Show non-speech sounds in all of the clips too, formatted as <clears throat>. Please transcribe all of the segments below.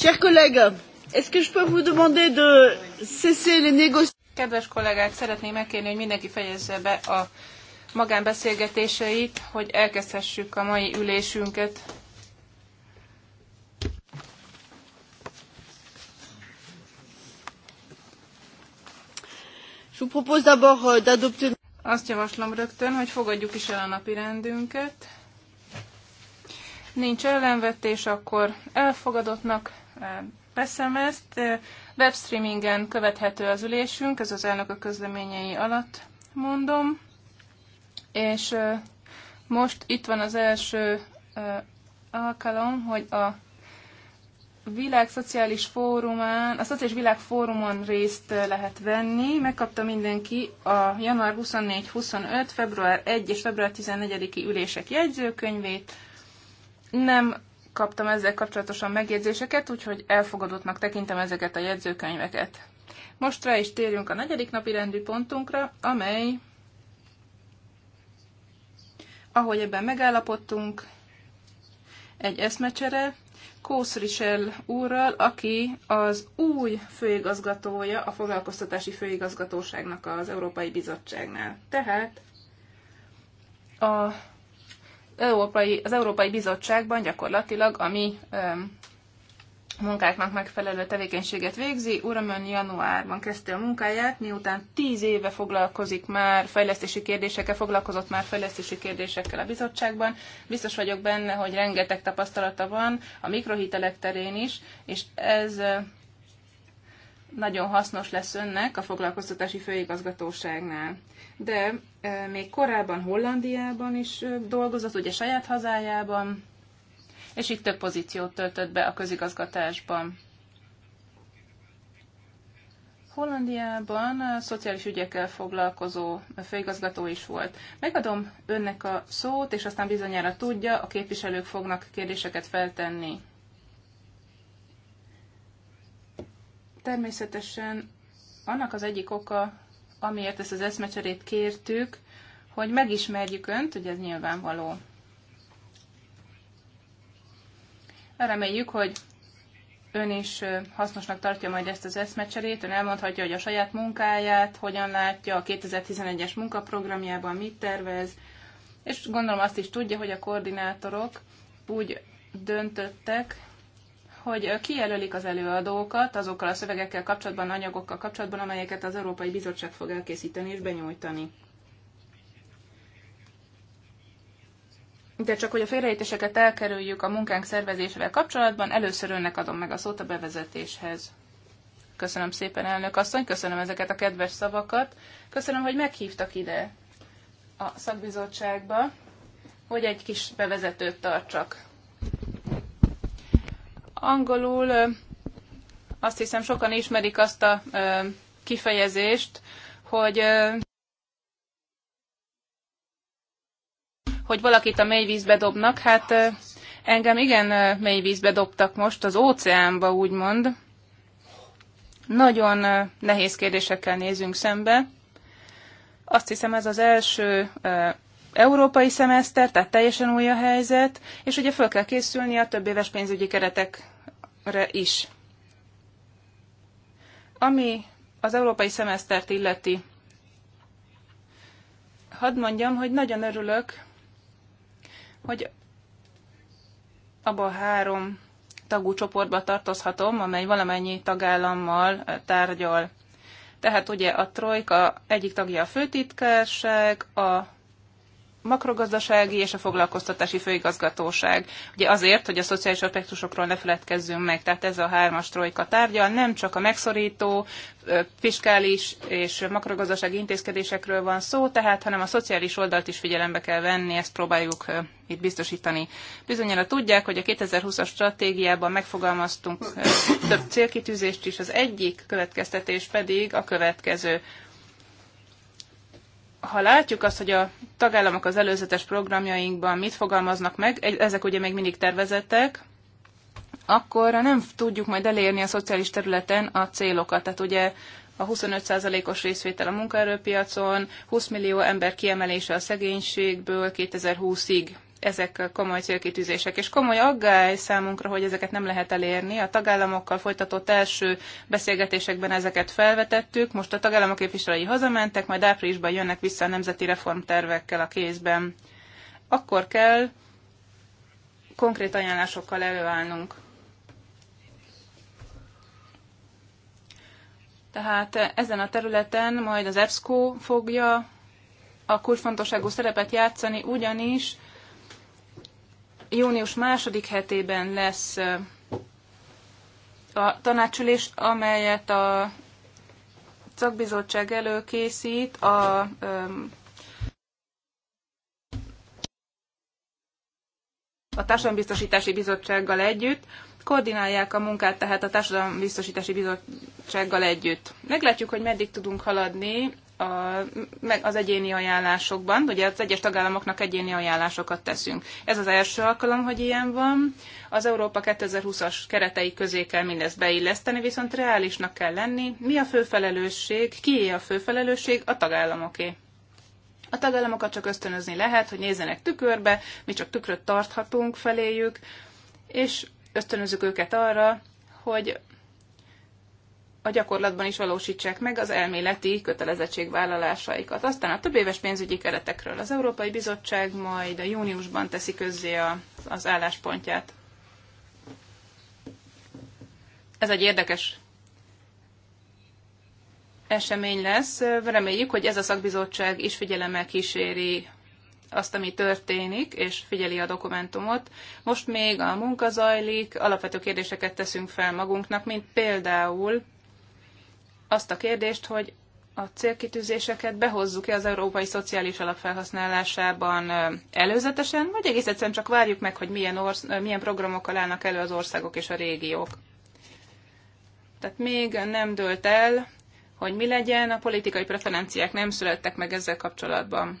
Chers collègues, est-ce que je peux vous demander de cesser les négociations? Kedves kollégák, szeretném megkérni, hogy mindenki fejezze be a magánbeszélgetéseit, hogy elkezdhessük a mai ülésünket. Je vous propose d'abord euh, d'adopter... Azt javaslom rögtön, hogy fogadjuk is el a napi rendünket. Nincs ellenvetés, akkor elfogadottnak beszemezt. Webstreamingen követhető az ülésünk, ez az elnökök közleményei alatt mondom. És most itt van az első alkalom, hogy a világ szociális fórumán, a szociális világ fórumon részt lehet venni. Megkapta mindenki a január 24-25, február 1 és február 14-i ülések jegyzőkönyvét. Nem kaptam ezzel kapcsolatosan megjegyzéseket, úgyhogy elfogadottnak tekintem ezeket a jegyzőkönyveket. Most rá is térjünk a negyedik napi rendű pontunkra, amely, ahogy ebben megállapodtunk, egy eszmecsere Kósz Richel úrral, aki az új főigazgatója a foglalkoztatási főigazgatóságnak az Európai Bizottságnál. Tehát a Európai, az Európai Bizottságban gyakorlatilag a mi munkáknak megfelelő tevékenységet végzi. Uram, ön januárban kezdte a munkáját, miután tíz éve foglalkozik már fejlesztési kérdésekkel, foglalkozott már fejlesztési kérdésekkel a bizottságban. Biztos vagyok benne, hogy rengeteg tapasztalata van a mikrohitelek terén is, és ez nagyon hasznos lesz önnek a foglalkoztatási főigazgatóságnál de még korábban Hollandiában is dolgozott, ugye saját hazájában, és itt több pozíciót töltött be a közigazgatásban. Hollandiában a szociális ügyekkel foglalkozó főigazgató is volt. Megadom önnek a szót, és aztán bizonyára tudja, a képviselők fognak kérdéseket feltenni. Természetesen annak az egyik oka, amiért ezt az eszmecserét kértük, hogy megismerjük Önt, hogy ez nyilvánvaló. Reméljük, hogy Ön is hasznosnak tartja majd ezt az eszmecserét, Ön elmondhatja, hogy a saját munkáját hogyan látja, a 2011-es munkaprogramjában mit tervez, és gondolom azt is tudja, hogy a koordinátorok úgy döntöttek, hogy kijelölik az előadókat azokkal a szövegekkel kapcsolatban, anyagokkal kapcsolatban, amelyeket az Európai Bizottság fog elkészíteni és benyújtani. De csak, hogy a félreértéseket elkerüljük a munkánk szervezésével kapcsolatban, először önnek adom meg a szót a bevezetéshez. Köszönöm szépen, elnök asszony, köszönöm ezeket a kedves szavakat. Köszönöm, hogy meghívtak ide a szakbizottságba, hogy egy kis bevezetőt tartsak Angolul azt hiszem sokan ismerik azt a kifejezést, hogy hogy valakit a mély vízbe dobnak, hát engem igen mély vízbe dobtak most, az óceánba úgymond. Nagyon nehéz kérdésekkel nézünk szembe. Azt hiszem ez az első európai szemeszter, tehát teljesen új a helyzet, és ugye föl kell készülni a több éves pénzügyi keretekre is. Ami az európai szemesztert illeti, hadd mondjam, hogy nagyon örülök, hogy abban három tagú csoportba tartozhatom, amely valamennyi tagállammal tárgyal. Tehát ugye a trojka egyik tagja a főtitkárság, a makrogazdasági és a foglalkoztatási főigazgatóság. Ugye azért, hogy a szociális aspektusokról ne feledkezzünk meg, tehát ez a hármas trojka tárgyal nem csak a megszorító, fiskális és makrogazdasági intézkedésekről van szó, tehát, hanem a szociális oldalt is figyelembe kell venni, ezt próbáljuk itt biztosítani. Bizonyára tudják, hogy a 2020-as stratégiában megfogalmaztunk több célkitűzést is, az egyik következtetés pedig a következő ha látjuk azt, hogy a tagállamok az előzetes programjainkban mit fogalmaznak meg, ezek ugye még mindig tervezettek, akkor nem tudjuk majd elérni a szociális területen a célokat. Tehát ugye a 25%-os részvétel a munkaerőpiacon, 20 millió ember kiemelése a szegénységből 2020-ig ezek komoly célkitűzések, és komoly aggály számunkra, hogy ezeket nem lehet elérni. A tagállamokkal folytatott első beszélgetésekben ezeket felvetettük, most a tagállamok képviselői hazamentek, majd áprilisban jönnek vissza a nemzeti reformtervekkel a kézben. Akkor kell konkrét ajánlásokkal előállnunk. Tehát ezen a területen majd az EBSCO fogja a kulcsfontosságú szerepet játszani, ugyanis június második hetében lesz a tanácsülés, amelyet a szakbizottság előkészít a a Társadalombiztosítási Bizottsággal együtt, koordinálják a munkát tehát a Társadalombiztosítási Bizottsággal együtt. Meglátjuk, hogy meddig tudunk haladni, a, meg az egyéni ajánlásokban, ugye az egyes tagállamoknak egyéni ajánlásokat teszünk. Ez az első alkalom, hogy ilyen van. Az Európa 2020-as keretei közé kell mindezt beilleszteni, viszont reálisnak kell lenni. Mi a főfelelősség, kié a főfelelősség, a tagállamoké. A tagállamokat csak ösztönözni lehet, hogy nézzenek tükörbe, mi csak tükröt tarthatunk feléjük, és ösztönözzük őket arra, hogy a gyakorlatban is valósítsák meg az elméleti kötelezettségvállalásaikat. Aztán a több éves pénzügyi keretekről az Európai Bizottság majd a júniusban teszi közzé a, az álláspontját. Ez egy érdekes esemény lesz. Reméljük, hogy ez a szakbizottság is figyelemmel kíséri azt, ami történik, és figyeli a dokumentumot. Most még a munka zajlik, alapvető kérdéseket teszünk fel magunknak, mint például azt a kérdést, hogy a célkitűzéseket behozzuk-e az Európai Szociális Alap felhasználásában előzetesen, vagy egész egyszerűen csak várjuk meg, hogy milyen, orsz- milyen programokkal állnak elő az országok és a régiók. Tehát még nem dőlt el, hogy mi legyen, a politikai preferenciák nem születtek meg ezzel kapcsolatban.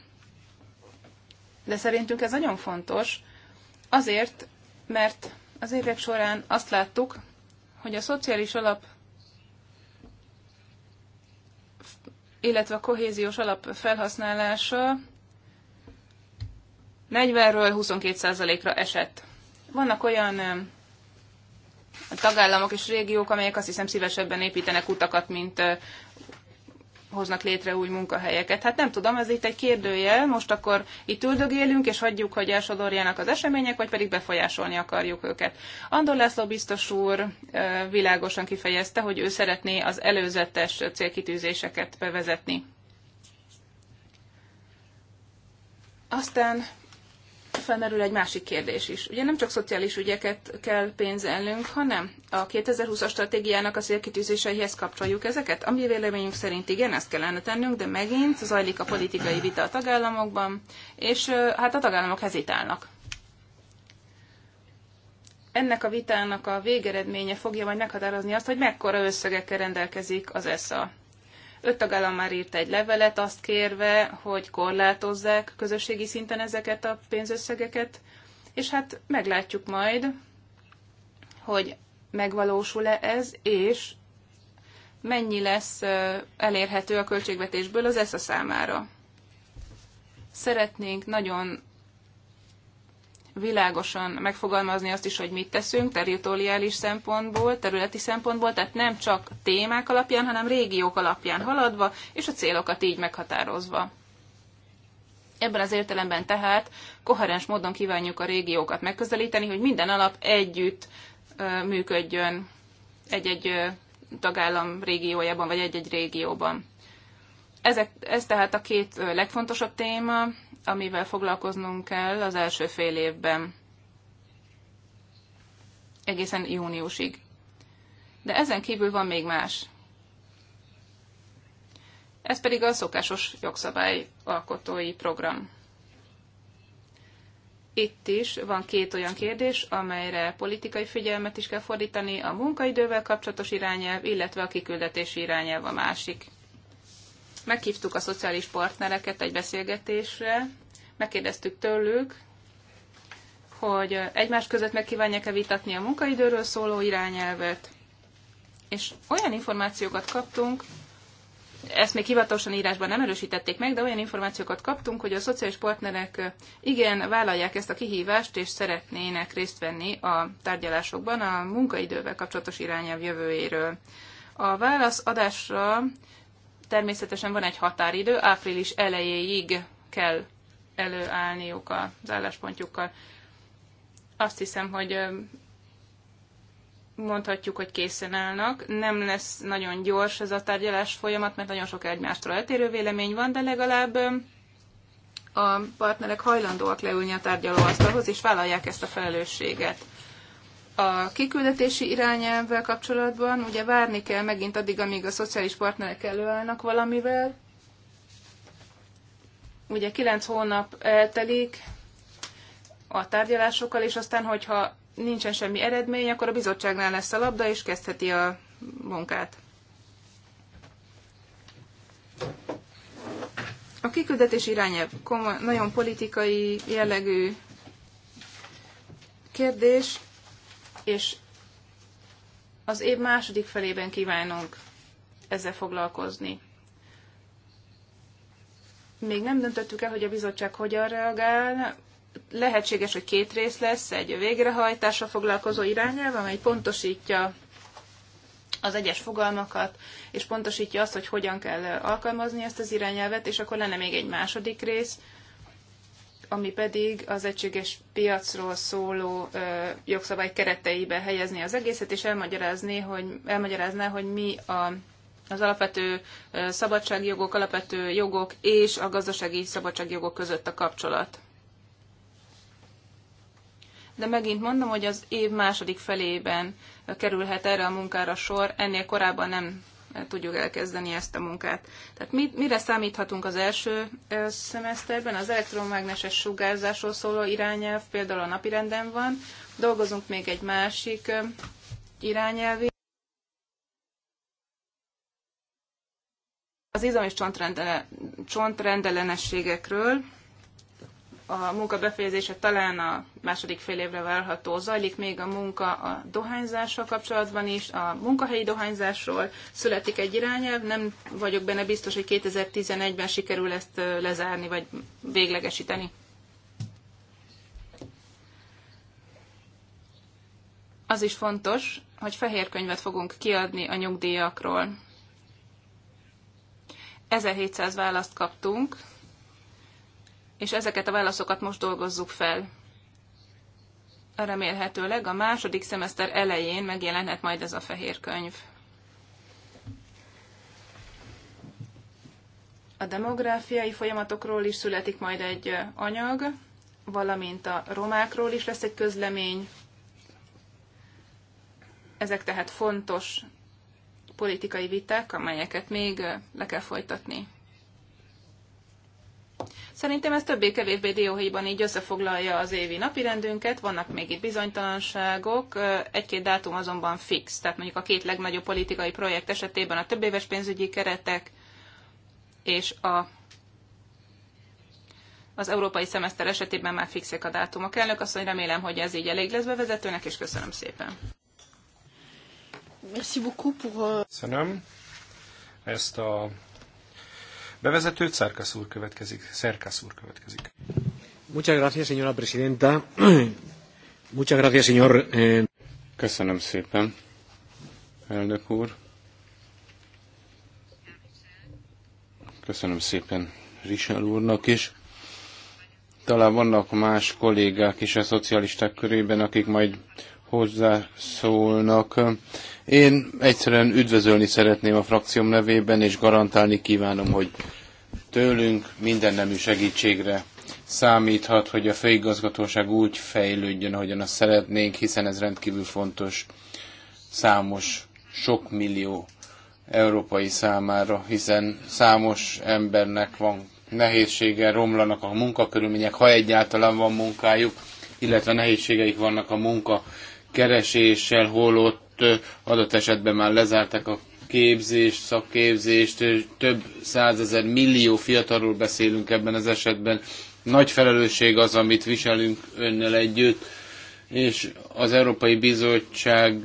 De szerintünk ez nagyon fontos, azért, mert az évek során azt láttuk, hogy a szociális alap illetve a kohéziós alap felhasználása 40-ről 22%-ra esett. Vannak olyan tagállamok és régiók, amelyek azt hiszem szívesebben építenek utakat, mint hoznak létre új munkahelyeket. Hát nem tudom, ez itt egy kérdőjel, most akkor itt üldögélünk, és hagyjuk, hogy elsodorjanak az események, vagy pedig befolyásolni akarjuk őket. Andor László biztos úr világosan kifejezte, hogy ő szeretné az előzetes célkitűzéseket bevezetni. Aztán felmerül egy másik kérdés is. Ugye nem csak szociális ügyeket kell pénzelnünk, hanem a 2020-as stratégiának a célkitűzéseihez kapcsoljuk ezeket. Ami véleményünk szerint igen, ezt kellene tennünk, de megint zajlik a politikai vita a tagállamokban, és hát a tagállamok hezitálnak. Ennek a vitának a végeredménye fogja majd meghatározni azt, hogy mekkora összegekkel rendelkezik az ESZA. Öt tagállam már írt egy levelet azt kérve, hogy korlátozzák közösségi szinten ezeket a pénzösszegeket, és hát meglátjuk majd, hogy megvalósul-e ez, és mennyi lesz elérhető a költségvetésből az ESZA számára. Szeretnénk nagyon világosan megfogalmazni azt is, hogy mit teszünk territoriális szempontból, területi szempontból, tehát nem csak témák alapján, hanem régiók alapján haladva, és a célokat így meghatározva. Ebben az értelemben tehát koherens módon kívánjuk a régiókat megközelíteni, hogy minden alap együtt működjön egy-egy tagállam régiójában, vagy egy-egy régióban. Ezek, ez tehát a két legfontosabb téma, amivel foglalkoznunk kell az első fél évben, egészen júniusig. De ezen kívül van még más. Ez pedig a szokásos jogszabályalkotói program. Itt is van két olyan kérdés, amelyre politikai figyelmet is kell fordítani, a munkaidővel kapcsolatos irányelv, illetve a kiküldetési irányelv a másik meghívtuk a szociális partnereket egy beszélgetésre, megkérdeztük tőlük, hogy egymás között megkívánják-e vitatni a munkaidőről szóló irányelvet, és olyan információkat kaptunk, ezt még hivatalosan írásban nem erősítették meg, de olyan információkat kaptunk, hogy a szociális partnerek igen, vállalják ezt a kihívást, és szeretnének részt venni a tárgyalásokban a munkaidővel kapcsolatos irányelv jövőjéről. A válasz adásra természetesen van egy határidő, április elejéig kell előállniuk az álláspontjukkal. Azt hiszem, hogy mondhatjuk, hogy készen állnak. Nem lesz nagyon gyors ez a tárgyalás folyamat, mert nagyon sok egymástól eltérő vélemény van, de legalább a partnerek hajlandóak leülni a tárgyalóasztalhoz, és vállalják ezt a felelősséget. A kiküldetési irányelvvel kapcsolatban ugye várni kell megint addig, amíg a szociális partnerek előállnak valamivel. Ugye kilenc hónap eltelik a tárgyalásokkal, és aztán, hogyha nincsen semmi eredmény, akkor a bizottságnál lesz a labda, és kezdheti a munkát. A kiküldetés irányelv nagyon politikai jellegű kérdés, és az év második felében kívánunk ezzel foglalkozni. Még nem döntöttük el, hogy a bizottság hogyan reagál. Lehetséges, hogy két rész lesz, egy végrehajtásra foglalkozó irányelv, amely pontosítja az egyes fogalmakat, és pontosítja azt, hogy hogyan kell alkalmazni ezt az irányelvet, és akkor lenne még egy második rész, ami pedig az egységes piacról szóló ö, jogszabály kereteibe helyezni az egészet, és elmagyarázni, hogy, elmagyarázná, hogy mi a, az alapvető szabadságjogok, alapvető jogok és a gazdasági szabadságjogok között a kapcsolat. De megint mondom, hogy az év második felében kerülhet erre a munkára sor, ennél korábban nem tudjuk elkezdeni ezt a munkát. Tehát mi, mire számíthatunk az első szemeszterben? Az elektromágneses sugárzásról szóló irányelv például a napirenden van, dolgozunk még egy másik irányelvi. Az izom és csontrendellenességekről a munka befejezése talán a második fél évre várható. Zajlik még a munka a dohányzással kapcsolatban is, a munkahelyi dohányzásról születik egy irányelv, nem vagyok benne biztos, hogy 2011-ben sikerül ezt lezárni vagy véglegesíteni. Az is fontos, hogy fehér könyvet fogunk kiadni a nyugdíjakról. 1700 választ kaptunk, és ezeket a válaszokat most dolgozzuk fel. Remélhetőleg a második szemeszter elején megjelenhet majd ez a fehér könyv. A demográfiai folyamatokról is születik majd egy anyag, valamint a romákról is lesz egy közlemény. Ezek tehát fontos politikai viták, amelyeket még le kell folytatni. Szerintem ez többé-kevésbé dióhéjban így összefoglalja az évi napirendünket, vannak még itt bizonytalanságok, egy-két dátum azonban fix, tehát mondjuk a két legnagyobb politikai projekt esetében a többéves pénzügyi keretek és a az európai szemeszter esetében már fixek a dátumok. Elnök asszony, remélem, hogy ez így elég lesz bevezetőnek, és köszönöm szépen. Merci beaucoup pour... Köszönöm ezt a bevezetőt. Szerkasz úr következik. Szerkasz úr következik. Muchas gracias, señora presidenta. <clears throat> Muchas gracias, señor... Eh, Köszönöm szépen, elnök úr. Köszönöm szépen Richel úrnak is. Talán vannak más kollégák is a szocialisták körében, akik majd hozzászólnak. Én egyszerűen üdvözölni szeretném a frakcióm nevében, és garantálni kívánom, hogy tőlünk minden nemű segítségre számíthat, hogy a főigazgatóság úgy fejlődjön, ahogyan azt szeretnénk, hiszen ez rendkívül fontos számos, sok millió európai számára, hiszen számos embernek van nehézsége, romlanak a munkakörülmények, ha egyáltalán van munkájuk, illetve nehézségeik vannak a munka kereséssel, holott adott esetben már lezárták a képzést, szakképzést, több százezer millió fiatalról beszélünk ebben az esetben. Nagy felelősség az, amit viselünk önnel együtt, és az Európai Bizottság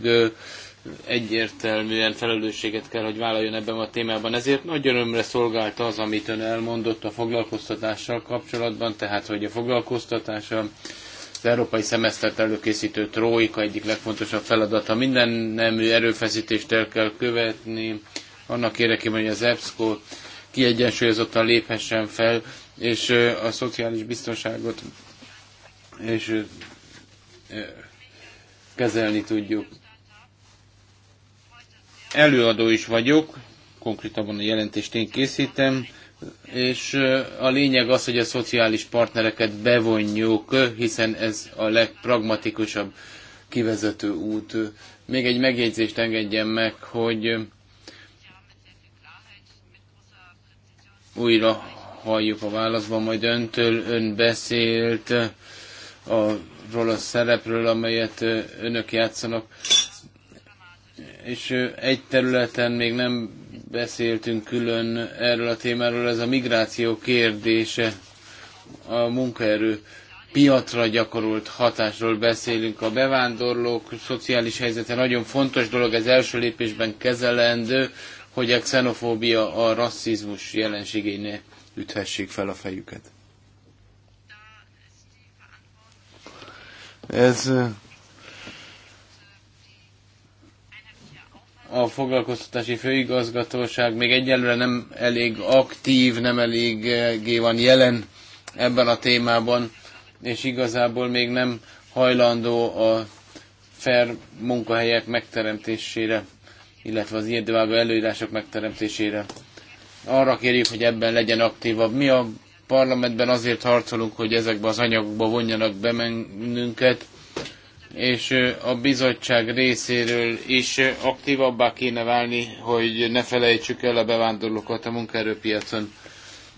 egyértelműen felelősséget kell, hogy vállaljon ebben a témában. Ezért nagy örömre szolgálta az, amit ön elmondott a foglalkoztatással kapcsolatban, tehát hogy a a az európai szemesztert előkészítő trójka egyik legfontosabb feladata. Minden nemű erőfeszítést el kell követni, annak érdekében, hogy az EBSCO kiegyensúlyozottan léphessen fel, és a szociális biztonságot és kezelni tudjuk. Előadó is vagyok, konkrétabban a jelentést én készítem, és a lényeg az, hogy a szociális partnereket bevonjuk, hiszen ez a legpragmatikusabb kivezető út. Még egy megjegyzést engedjen meg, hogy újra halljuk a válaszban, majd öntől ön beszélt arról a szerepről, amelyet önök játszanak, és egy területen még nem beszéltünk külön erről a témáról, ez a migráció kérdése, a munkaerő piacra gyakorolt hatásról beszélünk. A bevándorlók szociális helyzete nagyon fontos dolog, ez első lépésben kezelendő, hogy a xenofóbia, a rasszizmus jelenségénél üthessék fel a fejüket. Ez a foglalkoztatási főigazgatóság még egyelőre nem elég aktív, nem eléggé van jelen ebben a témában, és igazából még nem hajlandó a fair munkahelyek megteremtésére, illetve az ilyen előírások megteremtésére. Arra kérjük, hogy ebben legyen aktívabb. Mi a parlamentben azért harcolunk, hogy ezekbe az anyagokba vonjanak be bennünket, és a bizottság részéről is aktívabbá kéne válni, hogy ne felejtsük el a bevándorlókat a munkaerőpiacon.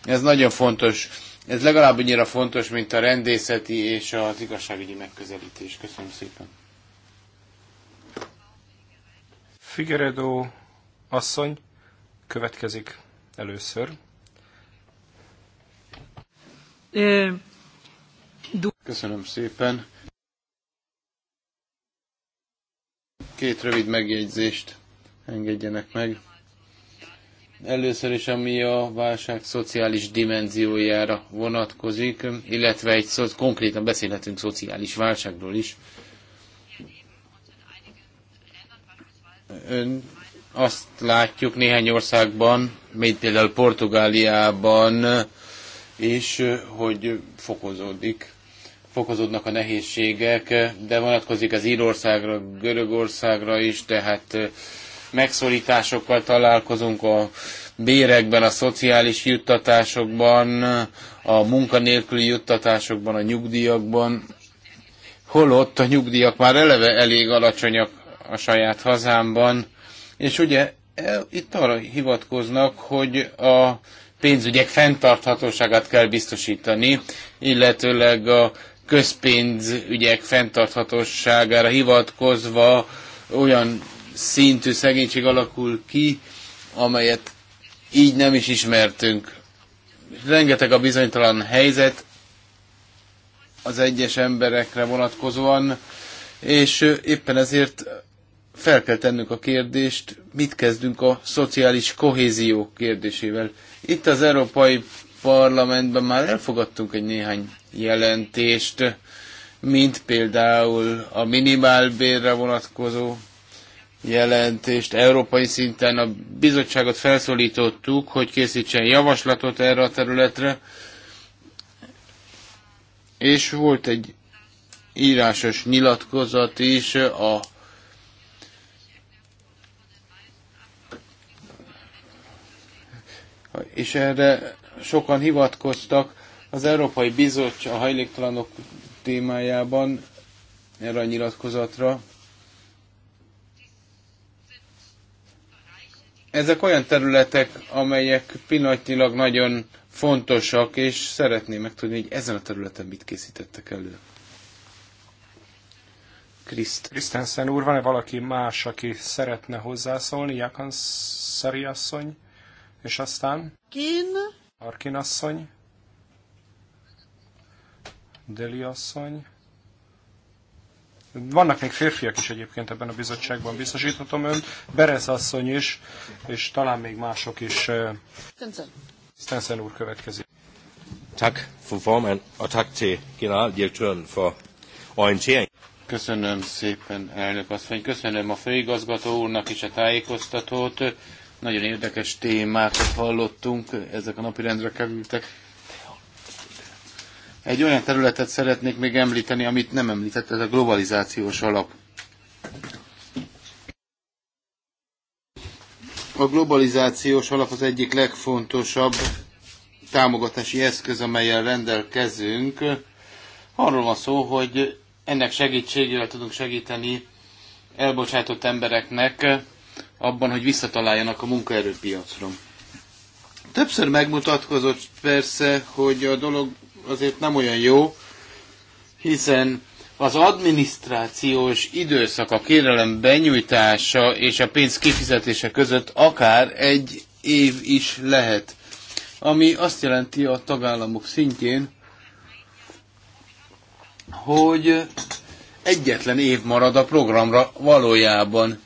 Ez nagyon fontos. Ez legalább annyira fontos, mint a rendészeti és az igazságügyi megközelítés. Köszönöm szépen. Figueredo asszony következik először. Köszönöm szépen. Két rövid megjegyzést engedjenek meg. Először is, ami a válság szociális dimenziójára vonatkozik, illetve egy szó, konkrétan beszélhetünk szociális válságról is. Ön azt látjuk néhány országban, mint például Portugáliában is, hogy fokozódik fokozódnak a nehézségek, de vonatkozik az Írországra, Görögországra is, tehát megszorításokkal találkozunk a bérekben, a szociális juttatásokban, a munkanélküli juttatásokban, a nyugdíjakban, holott a nyugdíjak már eleve elég alacsonyak a saját hazámban, és ugye e, itt arra hivatkoznak, hogy a pénzügyek fenntarthatóságát kell biztosítani, illetőleg a közpénzügyek fenntarthatóságára hivatkozva olyan szintű szegénység alakul ki, amelyet így nem is ismertünk. Rengeteg a bizonytalan helyzet az egyes emberekre vonatkozóan, és éppen ezért fel kell tennünk a kérdést, mit kezdünk a szociális kohézió kérdésével. Itt az Európai parlamentben már elfogadtunk egy néhány jelentést, mint például a minimálbérre vonatkozó jelentést. Európai szinten a bizottságot felszólítottuk, hogy készítsen javaslatot erre a területre, és volt egy írásos nyilatkozat is a és erre sokan hivatkoztak, az Európai Bizottság a hajléktalanok témájában erre a nyilatkozatra. Ezek olyan területek, amelyek pillanatnyilag nagyon fontosak, és szeretném megtudni, hogy ezen a területen mit készítettek elő. Kriszt. Krisztensen úr, van-e valaki más, aki szeretne hozzászólni? Jakan Szari asszony, és aztán? Kín. Arkin asszony, Deli asszony. Vannak még férfiak is egyébként ebben a bizottságban, biztosíthatom önt. Berez asszony is, és talán még mások is. Stensen. Stensen úr következik. Tak, fru a og tak general direktőn for orientering. Köszönöm szépen, elnök asszony. Köszönöm a főigazgató úrnak is a tájékoztatót. Nagyon érdekes témákat hallottunk, ezek a rendre kerültek. Egy olyan területet szeretnék még említeni, amit nem említett, ez a globalizációs alap. A globalizációs alap az egyik legfontosabb támogatási eszköz, amelyel rendelkezünk. Arról van szó, hogy ennek segítségével tudunk segíteni elbocsátott embereknek abban, hogy visszataláljanak a munkaerőpiacra. Többször megmutatkozott persze, hogy a dolog azért nem olyan jó, hiszen az adminisztrációs időszak, a kérelem benyújtása és a pénz kifizetése között akár egy év is lehet. Ami azt jelenti a tagállamok szintjén, hogy egyetlen év marad a programra valójában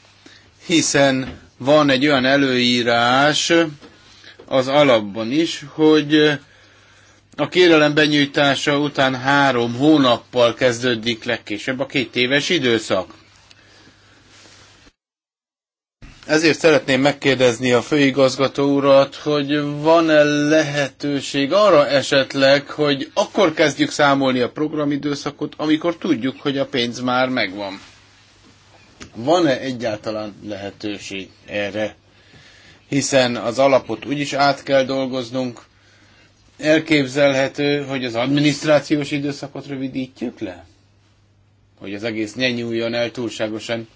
hiszen van egy olyan előírás az alapban is, hogy a kérelem benyújtása után három hónappal kezdődik legkésőbb a két éves időszak. Ezért szeretném megkérdezni a főigazgató urat, hogy van-e lehetőség arra esetleg, hogy akkor kezdjük számolni a programidőszakot, amikor tudjuk, hogy a pénz már megvan. Van-e egyáltalán lehetőség erre? Hiszen az alapot úgyis át kell dolgoznunk. Elképzelhető, hogy az adminisztrációs időszakot rövidítjük le? Hogy az egész ne nyúljon el túlságosan.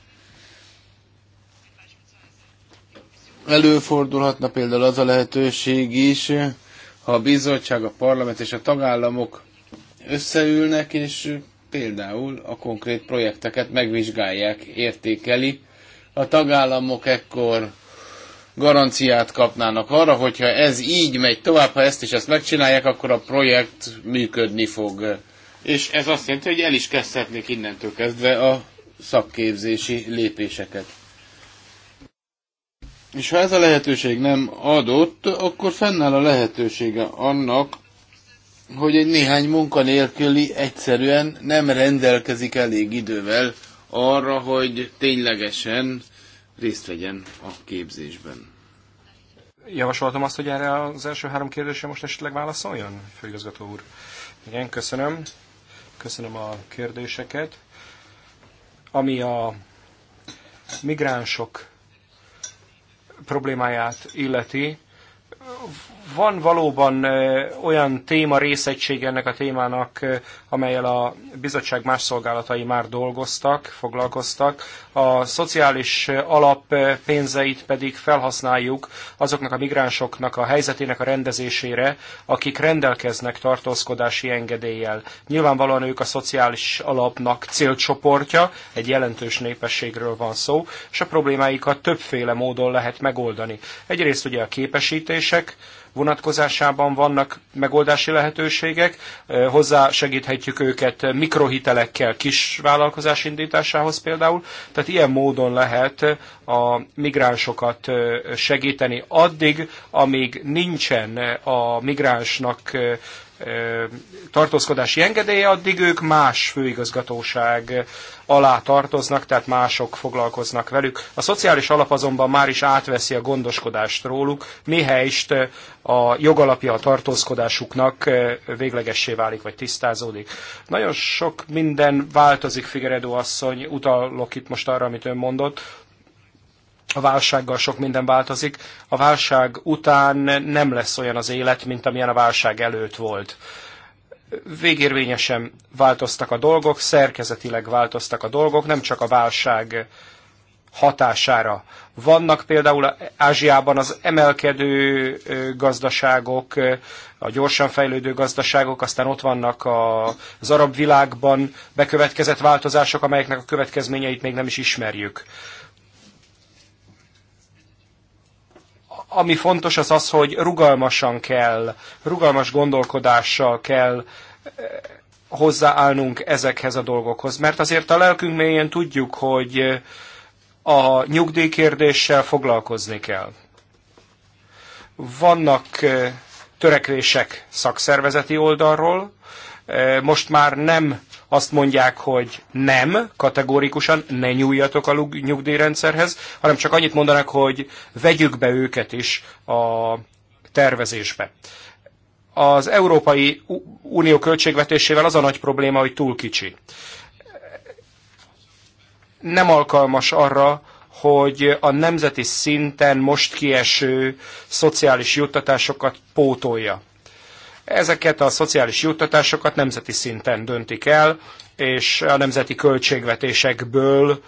Előfordulhatna például az a lehetőség is, ha a bizottság, a parlament és a tagállamok összeülnek, és például a konkrét projekteket megvizsgálják, értékeli. A tagállamok ekkor garanciát kapnának arra, hogyha ez így megy tovább, ha ezt és ezt megcsinálják, akkor a projekt működni fog. És ez azt jelenti, hogy el is kezdhetnék innentől kezdve a szakképzési lépéseket. És ha ez a lehetőség nem adott, akkor fennáll a lehetősége annak, hogy egy néhány munkanélküli egyszerűen nem rendelkezik elég idővel arra, hogy ténylegesen részt vegyen a képzésben. Javasoltam azt, hogy erre az első három kérdésre most esetleg válaszoljon, főigazgató úr. Igen, köszönöm. Köszönöm a kérdéseket. Ami a migránsok problémáját illeti, van valóban olyan téma részegység ennek a témának, amelyel a bizottság más szolgálatai már dolgoztak, foglalkoztak. A szociális alap pénzeit pedig felhasználjuk azoknak a migránsoknak a helyzetének a rendezésére, akik rendelkeznek tartózkodási engedéllyel. Nyilvánvalóan ők a szociális alapnak célcsoportja, egy jelentős népességről van szó, és a problémáikat többféle módon lehet megoldani. Egyrészt ugye a képesítések, vonatkozásában vannak megoldási lehetőségek, hozzá segíthetjük őket mikrohitelekkel kis vállalkozás indításához például, tehát ilyen módon lehet a migránsokat segíteni addig, amíg nincsen a migránsnak tartózkodási engedélye, addig ők más főigazgatóság alá tartoznak, tehát mások foglalkoznak velük. A szociális alap azonban már is átveszi a gondoskodást róluk, mihelyst a jogalapja a tartózkodásuknak véglegessé válik, vagy tisztázódik. Nagyon sok minden változik, Figueredo asszony, utalok itt most arra, amit ön mondott, a válsággal sok minden változik. A válság után nem lesz olyan az élet, mint amilyen a válság előtt volt. Végérvényesen változtak a dolgok, szerkezetileg változtak a dolgok, nem csak a válság hatására. Vannak például Ázsiában az emelkedő gazdaságok, a gyorsan fejlődő gazdaságok, aztán ott vannak az arab világban bekövetkezett változások, amelyeknek a következményeit még nem is ismerjük. ami fontos az az, hogy rugalmasan kell, rugalmas gondolkodással kell eh, hozzáállnunk ezekhez a dolgokhoz. Mert azért a lelkünk mélyén tudjuk, hogy eh, a nyugdíjkérdéssel foglalkozni kell. Vannak eh, törekvések szakszervezeti oldalról, most már nem azt mondják, hogy nem, kategórikusan ne nyúljatok a nyugdíjrendszerhez, hanem csak annyit mondanak, hogy vegyük be őket is a tervezésbe. Az Európai Unió költségvetésével az a nagy probléma, hogy túl kicsi. Nem alkalmas arra, hogy a nemzeti szinten most kieső szociális juttatásokat pótolja. Ezeket a szociális juttatásokat nemzeti szinten döntik el, és a nemzeti költségvetésekből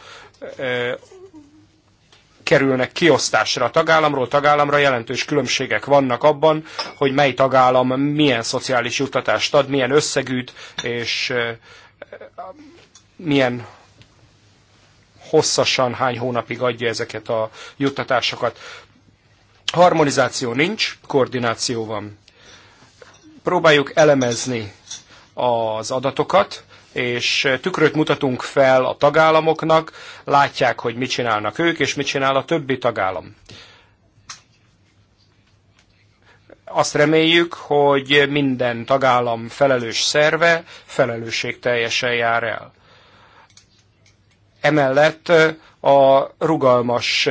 kerülnek kiosztásra. Tagállamról tagállamra jelentős különbségek vannak abban, hogy mely tagállam milyen szociális juttatást ad, milyen összegűt, és milyen hosszasan, hány hónapig adja ezeket a juttatásokat. Harmonizáció nincs, koordináció van. Próbáljuk elemezni az adatokat, és tükröt mutatunk fel a tagállamoknak, látják, hogy mit csinálnak ők, és mit csinál a többi tagállam. Azt reméljük, hogy minden tagállam felelős szerve felelősségteljesen jár el. Emellett a rugalmas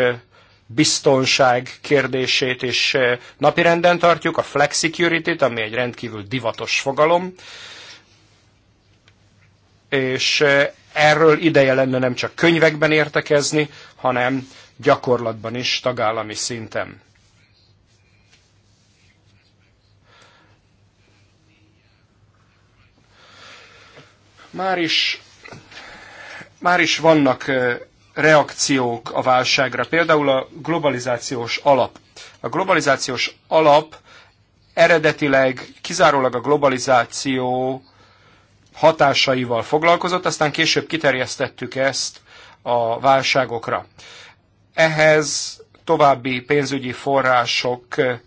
biztonság kérdését is eh, napirenden tartjuk, a flex security-t, ami egy rendkívül divatos fogalom, és eh, erről ideje lenne nem csak könyvekben értekezni, hanem gyakorlatban is, tagállami szinten. Már is, már is vannak eh, reakciók a válságra. Például a globalizációs alap. A globalizációs alap eredetileg kizárólag a globalizáció hatásaival foglalkozott, aztán később kiterjesztettük ezt a válságokra. Ehhez további pénzügyi források eh,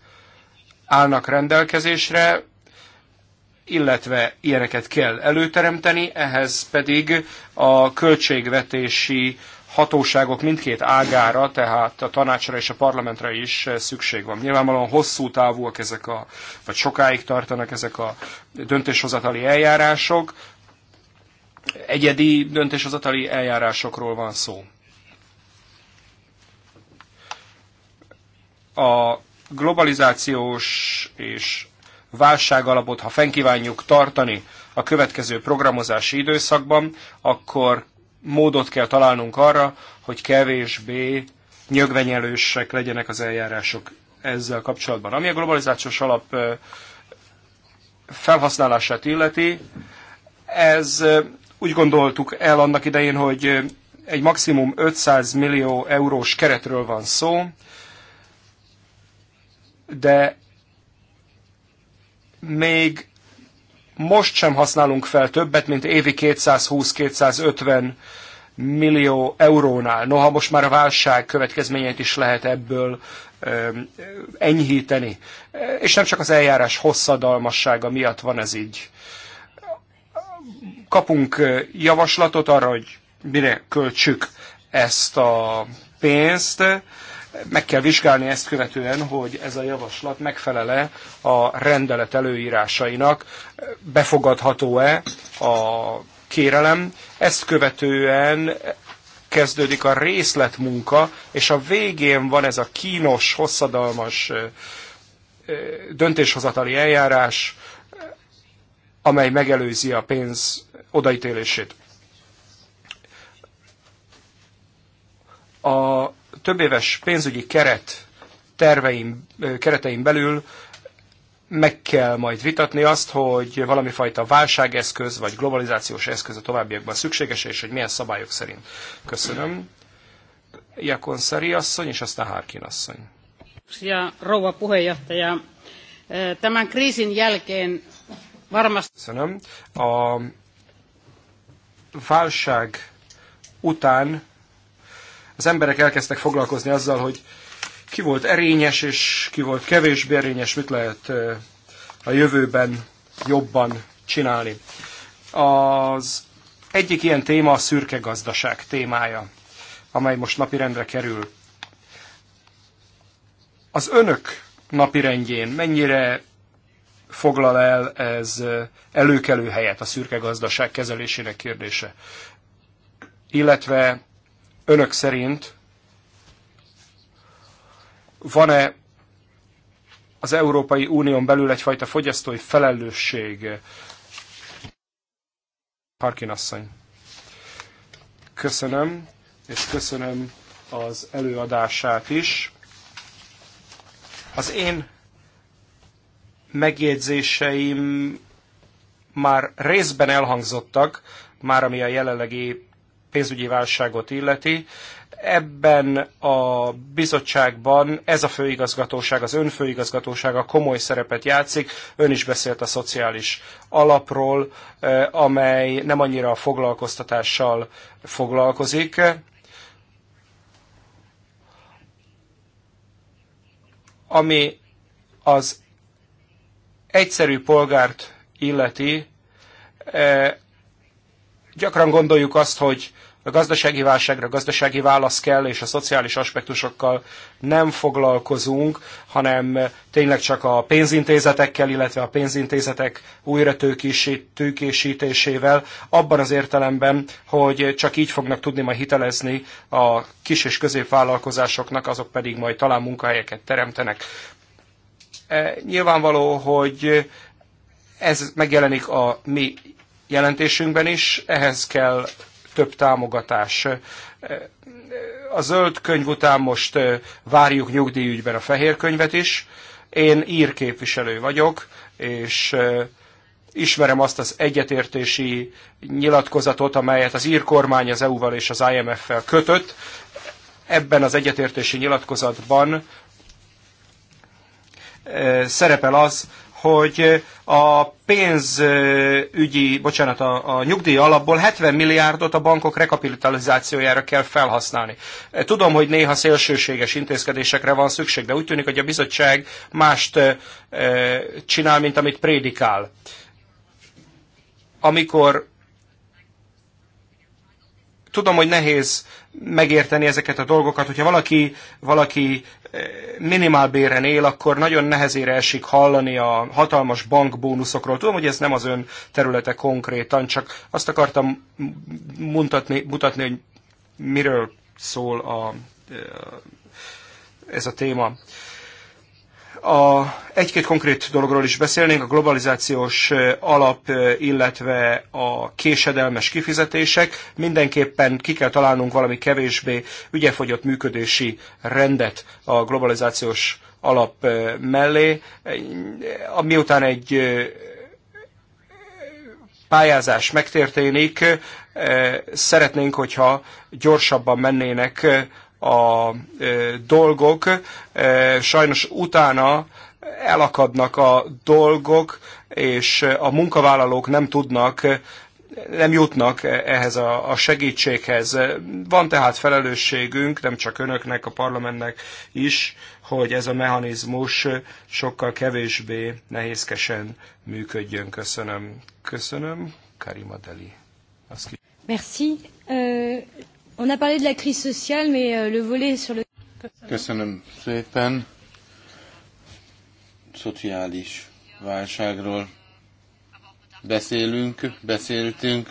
állnak rendelkezésre, illetve ilyeneket kell előteremteni, ehhez pedig a költségvetési hatóságok mindkét ágára, tehát a tanácsra és a parlamentre is eh, szükség van. Nyilvánvalóan hosszú távúak ezek a, vagy sokáig tartanak ezek a döntéshozatali eljárások. Egyedi döntéshozatali eljárásokról van szó. A globalizációs és válság alapot ha fenkívánjuk tartani a következő programozási időszakban, akkor módot kell találnunk arra, hogy kevésbé nyögvenyelősek legyenek az eljárások ezzel kapcsolatban. Ami a globalizációs alap felhasználását illeti, ez úgy gondoltuk el annak idején, hogy egy maximum 500 millió eurós keretről van szó, de még most sem használunk fel többet, mint évi 220-250 millió eurónál. Noha most már a válság következményeit is lehet ebből enyhíteni. És nem csak az eljárás hosszadalmassága miatt van ez így. Kapunk javaslatot arra, hogy mire költsük ezt a pénzt, meg kell vizsgálni ezt követően, hogy ez a javaslat megfelele a rendelet előírásainak, befogadható-e a kérelem. Ezt követően kezdődik a részletmunka, és a végén van ez a kínos, hosszadalmas döntéshozatali eljárás, amely megelőzi a pénz odaítélését. A több éves pénzügyi keret terveim, keretein belül meg kell majd vitatni azt, hogy valami fajta válságeszköz vagy globalizációs eszköz a továbbiakban szükséges, és hogy milyen szabályok szerint. Köszönöm. Jakon Szeri asszony, és aztán Harkin asszony. Ja, rouva puheenjohtaja, tämän kriisin jälkeen varmasti... Köszönöm. A válság után az emberek elkezdtek foglalkozni azzal, hogy ki volt erényes, és ki volt kevésbé erényes, mit lehet a jövőben jobban csinálni. Az egyik ilyen téma a szürke gazdaság témája, amely most napirendre kerül. Az önök napirendjén mennyire foglal el ez előkelő helyet a szürke gazdaság kezelésének kérdése? Illetve önök szerint van-e az Európai Unión belül egyfajta fogyasztói felelősség? Harkin asszony. Köszönöm, és köszönöm az előadását is. Az én megjegyzéseim már részben elhangzottak, már ami a jelenlegi pénzügyi válságot illeti. Ebben a bizottságban ez a főigazgatóság, az ön főigazgatósága komoly szerepet játszik. Ön is beszélt a szociális alapról, eh, amely nem annyira a foglalkoztatással foglalkozik. Ami az egyszerű polgárt illeti, eh, Gyakran gondoljuk azt, hogy a gazdasági válságra a gazdasági válasz kell, és a szociális aspektusokkal nem foglalkozunk, hanem tényleg csak a pénzintézetekkel, illetve a pénzintézetek újra tőkésítésével, abban az értelemben, hogy csak így fognak tudni majd hitelezni a kis és középvállalkozásoknak, azok pedig majd talán munkahelyeket teremtenek. E, nyilvánvaló, hogy ez megjelenik a mi jelentésünkben is, ehhez kell több támogatás. A zöld könyv után most várjuk nyugdíjügyben a fehér könyvet is. Én ír képviselő vagyok, és ismerem azt az egyetértési nyilatkozatot, amelyet az ír kormány az EU-val és az IMF-fel kötött. Ebben az egyetértési nyilatkozatban szerepel az, hogy a pénzügyi, bocsánat, a, a nyugdíj alapból 70 milliárdot a bankok rekapitalizációjára kell felhasználni. Tudom, hogy néha szélsőséges intézkedésekre van szükség, de úgy tűnik, hogy a bizottság mást csinál, mint amit prédikál. Amikor tudom, hogy nehéz megérteni ezeket a dolgokat. Hogyha valaki, valaki eh, béren él, akkor nagyon nehezére esik hallani a hatalmas bankbónuszokról. Tudom, hogy ez nem az ön területe konkrétan, csak azt akartam mutatni, mutatni hogy miről szól a, eh, ez a téma. A, egy-két konkrét dologról is beszélnénk, a globalizációs alap, illetve a késedelmes kifizetések. Mindenképpen ki kell találnunk valami kevésbé ügyefogyott működési rendet a globalizációs alap mellé. Miután egy pályázás megtörténik, szeretnénk, hogyha gyorsabban mennének a dolgok, sajnos utána elakadnak a dolgok, és a munkavállalók nem tudnak, nem jutnak ehhez a, a segítséghez. Van tehát felelősségünk, nem csak önöknek, a parlamentnek is, hogy ez a mechanizmus sokkal kevésbé nehézkesen működjön. Köszönöm. Köszönöm. Karima Deli. Merci. Euh, On a parlé de la crise sociale, mais euh, le volet sur le... Köszönöm szépen. Szociális válságról beszélünk, beszéltünk,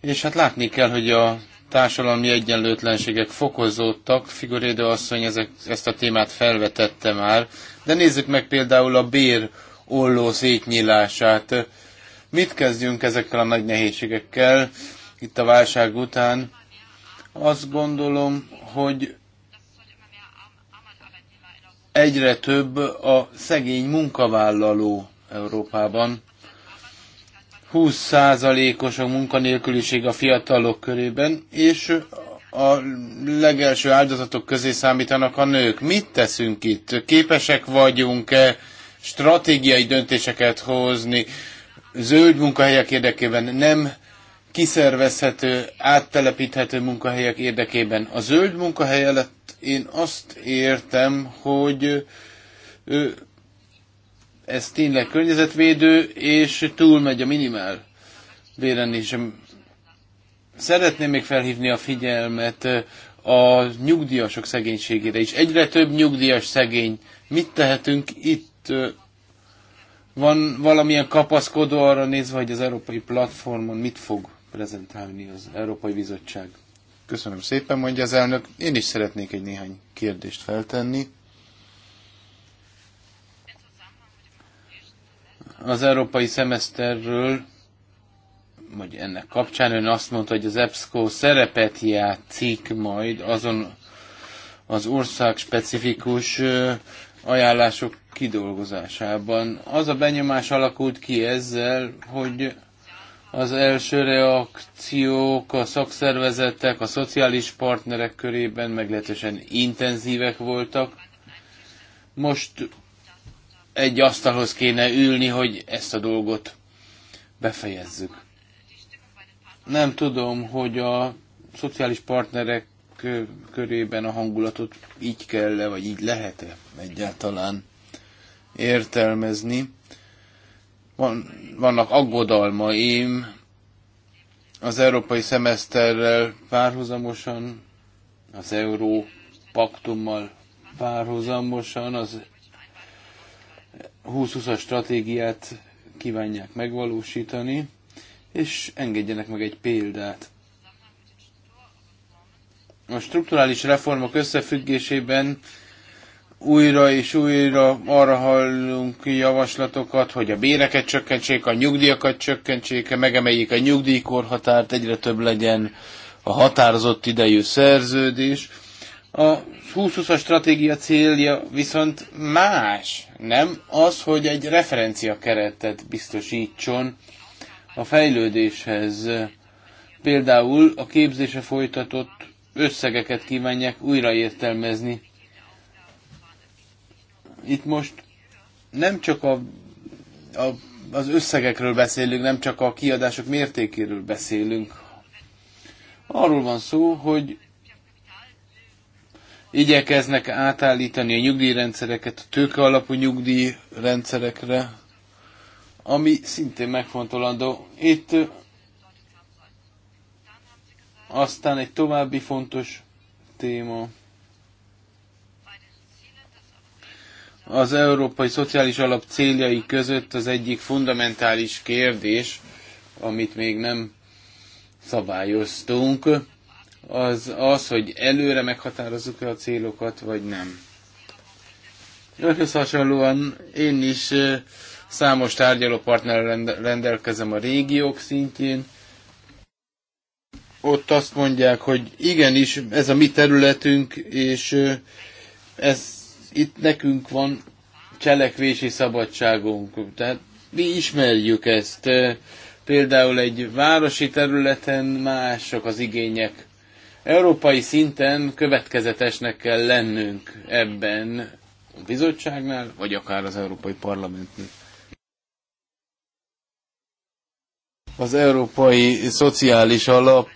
és hát látni kell, hogy a társadalmi egyenlőtlenségek fokozódtak. Figurédo asszony ezek, ezt a témát felvetette már, de nézzük meg például a bér olló szétnyílását. Mit kezdjünk ezekkel a nagy nehézségekkel itt a válság után? Azt gondolom, hogy egyre több a szegény munkavállaló Európában. 20%-os a munkanélküliség a fiatalok körében, és a legelső áldozatok közé számítanak a nők. Mit teszünk itt? Képesek vagyunk-e stratégiai döntéseket hozni zöld munkahelyek érdekében, nem kiszervezhető, áttelepíthető munkahelyek érdekében. A zöld munkahely alatt én azt értem, hogy ő, ez tényleg környezetvédő, és túlmegy a minimál béren is. Szeretném még felhívni a figyelmet a nyugdíjasok szegénységére is. Egyre több nyugdíjas szegény. Mit tehetünk itt? Van valamilyen kapaszkodó arra nézve, hogy az európai platformon mit fog prezentálni az Európai Bizottság. Köszönöm szépen, mondja az elnök. Én is szeretnék egy néhány kérdést feltenni. Az európai szemeszterről, vagy ennek kapcsán ön azt mondta, hogy az EBSCO szerepet játszik majd azon az ország specifikus ajánlások kidolgozásában. Az a benyomás alakult ki ezzel, hogy az első reakciók a szakszervezetek, a szociális partnerek körében meglehetősen intenzívek voltak. Most egy asztalhoz kéne ülni, hogy ezt a dolgot befejezzük. Nem tudom, hogy a szociális partnerek körében a hangulatot így kell-e, vagy így lehet-e egyáltalán értelmezni. Van, vannak aggodalmaim az európai szemeszterrel párhuzamosan, az euró paktummal párhuzamosan az 2020-as stratégiát kívánják megvalósítani, és engedjenek meg egy példát. A strukturális reformok összefüggésében újra és újra arra hallunk javaslatokat, hogy a béreket csökkentsék, a nyugdíjakat csökkentsék, megemeljék a nyugdíjkorhatárt, egyre több legyen a határozott idejű szerződés. A 2020-as stratégia célja viszont más, nem az, hogy egy referencia keretet biztosítson a fejlődéshez. Például a képzése folytatott összegeket kívánják újraértelmezni itt most nem csak a, a, az összegekről beszélünk, nem csak a kiadások mértékéről beszélünk. Arról van szó, hogy igyekeznek átállítani a nyugdíjrendszereket a tőke alapú nyugdíjrendszerekre, ami szintén megfontolandó. Itt aztán egy további fontos téma. Az Európai Szociális Alap céljai között az egyik fundamentális kérdés, amit még nem szabályoztunk, az az, hogy előre meghatározzuk-e a célokat, vagy nem. Önhöz hasonlóan én is számos tárgyalópartnerrel rendelkezem a régiók szintjén. Ott azt mondják, hogy igenis, ez a mi területünk, és ez itt nekünk van cselekvési szabadságunk, tehát mi ismerjük ezt. Például egy városi területen mások az igények. Európai szinten következetesnek kell lennünk ebben a bizottságnál, vagy akár az Európai Parlamentnél. Az Európai Szociális Alap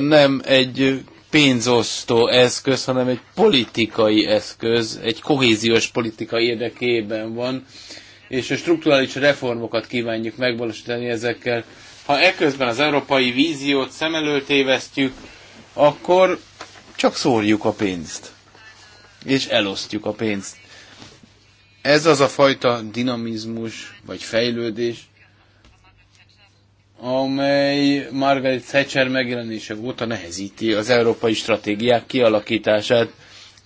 nem egy pénzosztó eszköz, hanem egy politikai eszköz, egy kohéziós politika érdekében van, és a strukturális reformokat kívánjuk megvalósítani ezekkel. Ha eközben az európai víziót szem előtt évesztjük, akkor csak szórjuk a pénzt, és elosztjuk a pénzt. Ez az a fajta dinamizmus, vagy fejlődés, amely Margaret Thatcher megjelenése óta nehezíti az európai stratégiák kialakítását.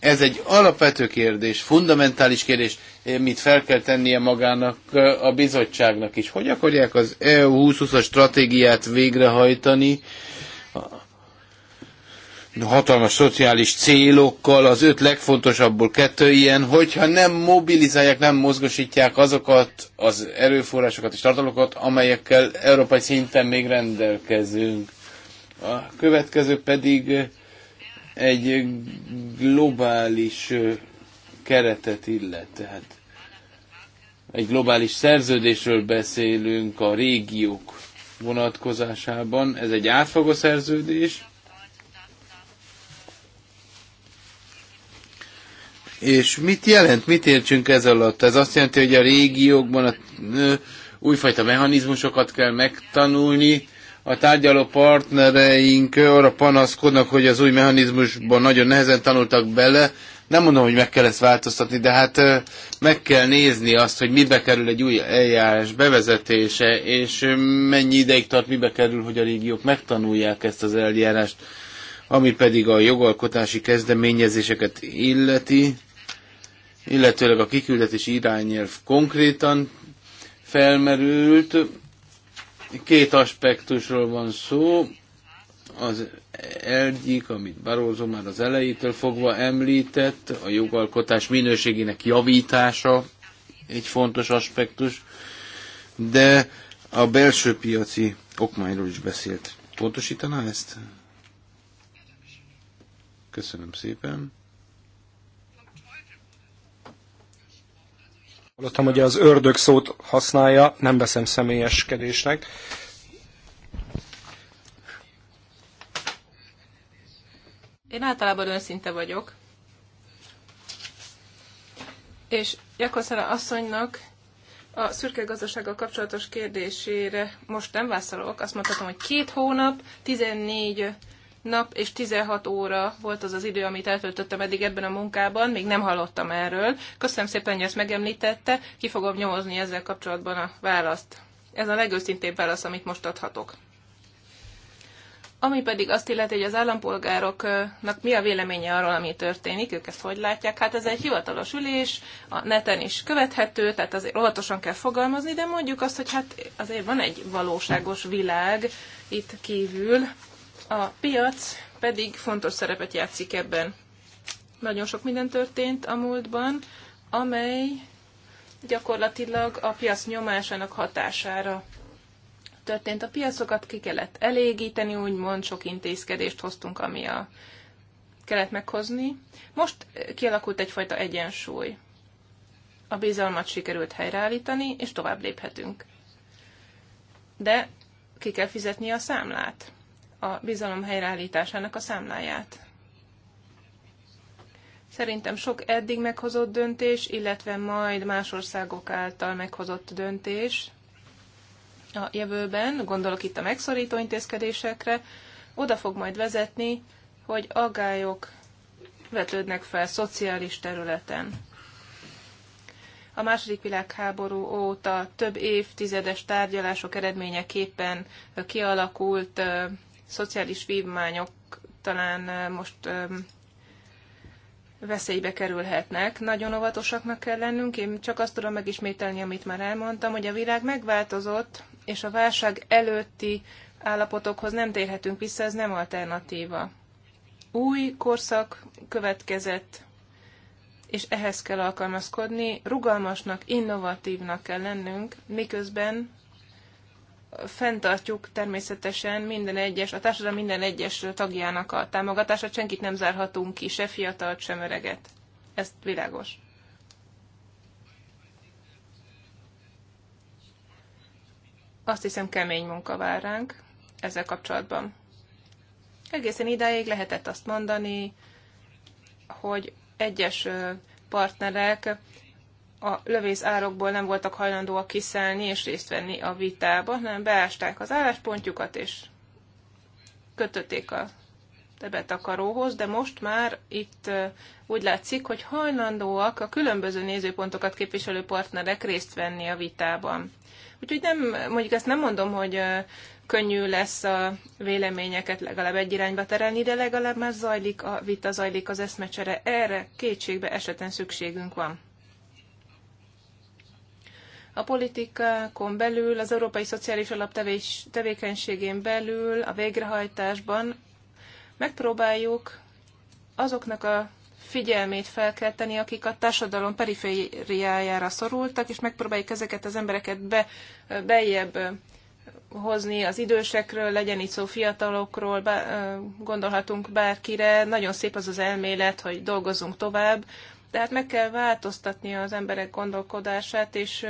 Ez egy alapvető kérdés, fundamentális kérdés, mit fel kell tennie magának eh, a bizottságnak is. Hogy akarják az EU 2020-as stratégiát végrehajtani, hatalmas szociális célokkal, az öt legfontosabbból kettő ilyen, hogyha nem mobilizálják, nem mozgosítják azokat az erőforrásokat és tartalokat, amelyekkel európai szinten még rendelkezünk. A következő pedig egy globális keretet illet. Tehát egy globális szerződésről beszélünk a régiók vonatkozásában. Ez egy átfogó szerződés, És mit jelent, mit értsünk ez alatt? Ez azt jelenti, hogy a régiókban a, ö, újfajta mechanizmusokat kell megtanulni, a tárgyaló partnereink arra panaszkodnak, hogy az új mechanizmusban nagyon nehezen tanultak bele. Nem mondom, hogy meg kell ezt változtatni, de hát meg kell nézni azt, hogy mibe kerül egy új eljárás bevezetése, és mennyi ideig tart, mibe kerül, hogy a régiók megtanulják ezt az eljárást, ami pedig a jogalkotási kezdeményezéseket illeti illetőleg a kiküldetési irányelv konkrétan felmerült. Két aspektusról van szó. Az egyik, amit Barózó már az elejétől fogva említett, a jogalkotás minőségének javítása egy fontos aspektus, de a belső piaci okmányról is beszélt. Pontosítaná ezt? Köszönöm szépen. Hallottam, hogy az ördög szót használja, nem veszem személyeskedésnek. Én általában őszinte vagyok. És Jakoszara asszonynak a szürke gazdasággal kapcsolatos kérdésére most nem válaszolok. Azt mondhatom, hogy két hónap, 14 nap és 16 óra volt az az idő, amit eltöltöttem eddig ebben a munkában, még nem hallottam erről. Köszönöm szépen, hogy ezt megemlítette, ki fogom nyomozni ezzel kapcsolatban a választ. Ez a legőszintébb válasz, amit most adhatok. Ami pedig azt illeti, hogy az állampolgároknak mi a véleménye arról, ami történik, ők ezt hogy látják. Hát ez egy hivatalos ülés, a neten is követhető, tehát azért óvatosan kell fogalmazni, de mondjuk azt, hogy hát azért van egy valóságos világ itt kívül, a piac pedig fontos szerepet játszik ebben. Nagyon sok minden történt a múltban, amely gyakorlatilag a piac nyomásának hatására történt. A piacokat ki kellett elégíteni, úgymond sok intézkedést hoztunk, ami a kellett meghozni. Most kialakult egyfajta egyensúly. A bizalmat sikerült helyreállítani, és tovább léphetünk. De ki kell fizetni a számlát a bizalom helyreállításának a számláját. Szerintem sok eddig meghozott döntés, illetve majd más országok által meghozott döntés a jövőben, gondolok itt a megszorító intézkedésekre, oda fog majd vezetni, hogy aggályok vetődnek fel szociális területen. A második világháború óta több évtizedes tárgyalások eredményeképpen kialakult szociális vívmányok talán most veszélybe kerülhetnek. Nagyon óvatosaknak kell lennünk. Én csak azt tudom megismételni, amit már elmondtam, hogy a világ megváltozott, és a válság előtti állapotokhoz nem térhetünk vissza, ez nem alternatíva. Új korszak következett, és ehhez kell alkalmazkodni. Rugalmasnak, innovatívnak kell lennünk, miközben fenntartjuk természetesen minden egyes, a társadalom minden egyes tagjának a támogatását, senkit nem zárhatunk ki, se fiatalt, sem öreget. Ez világos. Azt hiszem kemény munka vár ránk ezzel kapcsolatban. Egészen idáig lehetett azt mondani, hogy egyes partnerek a lövész árokból nem voltak hajlandóak kiszállni és részt venni a vitába, hanem beásták az álláspontjukat, és kötötték a tebetakaróhoz, de most már itt úgy látszik, hogy hajlandóak a különböző nézőpontokat képviselő partnerek részt venni a vitában. Úgyhogy nem, mondjuk ezt nem mondom, hogy könnyű lesz a véleményeket legalább egy irányba terelni, de legalább már zajlik a vita, zajlik az eszmecsere. Erre kétségbe eseten szükségünk van. A politikákon belül, az Európai Szociális Alap tevékenységén belül, a végrehajtásban megpróbáljuk azoknak a figyelmét felkelteni, akik a társadalom perifériájára szorultak, és megpróbáljuk ezeket az embereket be, bejebb hozni az idősekről, legyen itt szó fiatalokról, bá, gondolhatunk bárkire. Nagyon szép az az elmélet, hogy dolgozzunk tovább, tehát meg kell változtatni az emberek gondolkodását, és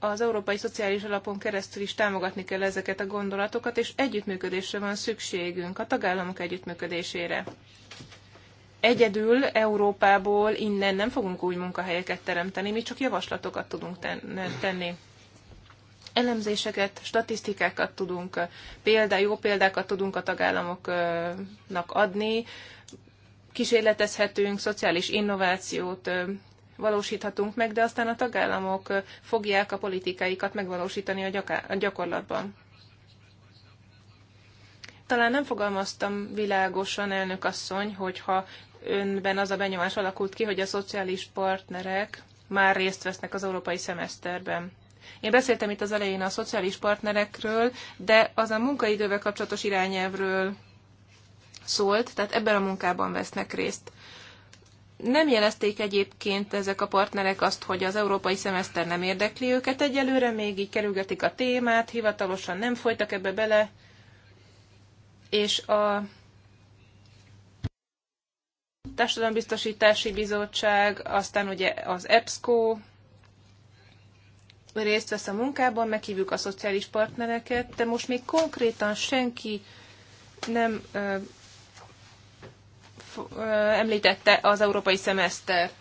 az Európai Szociális Alapon keresztül is támogatni kell ezeket a gondolatokat, és együttműködésre van szükségünk, a tagállamok együttműködésére. Egyedül Európából innen nem fogunk új munkahelyeket teremteni, mi csak javaslatokat tudunk tenni. Elemzéseket, statisztikákat tudunk, példá, jó példákat tudunk a tagállamoknak adni, kísérletezhetünk, szociális innovációt valósíthatunk meg, de aztán a tagállamok fogják a politikáikat megvalósítani a gyakorlatban. Talán nem fogalmaztam világosan, elnök asszony, hogyha önben az a benyomás alakult ki, hogy a szociális partnerek már részt vesznek az európai szemeszterben. Én beszéltem itt az elején a szociális partnerekről, de az a munkaidővel kapcsolatos irányelvről szólt, tehát ebben a munkában vesznek részt. Nem jelezték egyébként ezek a partnerek azt, hogy az európai szemeszter nem érdekli őket egyelőre, még így kerülgetik a témát, hivatalosan nem folytak ebbe bele, és a Társadalombiztosítási Bizottság, aztán ugye az EBSCO részt vesz a munkában, meghívjuk a szociális partnereket, de most még konkrétan senki nem említette az európai szemesztert.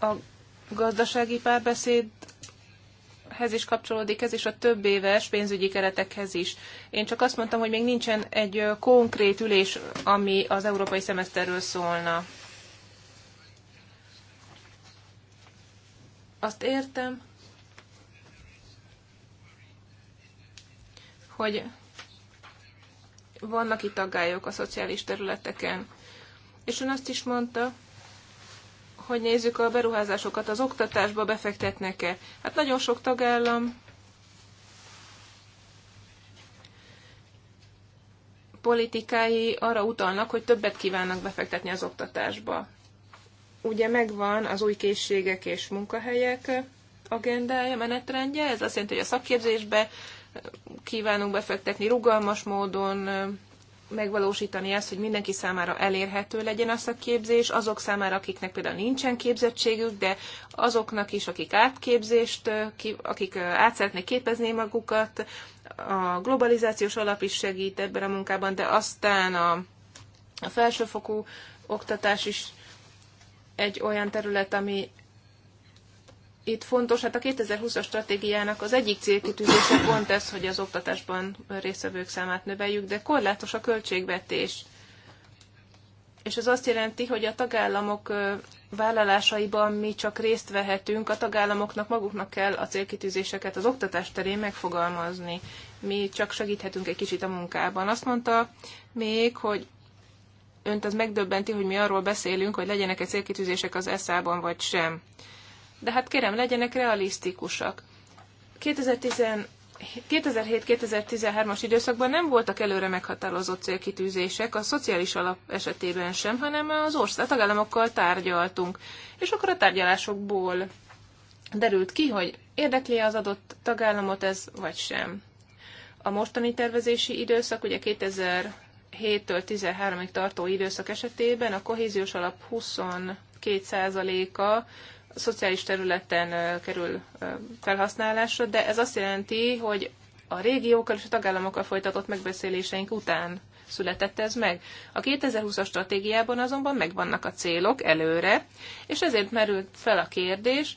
A gazdasági párbeszédhez is kapcsolódik ez, és a több éves pénzügyi keretekhez is. Én csak azt mondtam, hogy még nincsen egy konkrét ülés, ami az európai szemeszterről szólna. Azt értem, hogy vannak itt aggályok a szociális területeken. És ön azt is mondta, hogy nézzük a beruházásokat, az oktatásba befektetnek-e. Hát nagyon sok tagállam politikái arra utalnak, hogy többet kívánnak befektetni az oktatásba. Ugye megvan az új készségek és munkahelyek agendája, menetrendje, ez azt jelenti, hogy a szakképzésbe, kívánunk befektetni rugalmas módon, megvalósítani ezt, hogy mindenki számára elérhető legyen a képzés, azok számára, akiknek például nincsen képzettségük, de azoknak is, akik átképzést, akik át szeretnék képezni magukat, a globalizációs alap is segít ebben a munkában, de aztán a, a felsőfokú oktatás is egy olyan terület, ami itt fontos, hát a 2020-as stratégiának az egyik célkitűzése pont ez, hogy az oktatásban részvevők számát növeljük, de korlátos a költségvetés. És ez azt jelenti, hogy a tagállamok vállalásaiban mi csak részt vehetünk, a tagállamoknak maguknak kell a célkitűzéseket az oktatás terén megfogalmazni. Mi csak segíthetünk egy kicsit a munkában. Azt mondta még, hogy önt az megdöbbenti, hogy mi arról beszélünk, hogy legyenek-e célkitűzések az ESZÁ-ban vagy sem de hát kérem, legyenek realisztikusak. 2007-2013-as időszakban nem voltak előre meghatározott célkitűzések, a szociális alap esetében sem, hanem az ország tagállamokkal tárgyaltunk. És akkor a tárgyalásokból derült ki, hogy érdekli az adott tagállamot ez, vagy sem. A mostani tervezési időszak, ugye 2007-től 13-ig tartó időszak esetében a kohéziós alap 22%-a szociális területen kerül felhasználásra, de ez azt jelenti, hogy a régiókkal és a tagállamokkal folytatott megbeszéléseink után született ez meg. A 2020-as stratégiában azonban megvannak a célok előre, és ezért merült fel a kérdés,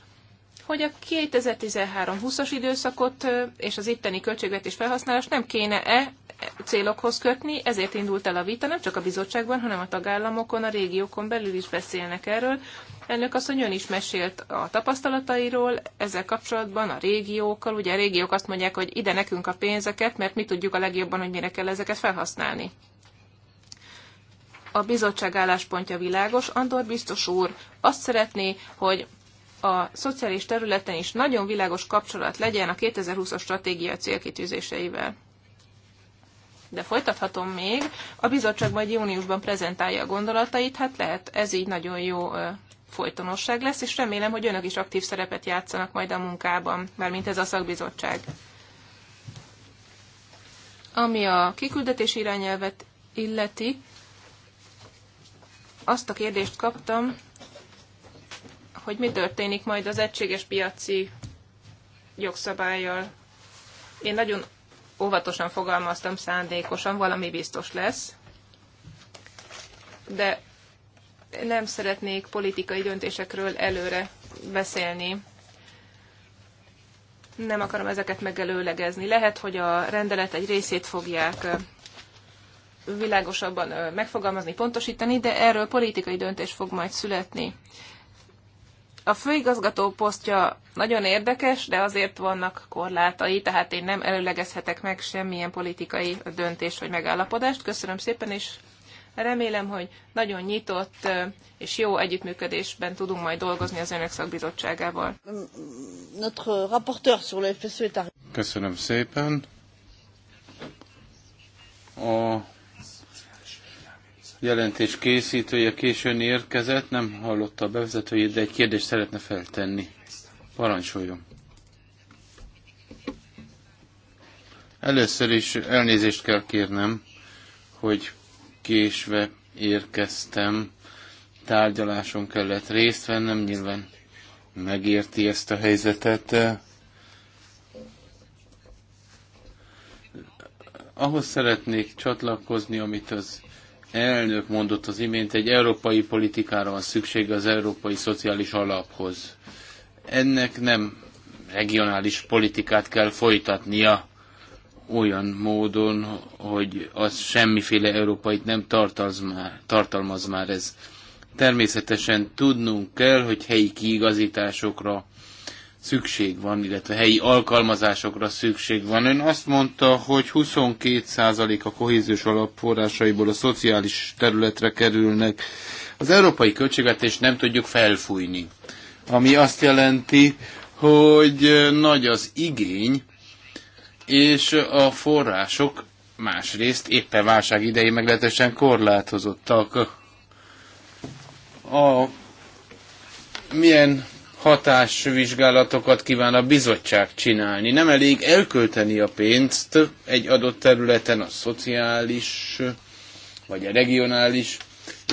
hogy a 2013-20-as időszakot és az itteni költségvetés felhasználást nem kéne-e célokhoz kötni, ezért indult el a vita, nem csak a bizottságban, hanem a tagállamokon, a régiókon belül is beszélnek erről. Ennek azt, hogy ön is mesélt a tapasztalatairól ezzel kapcsolatban, a régiókkal. Ugye a régiók azt mondják, hogy ide nekünk a pénzeket, mert mi tudjuk a legjobban, hogy mire kell ezeket felhasználni. A bizottság álláspontja világos. Andor biztos úr azt szeretné, hogy a szociális területen is nagyon világos kapcsolat legyen a 2020-as stratégia célkitűzéseivel. De folytathatom még, a bizottság majd júniusban prezentálja a gondolatait, hát lehet ez így nagyon jó folytonosság lesz, és remélem, hogy önök is aktív szerepet játszanak majd a munkában, mármint ez a szakbizottság. Ami a kiküldetés irányelvet illeti, azt a kérdést kaptam, hogy mi történik majd az egységes piaci jogszabályjal. Én nagyon óvatosan fogalmaztam szándékosan, valami biztos lesz, de nem szeretnék politikai döntésekről előre beszélni. Nem akarom ezeket megelőlegezni. Lehet, hogy a rendelet egy részét fogják világosabban megfogalmazni, pontosítani, de erről politikai döntés fog majd születni a főigazgató posztja nagyon érdekes, de azért vannak korlátai, tehát én nem előlegezhetek meg semmilyen politikai döntés, vagy megállapodást. Köszönöm szépen, és remélem, hogy nagyon nyitott és jó együttműködésben tudunk majd dolgozni az önök szakbizottságával. E Köszönöm szépen. A jelentés készítője későn érkezett, nem hallotta a bevezetőjét, de egy kérdést szeretne feltenni. Parancsoljon! Először is elnézést kell kérnem, hogy késve érkeztem, tárgyaláson kellett részt vennem, nyilván megérti ezt a helyzetet. Ahhoz szeretnék csatlakozni, amit az elnök mondott az imént, egy európai politikára van szüksége az európai szociális alaphoz. Ennek nem regionális politikát kell folytatnia olyan módon, hogy az semmiféle európait nem tartalmaz már, tartalmaz már ez. Természetesen tudnunk kell, hogy helyi kiigazításokra szükség van, illetve helyi alkalmazásokra szükség van. Ön azt mondta, hogy 22% a kohéziós alapforrásaiból a szociális területre kerülnek. Az európai költségvetést nem tudjuk felfújni, ami azt jelenti, hogy nagy az igény, és a források másrészt éppen válság idején meglehetősen korlátozottak. A milyen hatásvizsgálatokat kíván a bizottság csinálni. Nem elég elkölteni a pénzt egy adott területen, a szociális vagy a regionális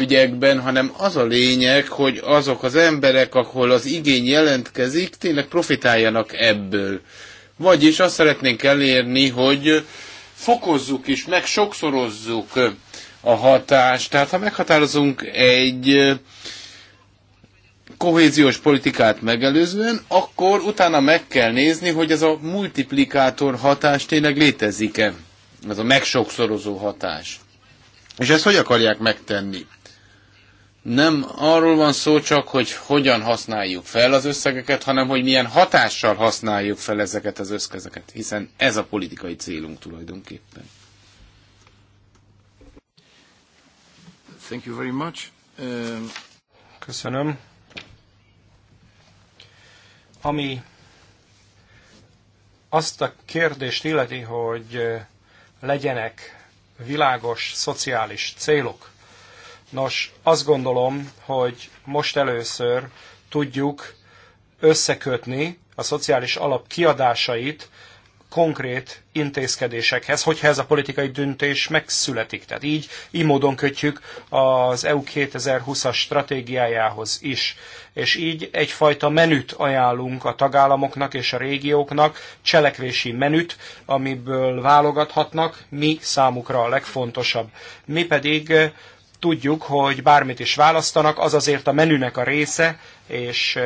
ügyekben, hanem az a lényeg, hogy azok az emberek, ahol az igény jelentkezik, tényleg profitáljanak ebből. Vagyis azt szeretnénk elérni, hogy fokozzuk is, meg sokszorozzuk a hatást. Tehát ha meghatározunk egy kohéziós politikát megelőzően, akkor utána meg kell nézni, hogy ez a multiplikátor hatás tényleg létezik-e. Ez a megsokszorozó hatás. És ezt hogy akarják megtenni? Nem arról van szó csak, hogy hogyan használjuk fel az összegeket, hanem hogy milyen hatással használjuk fel ezeket az összegeket, hiszen ez a politikai célunk tulajdonképpen. Thank you very much. Um... Köszönöm. Ami azt a kérdést illeti, hogy legyenek világos szociális célok. Nos, azt gondolom, hogy most először tudjuk összekötni a szociális alap kiadásait konkrét intézkedésekhez, hogyha ez a politikai döntés megszületik. Tehát így, így módon kötjük az EU 2020-as stratégiájához is. És így egyfajta menüt ajánlunk a tagállamoknak és a régióknak, cselekvési menüt, amiből válogathatnak, mi számukra a legfontosabb. Mi pedig tudjuk, hogy bármit is választanak, az azért a menünek a része, és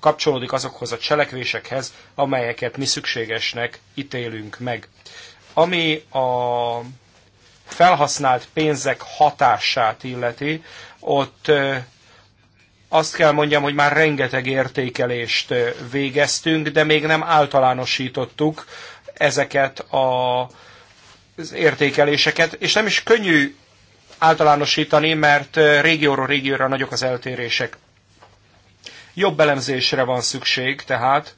kapcsolódik azokhoz a cselekvésekhez, amelyeket mi szükségesnek ítélünk meg. Ami a felhasznált pénzek hatását illeti, ott azt kell mondjam, hogy már rengeteg értékelést végeztünk, de még nem általánosítottuk ezeket a, az értékeléseket, és nem is könnyű általánosítani, mert régióról régióra nagyok az eltérések. Jobb elemzésre van szükség tehát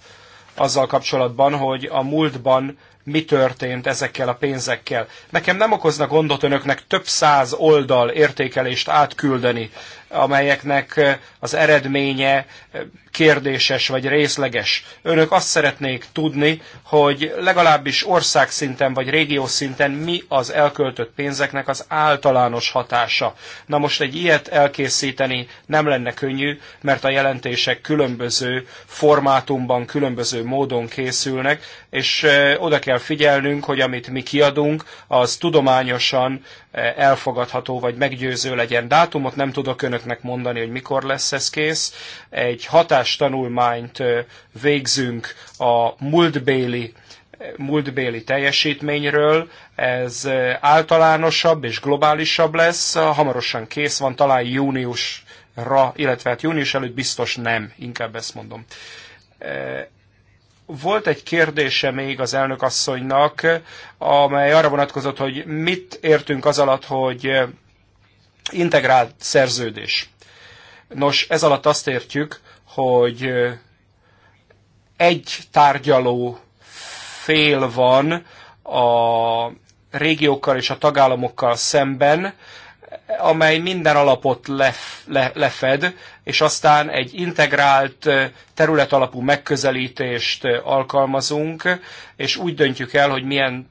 azzal kapcsolatban, hogy a múltban mi történt ezekkel a pénzekkel. Nekem nem okozna gondot önöknek több száz oldal értékelést átküldeni amelyeknek az eredménye kérdéses vagy részleges. Önök azt szeretnék tudni, hogy legalábbis országszinten vagy régió szinten mi az elköltött pénzeknek az általános hatása. Na most egy ilyet elkészíteni nem lenne könnyű, mert a jelentések különböző formátumban, különböző módon készülnek, és oda kell figyelnünk, hogy amit mi kiadunk, az tudományosan elfogadható vagy meggyőző legyen. Dátumot nem tudok önök önöknek mondani, hogy mikor lesz ez kész. Egy hatástanulmányt végzünk a múltbéli múltbéli teljesítményről, ez általánosabb és globálisabb lesz, hamarosan kész van, talán júniusra, illetve hát június előtt biztos nem, inkább ezt mondom. Volt egy kérdése még az elnök asszonynak, amely arra vonatkozott, hogy mit értünk az alatt, hogy integrált szerződés. Nos, ez alatt azt értjük, hogy egy tárgyaló fél van a régiókkal és a tagállamokkal szemben, amely minden alapot lef, le, lefed, és aztán egy integrált területalapú megközelítést alkalmazunk, és úgy döntjük el, hogy milyen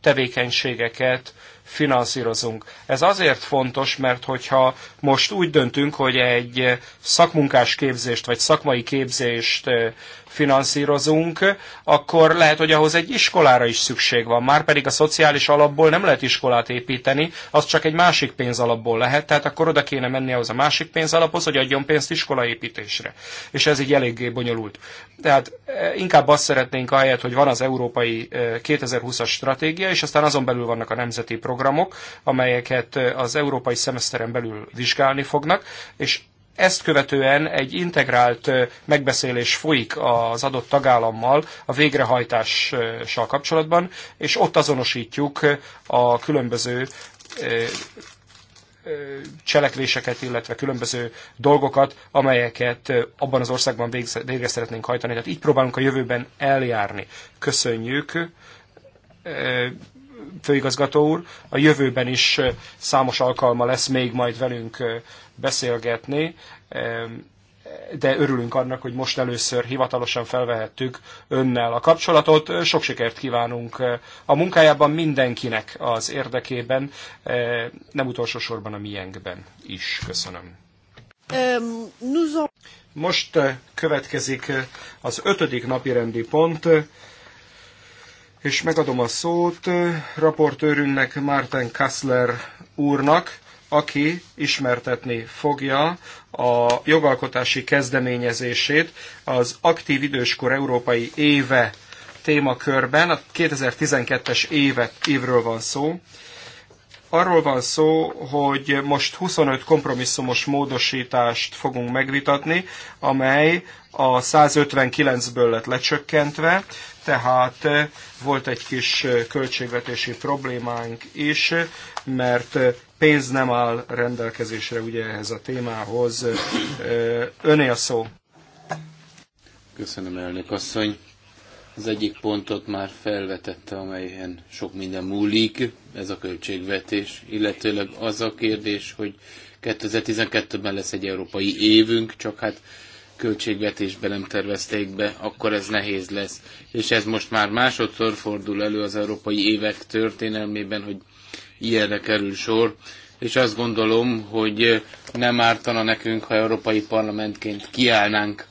tevékenységeket finanszírozunk. Ez azért fontos, mert hogyha most úgy döntünk, hogy egy szakmunkás képzést vagy szakmai képzést eh, finanszírozunk, akkor lehet, hogy ahhoz egy iskolára is szükség van. Már pedig a szociális alapból nem lehet iskolát építeni, az csak egy másik pénzalapból lehet, tehát akkor oda kéne menni ahhoz a másik pénzalaphoz, hogy adjon pénzt iskolaépítésre. És ez így eléggé bonyolult. Tehát e, inkább azt szeretnénk ahelyett, hogy van az európai 2020-as e, stratégia, és aztán azon belül vannak a nemzeti programok, amelyeket e, az európai szemeszteren belül vizsgálni fognak, és ezt követően egy integrált megbeszélés folyik az adott tagállammal a végrehajtással kapcsolatban, és ott azonosítjuk a különböző cselekvéseket, illetve különböző dolgokat, amelyeket abban az országban végre szeretnénk hajtani. Tehát így próbálunk a jövőben eljárni. Köszönjük főigazgató úr, a jövőben is számos alkalma lesz még majd velünk beszélgetni, de örülünk annak, hogy most először hivatalosan felvehettük önnel a kapcsolatot. Sok sikert kívánunk a munkájában mindenkinek az érdekében, nem utolsó sorban a miénkben is. Köszönöm. Most következik az ötödik napi rendi pont, és megadom a szót raportőrünknek, Márten Kassler úrnak, aki ismertetni fogja a jogalkotási kezdeményezését az Aktív Időskor Európai Éve témakörben. A 2012-es évet, évről van szó. Arról van szó, hogy most 25 kompromisszumos módosítást fogunk megvitatni, amely a 159-ből lett lecsökkentve, tehát eh, volt egy kis eh, költségvetési problémánk is, mert eh, pénz nem áll rendelkezésre ugye ehhez a témához. Öné a szó. Köszönöm, elnök asszony. Az egyik pontot már felvetette, amelyen sok minden múlik, ez a költségvetés, illetőleg az a kérdés, hogy 2012-ben lesz egy európai évünk, csak hát költségvetésbe nem tervezték be, akkor ez nehéz lesz. És ez most már másodszor fordul elő az európai évek történelmében, hogy ilyenre kerül sor, és azt gondolom, hogy nem ártana nekünk, ha európai parlamentként kiállnánk,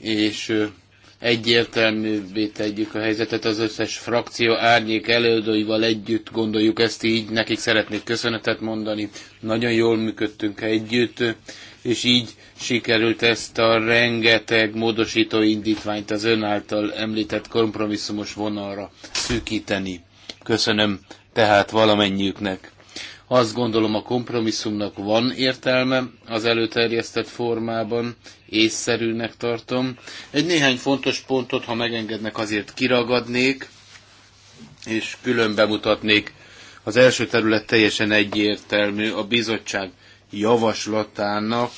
és Egyértelművé tegyük a helyzetet az összes frakció árnyék előadóival együtt, gondoljuk ezt így, nekik szeretnék köszönetet mondani, nagyon jól működtünk együtt, és így sikerült ezt a rengeteg módosító indítványt az ön által említett kompromisszumos vonalra szűkíteni. Köszönöm tehát valamennyiüknek. Azt gondolom a kompromisszumnak van értelme az előterjesztett formában, észszerűnek tartom. Egy néhány fontos pontot, ha megengednek, azért kiragadnék, és külön bemutatnék. Az első terület teljesen egyértelmű, a bizottság javaslatának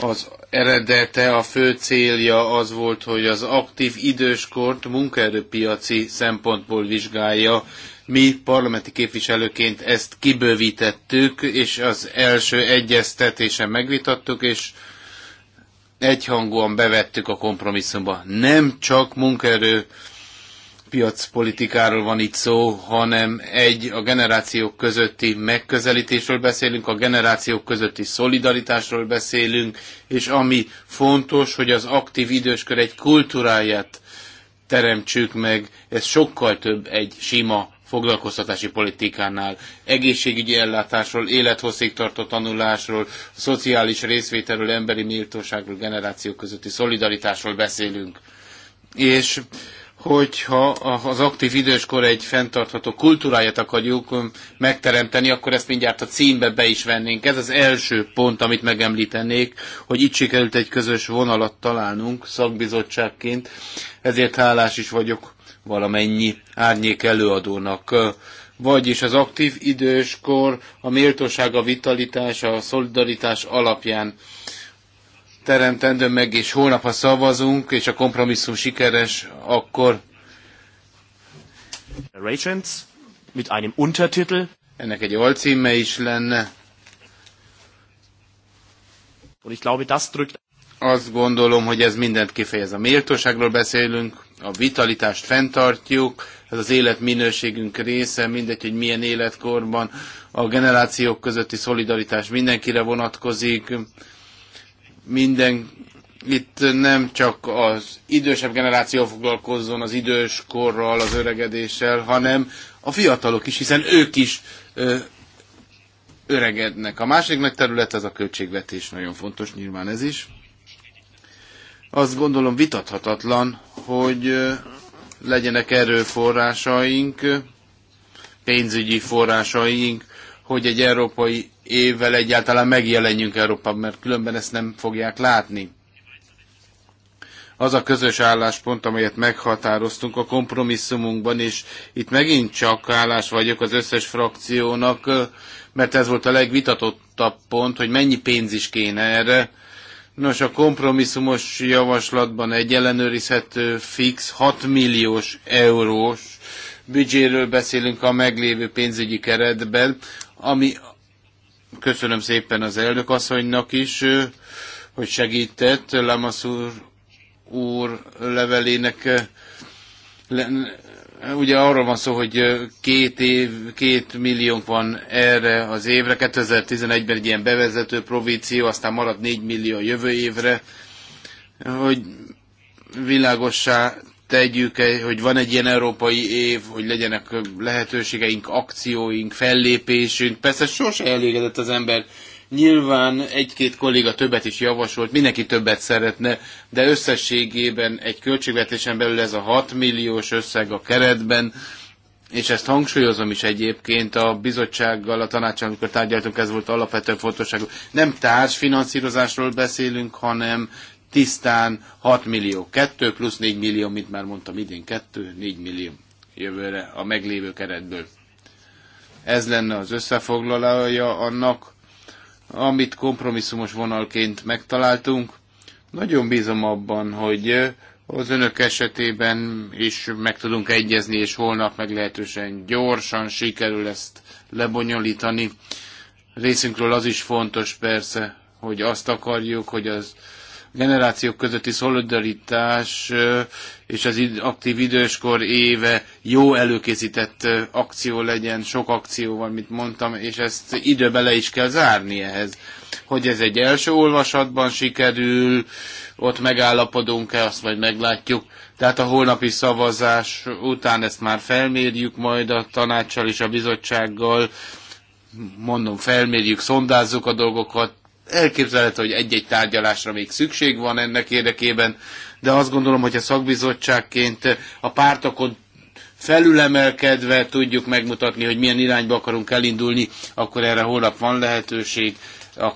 az eredete, a fő célja az volt, hogy az aktív időskort munkaerőpiaci szempontból vizsgálja, mi parlamenti képviselőként ezt kibővítettük, és az első egyeztetésen megvitattuk, és egyhangúan bevettük a kompromisszumba. Nem csak munkaerő piacpolitikáról van itt szó, hanem egy a generációk közötti megközelítésről beszélünk, a generációk közötti szolidaritásról beszélünk, és ami fontos, hogy az aktív időskör egy kultúráját teremtsük meg, ez sokkal több egy sima foglalkoztatási politikánál, egészségügyi ellátásról, élethosszígtartó tanulásról, szociális részvételről, emberi méltóságról, generációk közötti szolidaritásról beszélünk. És hogyha az aktív időskor egy fenntartható kultúráját akarjuk megteremteni, akkor ezt mindjárt a címbe be is vennénk. Ez az első pont, amit megemlítenék, hogy itt sikerült egy közös vonalat találnunk szakbizottságként, ezért hálás is vagyok valamennyi árnyék előadónak. Vagyis az aktív időskor a méltóság, a vitalitás, a szolidaritás alapján teremtendő meg, és holnap, ha szavazunk, és a kompromisszum sikeres, akkor mit einem Untertitel. Ennek egy alcíme is lenne. Und ich glaube, das drückt azt gondolom, hogy ez mindent kifejez. A méltóságról beszélünk, a vitalitást fenntartjuk, ez az életminőségünk része, mindegy, hogy milyen életkorban, a generációk közötti szolidaritás mindenkire vonatkozik, minden, itt nem csak az idősebb generáció foglalkozzon az időskorral, az öregedéssel, hanem a fiatalok is, hiszen ők is ö, öregednek. A másik nagy terület ez a költségvetés, nagyon fontos nyilván ez is. Azt gondolom vitathatatlan, hogy legyenek erőforrásaink, pénzügyi forrásaink, hogy egy európai évvel egyáltalán megjelenjünk Európában, mert különben ezt nem fogják látni. Az a közös álláspont, amelyet meghatároztunk a kompromisszumunkban, és itt megint csak állás vagyok az összes frakciónak, mert ez volt a legvitatottabb pont, hogy mennyi pénz is kéne erre, Nos, a kompromisszumos javaslatban egy ellenőrizhető fix 6 milliós eurós büdzséről beszélünk a meglévő pénzügyi keretben, ami köszönöm szépen az elnök asszonynak is, hogy segített Lamassur úr levelének ugye arról van szó, hogy két, év, két milliónk van erre az évre, 2011-ben egy ilyen bevezető províció, aztán marad 4 millió a jövő évre, hogy világossá tegyük, hogy van egy ilyen európai év, hogy legyenek lehetőségeink, akcióink, fellépésünk. Persze sose elégedett az ember Nyilván egy-két kolléga többet is javasolt, mindenki többet szeretne, de összességében egy költségvetésen belül ez a 6 milliós összeg a keretben, és ezt hangsúlyozom is egyébként a bizottsággal, a tanácsal, amikor tárgyaltunk, ez volt alapvető fontosságú. Nem társfinanszírozásról beszélünk, hanem tisztán 6 millió, 2 plusz 4 millió, mint már mondtam idén, 2, 4 millió jövőre a meglévő keretből. Ez lenne az összefoglalója annak, amit kompromisszumos vonalként megtaláltunk. Nagyon bízom abban, hogy az önök esetében is meg tudunk egyezni, és holnap meglehetősen gyorsan sikerül ezt lebonyolítani. Részünkről az is fontos persze, hogy azt akarjuk, hogy az generációk közötti szolidaritás és az aktív időskor éve jó előkészített akció legyen, sok akció van, mint mondtam, és ezt le is kell zárni ehhez. Hogy ez egy első olvasatban sikerül, ott megállapodunk-e, azt majd meglátjuk. Tehát a holnapi szavazás után ezt már felmérjük majd a tanácssal és a bizottsággal, mondom, felmérjük, szondázzuk a dolgokat, elképzelhető, hogy egy-egy tárgyalásra még szükség van ennek érdekében, de azt gondolom, hogy a szakbizottságként a pártokon felülemelkedve tudjuk megmutatni, hogy milyen irányba akarunk elindulni, akkor erre holnap van lehetőség,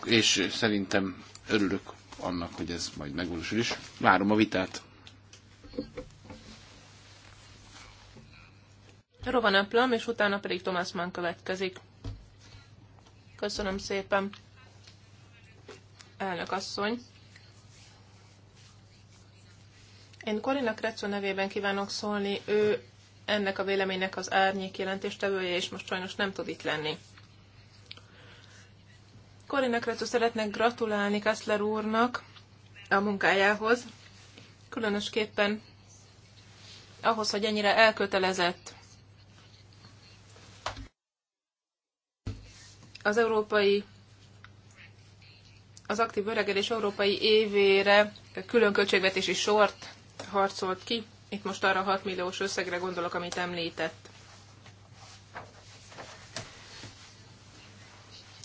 és szerintem örülök annak, hogy ez majd megvalósul is. Várom a vitát. Rovan Öplöm, és utána pedig Tomás Mann következik. Köszönöm szépen elnök asszony. Én Corina Kretszó nevében kívánok szólni, ő ennek a véleménynek az árnyék jelentéstevője, és most sajnos nem tud itt lenni. Corina Kretszó szeretnek gratulálni Kessler úrnak a munkájához, különösképpen ahhoz, hogy ennyire elkötelezett az európai az aktív öregedés európai évére külön költségvetési sort harcolt ki. Itt most arra 6 milliós összegre gondolok, amit említett.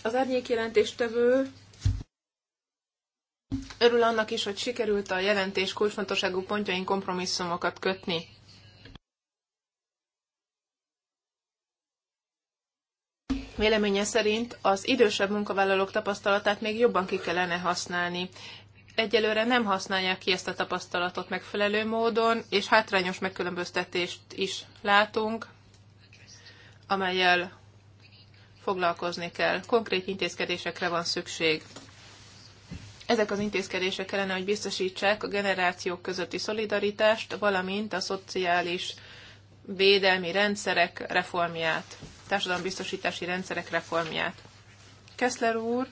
Az árnyék jelentéstevő örül annak is, hogy sikerült a jelentés kulcsfontosságú pontjain kompromisszumokat kötni. Véleménye szerint az idősebb munkavállalók tapasztalatát még jobban ki kellene használni. Egyelőre nem használják ki ezt a tapasztalatot megfelelő módon, és hátrányos megkülönböztetést is látunk, amelyel foglalkozni kell. Konkrét intézkedésekre van szükség. Ezek az intézkedések kellene, hogy biztosítsák a generációk közötti szolidaritást, valamint a szociális védelmi rendszerek reformját társadalombiztosítási rendszerek reformját. Kessler úr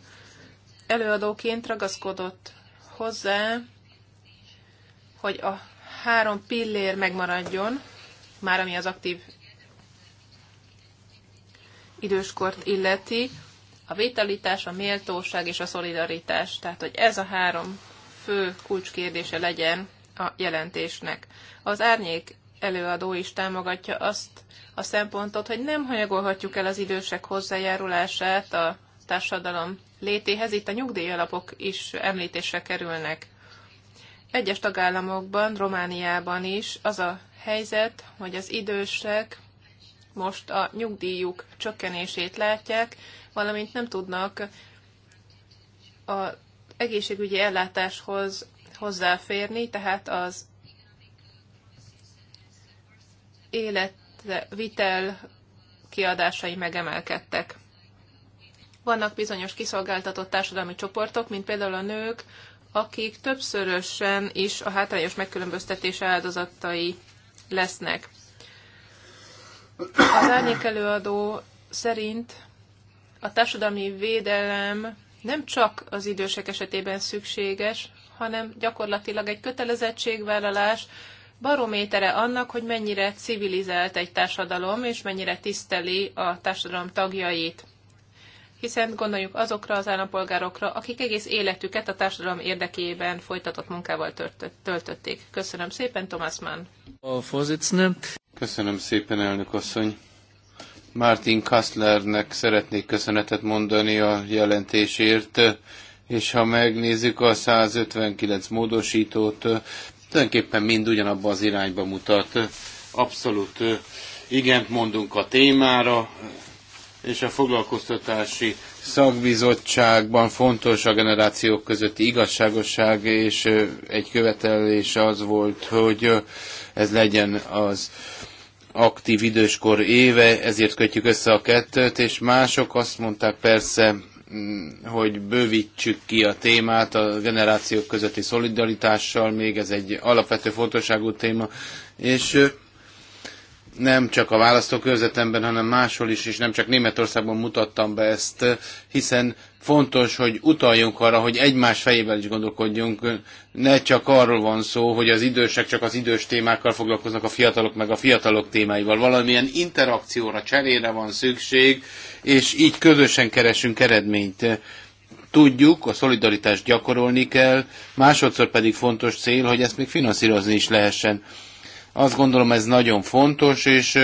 előadóként ragaszkodott hozzá, hogy a három pillér megmaradjon, már ami az aktív időskort illeti, a vitalitás, a méltóság és a szolidaritás. Tehát, hogy ez a három fő kulcskérdése legyen a jelentésnek. Az árnyék előadó is támogatja azt a szempontot, hogy nem hanyagolhatjuk el az idősek hozzájárulását a társadalom létéhez. Itt a nyugdíjalapok is említésre kerülnek. Egyes tagállamokban, Romániában is az a helyzet, hogy az idősek most a nyugdíjuk csökkenését látják, valamint nem tudnak az egészségügyi ellátáshoz hozzáférni, tehát az életvitel kiadásai megemelkedtek. Vannak bizonyos kiszolgáltatott társadalmi csoportok, mint például a nők, akik többszörösen is a hátrányos megkülönböztetés áldozatai lesznek. Az árnyék előadó szerint a társadalmi védelem nem csak az idősek esetében szükséges, hanem gyakorlatilag egy kötelezettségvállalás, barométere annak, hogy mennyire civilizált egy társadalom, és mennyire tiszteli a társadalom tagjait. Hiszen gondoljuk azokra az állampolgárokra, akik egész életüket a társadalom érdekében folytatott munkával töltötték. Köszönöm szépen, Thomas Mann. A fozicne. Köszönöm szépen, elnök asszony. Martin Kasslernek szeretnék köszönetet mondani a jelentésért és ha megnézzük a 159 módosítót, tulajdonképpen mind ugyanabba az irányba mutat. Abszolút igent mondunk a témára, és a foglalkoztatási szakbizottságban fontos a generációk közötti igazságosság, és egy követelés az volt, hogy ez legyen az aktív időskor éve, ezért kötjük össze a kettőt, és mások azt mondták persze, Mm, hogy bővítsük ki a témát a generációk közötti szolidaritással, még ez egy alapvető fontosságú téma, és nem csak a választókörzetemben, hanem máshol is, és nem csak Németországban mutattam be ezt, hiszen fontos, hogy utaljunk arra, hogy egymás fejével is gondolkodjunk. Ne csak arról van szó, hogy az idősek csak az idős témákkal foglalkoznak, a fiatalok meg a fiatalok témáival. Valamilyen interakcióra, cserére van szükség, és így közösen keresünk eredményt. Tudjuk, a szolidaritást gyakorolni kell, másodszor pedig fontos cél, hogy ezt még finanszírozni is lehessen. Azt gondolom ez nagyon fontos, és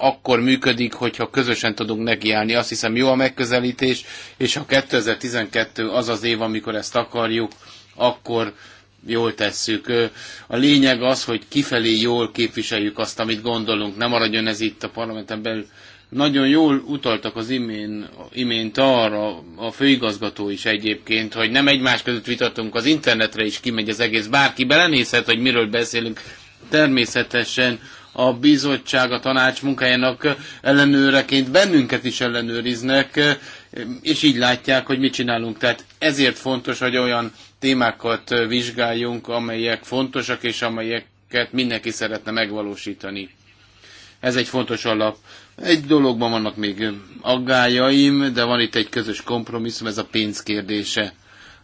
akkor működik, hogyha közösen tudunk nekiállni. Azt hiszem jó a megközelítés, és ha 2012 az az év, amikor ezt akarjuk, akkor jól tesszük. A lényeg az, hogy kifelé jól képviseljük azt, amit gondolunk. Nem maradjon ez itt a parlamenten belül. Nagyon jól utaltak az imén, imént arra a főigazgató is egyébként, hogy nem egymás között vitatunk, az internetre is kimegy az egész, bárki belenézhet, hogy miről beszélünk. Természetesen a bizottság, a tanács munkájának ellenőreként bennünket is ellenőriznek, és így látják, hogy mit csinálunk. Tehát ezért fontos, hogy olyan témákat vizsgáljunk, amelyek fontosak, és amelyeket mindenki szeretne megvalósítani. Ez egy fontos alap. Egy dologban vannak még aggájaim, de van itt egy közös kompromisszum, ez a pénz kérdése.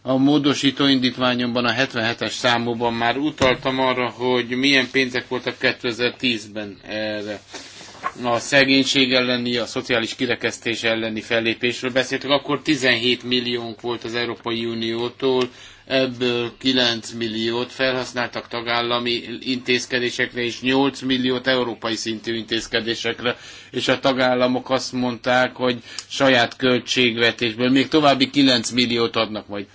A módosító indítványomban a 77-es számúban már utaltam arra, hogy milyen pénzek voltak 2010-ben erre a szegénység elleni, a szociális kirekesztés elleni fellépésről beszéltek, akkor 17 milliónk volt az Európai Uniótól, ebből 9 milliót felhasználtak tagállami intézkedésekre, és 8 milliót európai szintű intézkedésekre, és a tagállamok azt mondták, hogy saját költségvetésből még további 9 milliót adnak majd.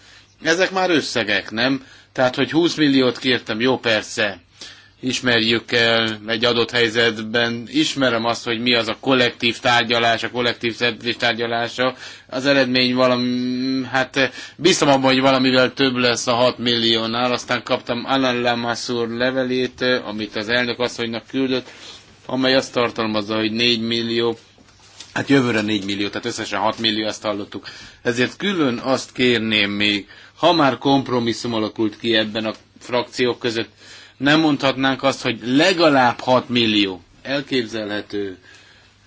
Ezek már összegek, nem? Tehát, hogy 20 milliót kértem, jó persze, ismerjük el egy adott helyzetben. Ismerem azt, hogy mi az a kollektív tárgyalás, a kollektív szerződés tárgyalása. Az eredmény valami, hát eh, bízom abban, hogy valamivel több lesz a 6 milliónál. Aztán kaptam Alan Lamassur levelét, eh, amit az elnök asszonynak küldött, amely azt tartalmazza, hogy 4 millió Hát jövőre 4 millió, tehát összesen 6 millió, azt hallottuk. Ezért külön azt kérném még, ha már kompromisszum alakult ki ebben a frakciók között, nem mondhatnánk azt, hogy legalább 6 millió. Elképzelhető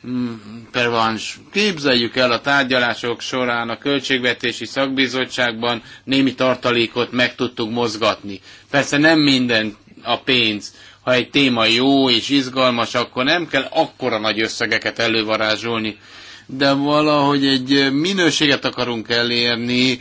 hmm, pervans. Képzeljük el a tárgyalások során a Költségvetési Szakbizottságban némi tartalékot meg tudtuk mozgatni. Persze nem minden a pénz. Ha egy téma jó és izgalmas, akkor nem kell akkora nagy összegeket elővarázsolni. De valahogy egy minőséget akarunk elérni,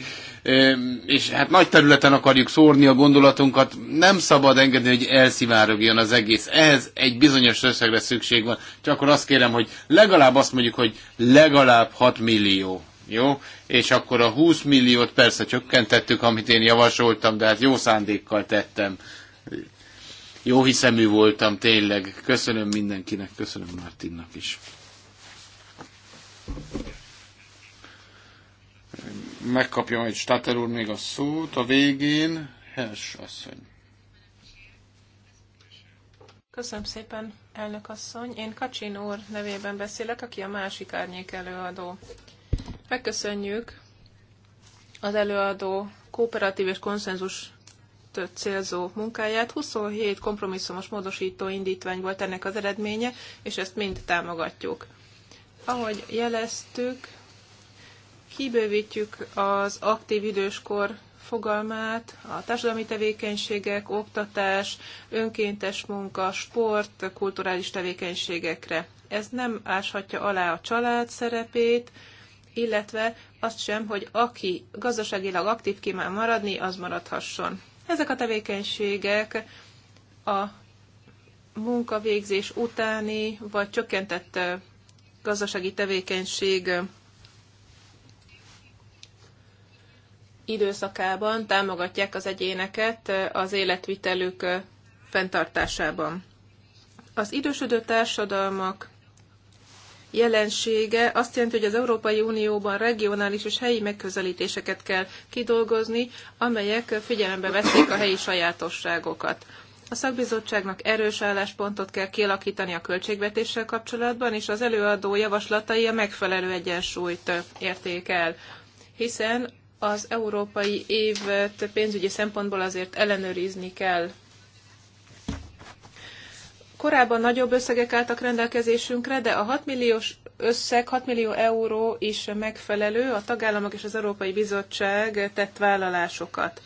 és hát nagy területen akarjuk szórni a gondolatunkat, nem szabad engedni, hogy elszivárogjon az egész. Ehhez egy bizonyos összegre szükség van. Csak akkor azt kérem, hogy legalább azt mondjuk, hogy legalább 6 millió. Jó? És akkor a 20 milliót persze csökkentettük, amit én javasoltam, de hát jó szándékkal tettem. Jó hiszemű voltam, tényleg. Köszönöm mindenkinek, köszönöm Martinnak is megkapja majd Stater úr még a szót a végén. Hers asszony. Köszönöm szépen, elnök asszony. Én Kacsin úr nevében beszélek, aki a másik árnyék előadó. Megköszönjük az előadó kooperatív és konszenzus célzó munkáját. 27 kompromisszumos módosító indítvány volt ennek az eredménye, és ezt mind támogatjuk. Ahogy jeleztük, kibővítjük az aktív időskor fogalmát, a társadalmi tevékenységek, oktatás, önkéntes munka, sport, kulturális tevékenységekre. Ez nem áshatja alá a család szerepét, illetve azt sem, hogy aki gazdaságilag aktív kíván maradni, az maradhasson. Ezek a tevékenységek a munkavégzés utáni vagy csökkentett gazdasági tevékenység időszakában támogatják az egyéneket az életvitelük fenntartásában. Az idősödő társadalmak jelensége azt jelenti, hogy az Európai Unióban regionális és helyi megközelítéseket kell kidolgozni, amelyek figyelembe veszik a helyi sajátosságokat. A szakbizottságnak erős álláspontot kell kialakítani a költségvetéssel kapcsolatban, és az előadó javaslatai a megfelelő egyensúlyt érték el, hiszen az európai évet pénzügyi szempontból azért ellenőrizni kell. Korábban nagyobb összegek álltak rendelkezésünkre, de a 6 milliós összeg, 6 millió euró is megfelelő, a tagállamok és az Európai Bizottság tett vállalásokat.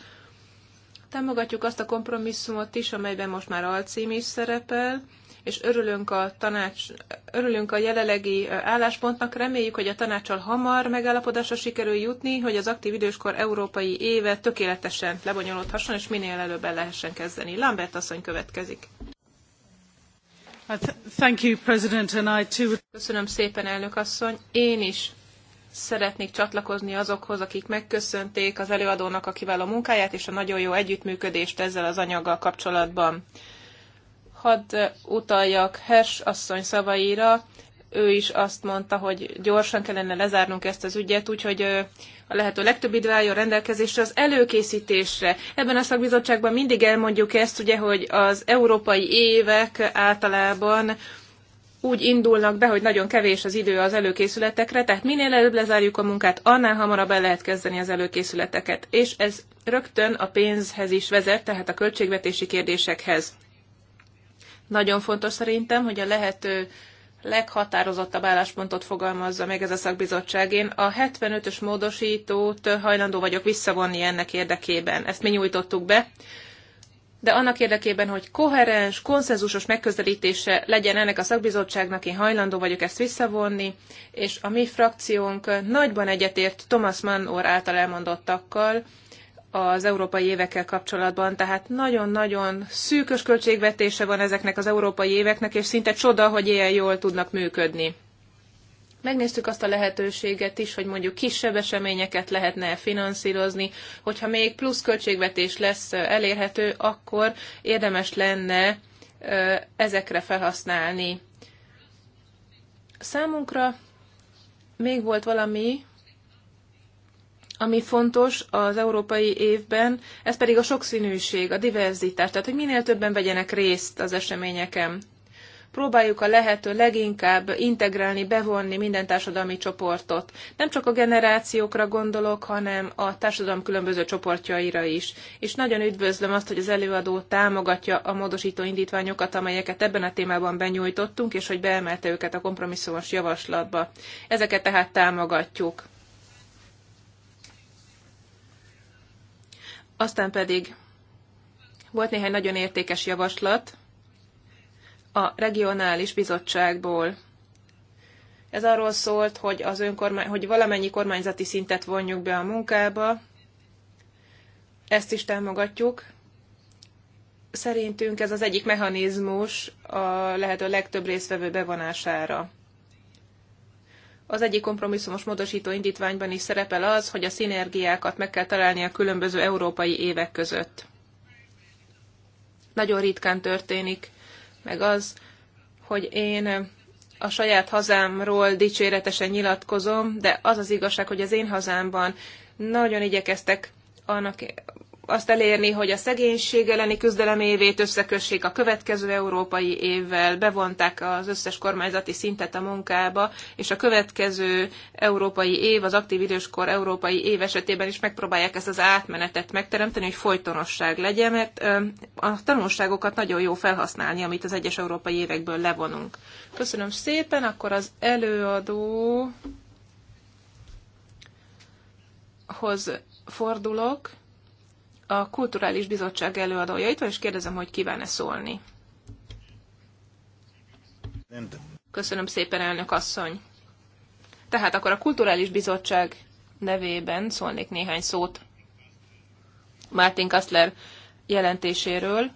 Támogatjuk azt a kompromisszumot is, amelyben most már alcím is szerepel, és örülünk a, tanács, örülünk a jelenlegi álláspontnak. Reméljük, hogy a tanácsal hamar megállapodásra sikerül jutni, hogy az aktív időskor európai éve tökéletesen lebonyolódhasson, és minél előbb el lehessen kezdeni. Lambert asszony következik. Uh, thank you, President, and I too. Köszönöm szépen, elnök asszony. Én is szeretnék csatlakozni azokhoz, akik megköszönték az előadónak a kiváló munkáját és a nagyon jó együttműködést ezzel az anyaggal kapcsolatban. Hadd utaljak Hers asszony szavaira, ő is azt mondta, hogy gyorsan kellene lezárnunk ezt az ügyet, úgyhogy a lehető legtöbb idő álljon rendelkezésre az előkészítésre. Ebben a szakbizottságban mindig elmondjuk ezt, ugye, hogy az európai évek általában úgy indulnak be, hogy nagyon kevés az idő az előkészületekre, tehát minél előbb lezárjuk a munkát, annál hamarabb el lehet kezdeni az előkészületeket. És ez rögtön a pénzhez is vezet, tehát a költségvetési kérdésekhez. Nagyon fontos szerintem, hogy a lehető leghatározottabb álláspontot fogalmazza meg ez a szakbizottság. Én a 75-ös módosítót hajlandó vagyok visszavonni ennek érdekében. Ezt mi nyújtottuk be de annak érdekében, hogy koherens, konszenzusos megközelítése legyen ennek a szakbizottságnak, én hajlandó vagyok ezt visszavonni, és a mi frakciónk nagyban egyetért Thomas Mann úr által elmondottakkal, az európai évekkel kapcsolatban. Tehát nagyon-nagyon szűkös költségvetése van ezeknek az európai éveknek, és szinte csoda, hogy ilyen jól tudnak működni. Megnéztük azt a lehetőséget is, hogy mondjuk kisebb eseményeket lehetne finanszírozni, hogyha még plusz költségvetés lesz elérhető, akkor érdemes lenne ezekre felhasználni. Számunkra még volt valami, ami fontos az európai évben, ez pedig a sokszínűség, a diverzitás, tehát hogy minél többen vegyenek részt az eseményeken. Próbáljuk a lehető leginkább integrálni, bevonni minden társadalmi csoportot. Nem csak a generációkra gondolok, hanem a társadalom különböző csoportjaira is. És nagyon üdvözlöm azt, hogy az előadó támogatja a módosító indítványokat, amelyeket ebben a témában benyújtottunk, és hogy beemelte őket a kompromisszumos javaslatba. Ezeket tehát támogatjuk Aztán pedig volt néhány nagyon értékes javaslat a regionális bizottságból. Ez arról szólt, hogy, az önkormány, hogy valamennyi kormányzati szintet vonjuk be a munkába, ezt is támogatjuk. Szerintünk ez az egyik mechanizmus a lehető legtöbb részvevő bevonására. Az egyik kompromisszumos módosító indítványban is szerepel az, hogy a szinergiákat meg kell találni a különböző európai évek között. Nagyon ritkán történik meg az, hogy én a saját hazámról dicséretesen nyilatkozom, de az az igazság, hogy az én hazámban nagyon igyekeztek annak azt elérni, hogy a szegénység elleni küzdelem évét összekössék a következő európai évvel, bevonták az összes kormányzati szintet a munkába, és a következő európai év, az aktív időskor európai év esetében is megpróbálják ezt az átmenetet megteremteni, hogy folytonosság legyen, mert a tanulságokat nagyon jó felhasználni, amit az egyes európai évekből levonunk. Köszönöm szépen, akkor az előadó hoz fordulok a Kulturális Bizottság előadója itt és kérdezem, hogy kíván-e szólni. Köszönöm szépen, elnök asszony. Tehát akkor a Kulturális Bizottság nevében szólnék néhány szót Martin Kastler jelentéséről.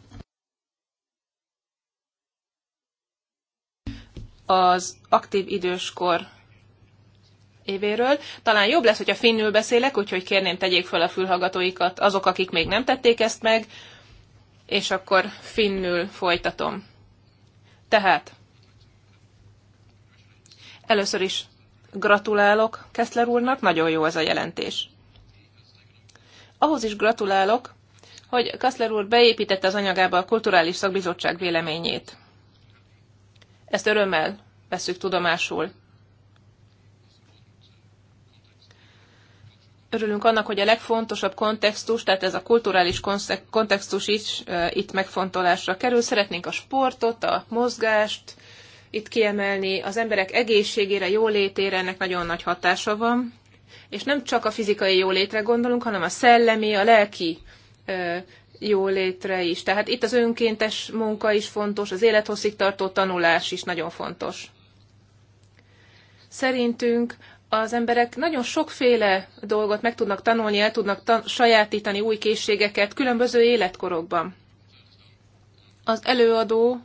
Az aktív időskor évéről. Talán jobb lesz, hogyha finnül beszélek, úgyhogy kérném tegyék fel a fülhallgatóikat azok, akik még nem tették ezt meg, és akkor finnül folytatom. Tehát, először is gratulálok Keszler úrnak, nagyon jó ez a jelentés. Ahhoz is gratulálok, hogy Kaszler úr beépítette az anyagába a Kulturális Szakbizottság véleményét. Ezt örömmel veszük tudomásul. örülünk annak, hogy a legfontosabb kontextus, tehát ez a kulturális kontextus is itt megfontolásra kerül. Szeretnénk a sportot, a mozgást itt kiemelni, az emberek egészségére, jólétére ennek nagyon nagy hatása van, és nem csak a fizikai jólétre gondolunk, hanem a szellemi, a lelki jólétre is. Tehát itt az önkéntes munka is fontos, az élethosszig tartó tanulás is nagyon fontos. Szerintünk az emberek nagyon sokféle dolgot meg tudnak tanulni, el tudnak tan- sajátítani új készségeket különböző életkorokban. Az előadó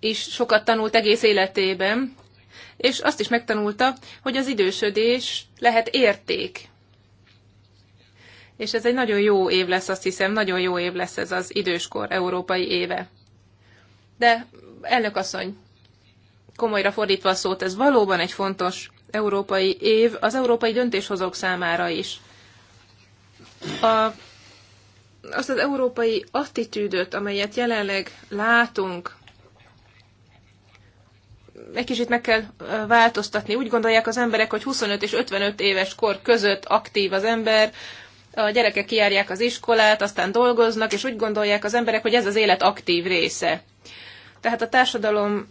is sokat tanult egész életében, és azt is megtanulta, hogy az idősödés lehet érték. És ez egy nagyon jó év lesz, azt hiszem, nagyon jó év lesz ez az időskor európai éve. De elnök asszony, komolyra fordítva a szót, ez valóban egy fontos európai év az európai döntéshozók számára is. A, azt az európai attitűdöt, amelyet jelenleg látunk, egy kicsit meg kell változtatni. Úgy gondolják az emberek, hogy 25 és 55 éves kor között aktív az ember, a gyerekek kiárják az iskolát, aztán dolgoznak, és úgy gondolják az emberek, hogy ez az élet aktív része. Tehát a társadalom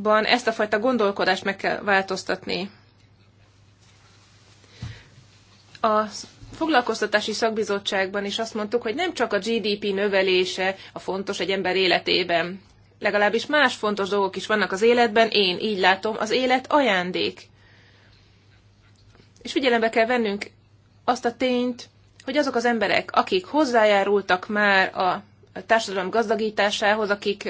ban ezt a fajta gondolkodást meg kell változtatni. A foglalkoztatási szakbizottságban is azt mondtuk, hogy nem csak a GDP növelése a fontos egy ember életében. Legalábbis más fontos dolgok is vannak az életben, én így látom, az élet ajándék. És figyelembe kell vennünk azt a tényt, hogy azok az emberek, akik hozzájárultak már a társadalom gazdagításához, akik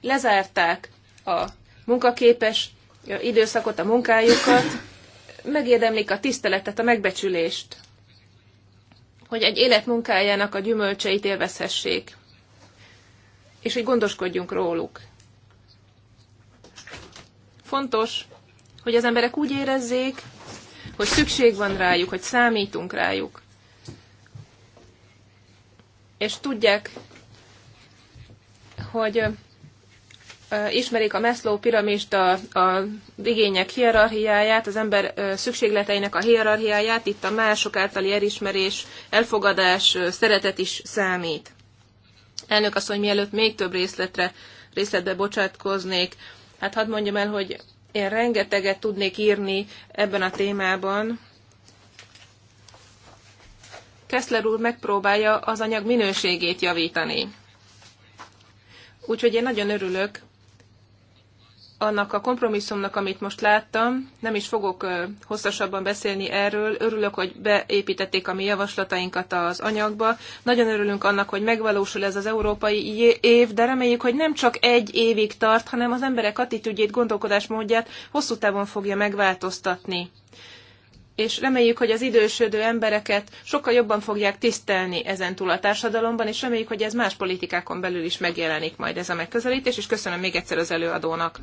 lezárták a munkaképes időszakot, a munkájukat, megérdemlik a tiszteletet, a megbecsülést, hogy egy élet munkájának a gyümölcseit élvezhessék, és hogy gondoskodjunk róluk. Fontos, hogy az emberek úgy érezzék, hogy szükség van rájuk, hogy számítunk rájuk. És tudják, hogy ismerik a Maslow piramist, a, a igények hierarchiáját, az ember szükségleteinek a hierarchiáját, itt a mások általi elismerés, elfogadás, szeretet is számít. Elnök azt hogy mielőtt még több részletre, részletbe bocsátkoznék, hát hadd mondjam el, hogy én rengeteget tudnék írni ebben a témában. Kessler úr megpróbálja az anyag minőségét javítani. Úgyhogy én nagyon örülök, annak a kompromisszumnak, amit most láttam, nem is fogok hosszasabban beszélni erről. Örülök, hogy beépítették a mi javaslatainkat az anyagba. Nagyon örülünk annak, hogy megvalósul ez az európai év, de reméljük, hogy nem csak egy évig tart, hanem az emberek attitűdjét, gondolkodásmódját hosszú távon fogja megváltoztatni és reméljük, hogy az idősödő embereket sokkal jobban fogják tisztelni ezentúl a társadalomban, és reméljük, hogy ez más politikákon belül is megjelenik majd ez a megközelítés, és köszönöm még egyszer az előadónak.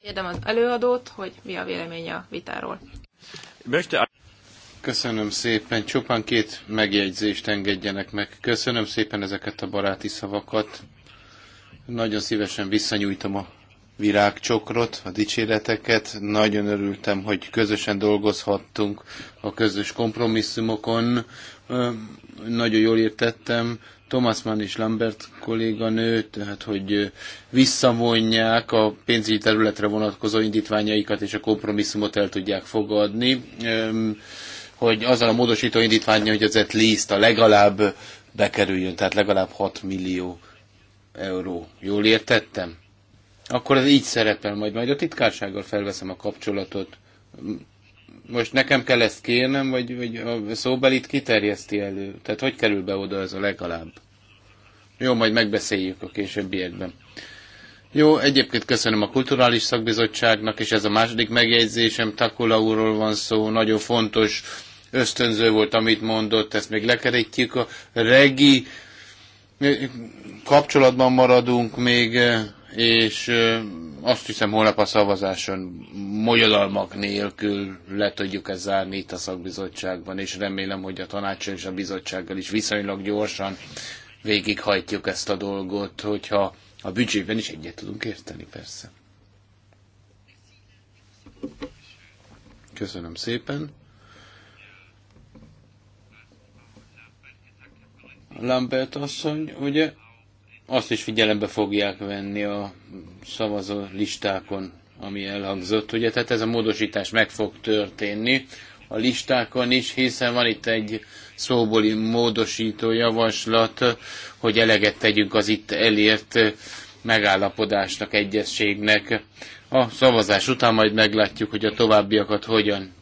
Érdem az előadót, hogy mi a véleménye a vitáról. Köszönöm szépen. Csupán két megjegyzést engedjenek meg. Köszönöm szépen ezeket a baráti szavakat. Nagyon szívesen visszanyújtom a virágcsokrot, a dicséreteket. Nagyon örültem, hogy közösen dolgozhattunk a közös kompromisszumokon. Nagyon jól értettem Thomas Mann és Lambert kolléganő, tehát hogy visszavonják a pénzügyi területre vonatkozó indítványaikat és a kompromisszumot el tudják fogadni, hogy azzal a módosító indítványa, hogy az at least a legalább bekerüljön, tehát legalább 6 millió euró. Jól értettem? akkor ez így szerepel majd. Majd a titkársággal felveszem a kapcsolatot. Most nekem kell ezt kérnem, vagy, vagy a szóbelit kiterjeszti elő? Tehát hogy kerül be oda ez a legalább? Jó, majd megbeszéljük a későbbiekben. Jó, egyébként köszönöm a Kulturális Szakbizottságnak, és ez a második megjegyzésem, Takula úrról van szó, nagyon fontos ösztönző volt, amit mondott, ezt még lekerítjük. A regi kapcsolatban maradunk még és azt hiszem holnap a szavazáson molyadalmak nélkül le tudjuk ezt zárni itt a szakbizottságban, és remélem, hogy a tanácssal és a bizottsággal is viszonylag gyorsan végighajtjuk ezt a dolgot, hogyha a büdzsében is egyet tudunk érteni, persze. Köszönöm szépen. Lambert asszony, ugye azt is figyelembe fogják venni a szavazó listákon, ami elhangzott. Ugye, tehát ez a módosítás meg fog történni a listákon is, hiszen van itt egy szóbóli módosító javaslat, hogy eleget tegyünk az itt elért megállapodásnak, egyességnek. A szavazás után majd meglátjuk, hogy a továbbiakat hogyan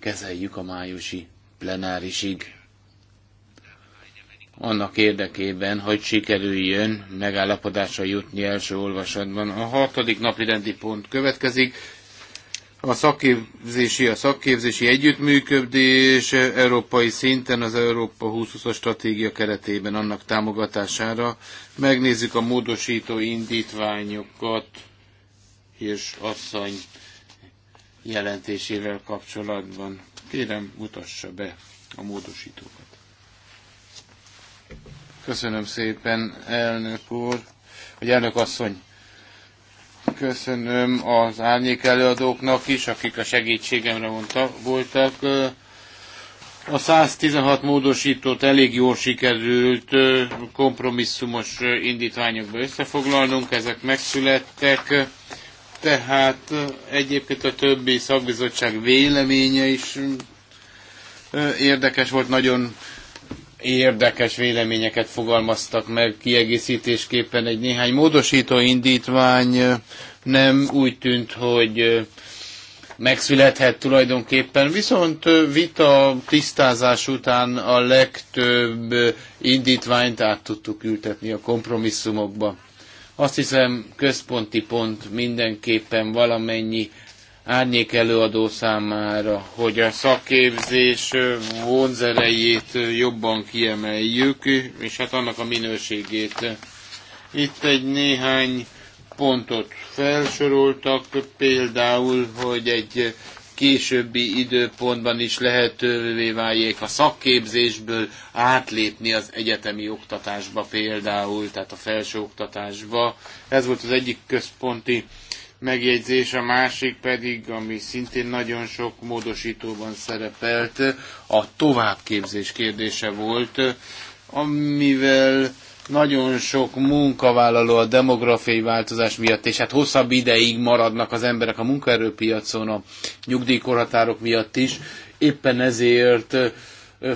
kezeljük a májusi plenárisig annak érdekében, hogy sikerüljön megállapodásra jutni első olvasatban. A hatodik napi rendi pont következik. A szakképzési, a szakképzési együttműködés európai szinten az Európa 2020-as stratégia keretében annak támogatására. Megnézzük a módosító indítványokat és asszony jelentésével kapcsolatban. Kérem, mutassa be a módosítókat. Köszönöm szépen, elnök úr, vagy elnök asszony. Köszönöm az árnyék előadóknak is, akik a segítségemre mondta, voltak. A 116 módosítót elég jól sikerült kompromisszumos indítványokba összefoglalnunk, ezek megszülettek, tehát egyébként a többi szakbizottság véleménye is érdekes volt, nagyon érdekes véleményeket fogalmaztak meg kiegészítésképpen egy néhány módosító indítvány nem úgy tűnt, hogy megszülethet tulajdonképpen, viszont vita tisztázás után a legtöbb indítványt át tudtuk ültetni a kompromisszumokba. Azt hiszem központi pont mindenképpen valamennyi árnyék előadó számára, hogy a szakképzés vonzerejét jobban kiemeljük, és hát annak a minőségét. Itt egy néhány pontot felsoroltak, például, hogy egy későbbi időpontban is lehetővé váljék a szakképzésből átlépni az egyetemi oktatásba például, tehát a felsőoktatásba. Ez volt az egyik központi megjegyzés, a másik pedig, ami szintén nagyon sok módosítóban szerepelt, a továbbképzés kérdése volt, amivel nagyon sok munkavállaló a demográfiai változás miatt, és hát hosszabb ideig maradnak az emberek a munkaerőpiacon a nyugdíjkorhatárok miatt is. Éppen ezért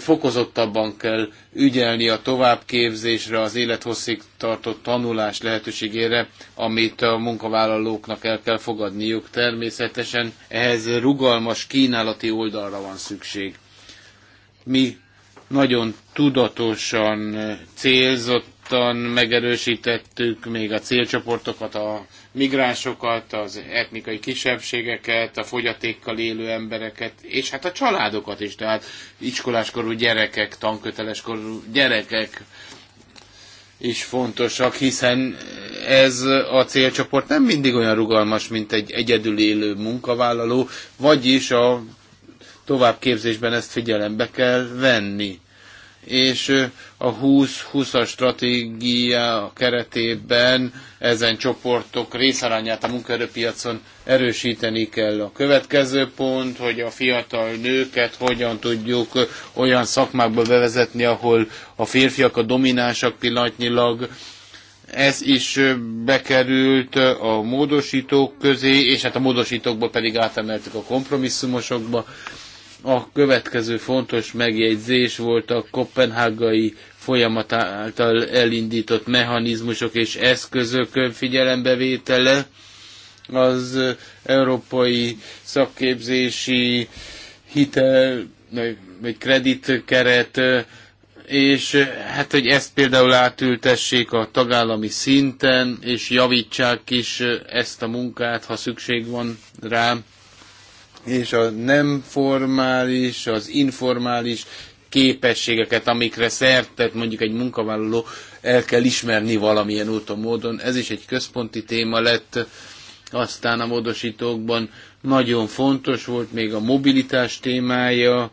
fokozottabban kell ügyelni a továbbképzésre, az élethosszig tartó tanulás lehetőségére, amit a munkavállalóknak el kell fogadniuk. Természetesen ehhez rugalmas kínálati oldalra van szükség. Mi nagyon tudatosan, célzott nyugodtan megerősítettük még a célcsoportokat, a migránsokat, az etnikai kisebbségeket, a fogyatékkal élő embereket, és hát a családokat is, tehát iskoláskorú gyerekek, tanköteleskorú gyerekek is fontosak, hiszen ez a célcsoport nem mindig olyan rugalmas, mint egy egyedül élő munkavállaló, vagyis a továbbképzésben ezt figyelembe kell venni és a 20-20-as stratégia keretében ezen csoportok részarányát a munkaerőpiacon erősíteni kell. A következő pont, hogy a fiatal nőket hogyan tudjuk olyan szakmákba bevezetni, ahol a férfiak a dominánsak pillanatnyilag, ez is bekerült a módosítók közé, és hát a módosítókba pedig átemeltük a kompromisszumosokba. A következő fontos megjegyzés volt a kopenhágai folyamat által elindított mechanizmusok és eszközök figyelembevétele. Az európai szakképzési hitel, vagy kreditkeret, és hát, hogy ezt például átültessék a tagállami szinten, és javítsák is ezt a munkát, ha szükség van rá és a nem formális, az informális képességeket, amikre szertet mondjuk egy munkavállaló el kell ismerni valamilyen úton, módon. Ez is egy központi téma lett aztán a módosítókban. Nagyon fontos volt még a mobilitás témája,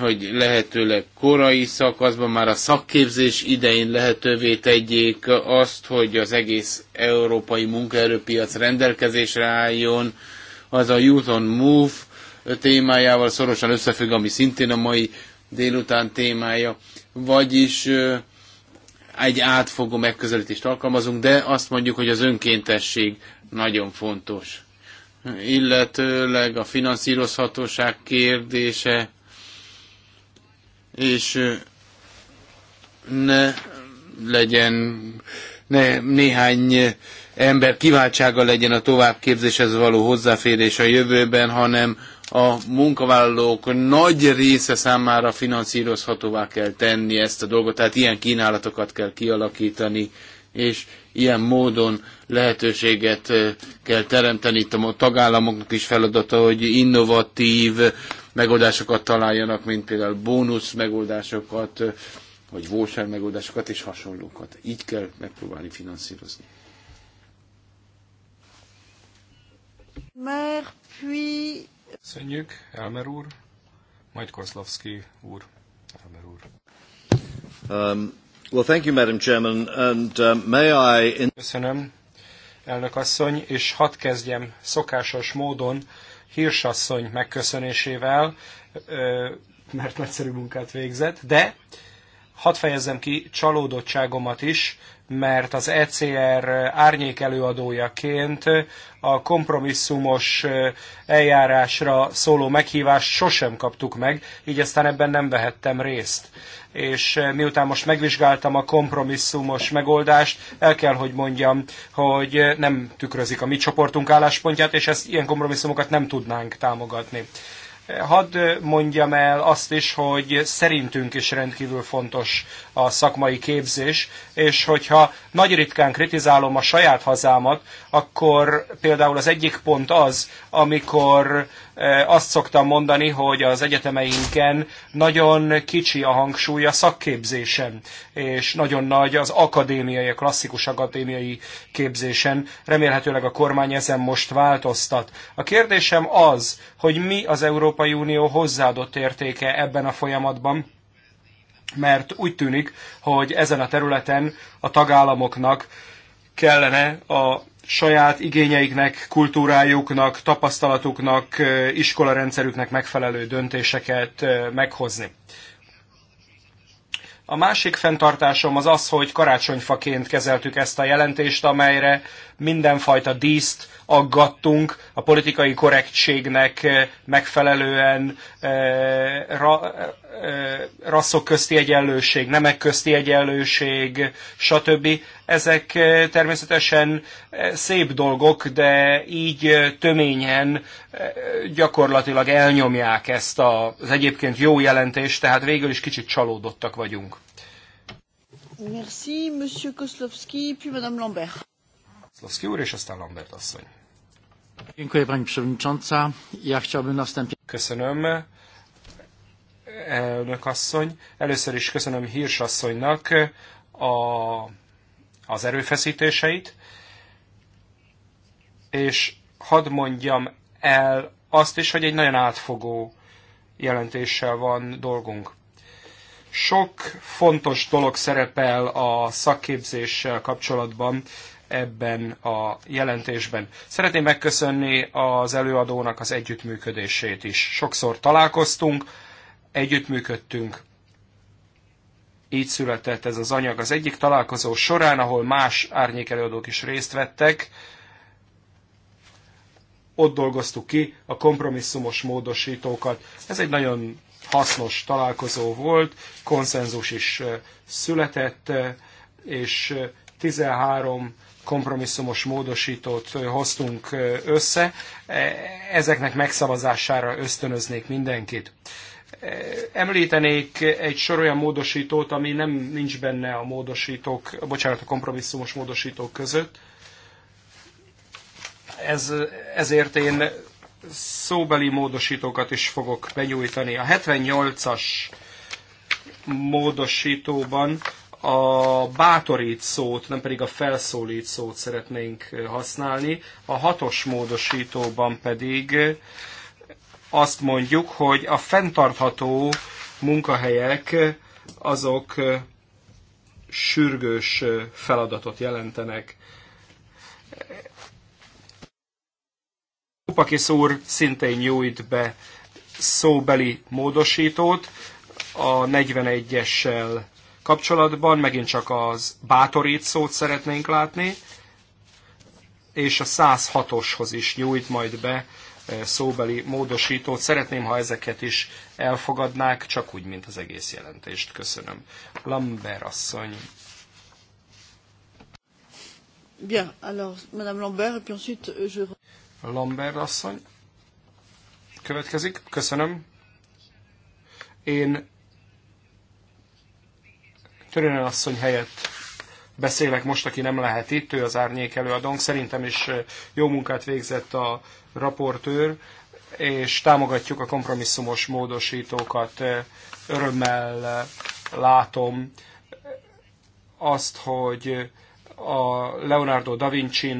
hogy lehetőleg korai szakaszban, már a szakképzés idején lehetővé tegyék azt, hogy az egész európai munkaerőpiac rendelkezésre álljon, az a Youth on Move témájával szorosan összefügg, ami szintén a mai délután témája, vagyis egy átfogó megközelítést alkalmazunk, de azt mondjuk, hogy az önkéntesség nagyon fontos. Illetőleg a finanszírozhatóság kérdése, és ne legyen ne, néhány eh, ember kiváltsága legyen a továbbképzéshez való hozzáférés a jövőben, hanem a munkavállalók nagy része számára finanszírozhatóvá kell tenni ezt a dolgot, tehát ilyen kínálatokat kell kialakítani, és ilyen módon lehetőséget eh, kell teremteni. Itt a tagállamoknak is feladata, hogy innovatív megoldásokat találjanak, mint például bónusz megoldásokat, vagy voucher megoldásokat és hasonlókat. Így kell megpróbálni finanszírozni. Mert puis... Köszönjük, Elmer úr, majd Koszlovszki úr, Elmer úr. Um, well, thank you, Madam Chairman, and um, may I... In... Köszönöm, elnök asszony, és hadd kezdjem szokásos módon Hírsasszony megköszönésével, mert nagyszerű munkát végzett, de hadd fejezzem ki csalódottságomat is, mert az ECR árnyék előadójaként a kompromisszumos eljárásra szóló meghívást sosem kaptuk meg, így aztán ebben nem vehettem részt. És miután most megvizsgáltam a kompromisszumos megoldást, el kell, hogy mondjam, hogy nem tükrözik a mi csoportunk álláspontját, és ezt ilyen kompromisszumokat nem tudnánk támogatni. Hadd mondjam el azt is, hogy szerintünk is rendkívül fontos a szakmai képzés, és hogyha nagy ritkán kritizálom a saját hazámat, akkor például az egyik pont az, amikor azt szoktam mondani, hogy az egyetemeinken nagyon kicsi a hangsúly a szakképzésen, és nagyon nagy az akadémiai, a klasszikus akadémiai képzésen. Remélhetőleg a kormány ezen most változtat. A kérdésem az, hogy mi az Európai Unió hozzáadott értéke ebben a folyamatban, mert úgy tűnik, hogy ezen a területen a tagállamoknak kellene a saját igényeiknek, kultúrájuknak, tapasztalatuknak, iskolarendszerüknek megfelelő döntéseket meghozni. A másik fenntartásom az az, hogy karácsonyfaként kezeltük ezt a jelentést, amelyre mindenfajta díszt aggattunk a politikai korrektségnek megfelelően ra, rasszok közti egyenlőség, nemek közti egyenlőség, stb. Ezek eh, természetesen eh, szép dolgok, de így eh, töményen gyakorlatilag elnyomják ezt az egyébként jó jelentést, tehát végül is kicsit csalódottak vagyunk. Merci, Monsieur Koslowski, puis Madame Lambert. Koslowski úr, és aztán Lambert asszony. Köszönöm, elnök asszony. Először is köszönöm Hírsasszonynak a az erőfeszítéseit, és hadd mondjam el azt is, hogy egy nagyon átfogó jelentéssel van dolgunk. Sok fontos dolog szerepel a szakképzéssel kapcsolatban ebben a jelentésben. Szeretném megköszönni az előadónak az együttműködését is. Sokszor találkoztunk, együttműködtünk, így született ez az anyag. Az egyik találkozó során, ahol más árnyékelőadók is részt vettek, ott dolgoztuk ki a kompromisszumos módosítókat. Ez egy nagyon hasznos találkozó volt, konszenzus is született, és 13 kompromisszumos módosítót hoztunk össze. E, ezeknek megszavazására ösztönöznék mindenkit. Említenék egy sor olyan módosítót, ami nem nincs benne a módosítók, bocsánat, a kompromisszumos módosítók között. Ez, ezért én szóbeli módosítókat is fogok benyújtani. A 78-as módosítóban a bátorít szót, nem pedig a felszólít szót szeretnénk használni, a hatos módosítóban pedig azt mondjuk, hogy a fenntartható munkahelyek azok sürgős feladatot jelentenek. Kupakis úr szintén nyújt be szóbeli módosítót a 41-essel kapcsolatban, megint csak az bátorít szót szeretnénk látni, és a 106-oshoz is nyújt majd be szóbeli módosítót. Szeretném, ha ezeket is elfogadnák, csak úgy, mint az egész jelentést. Köszönöm. Lambert asszony. Bien, alors, Madame Lambert, et puis ensuite euh, je... Lambert asszony. Következik. Köszönöm. Én Törőnen asszony helyett beszélek most, aki nem lehet itt, ő az árnyék előadónk, szerintem is jó munkát végzett a raportőr, és támogatjuk a kompromisszumos módosítókat. Örömmel látom azt, hogy a Leonardo da vinci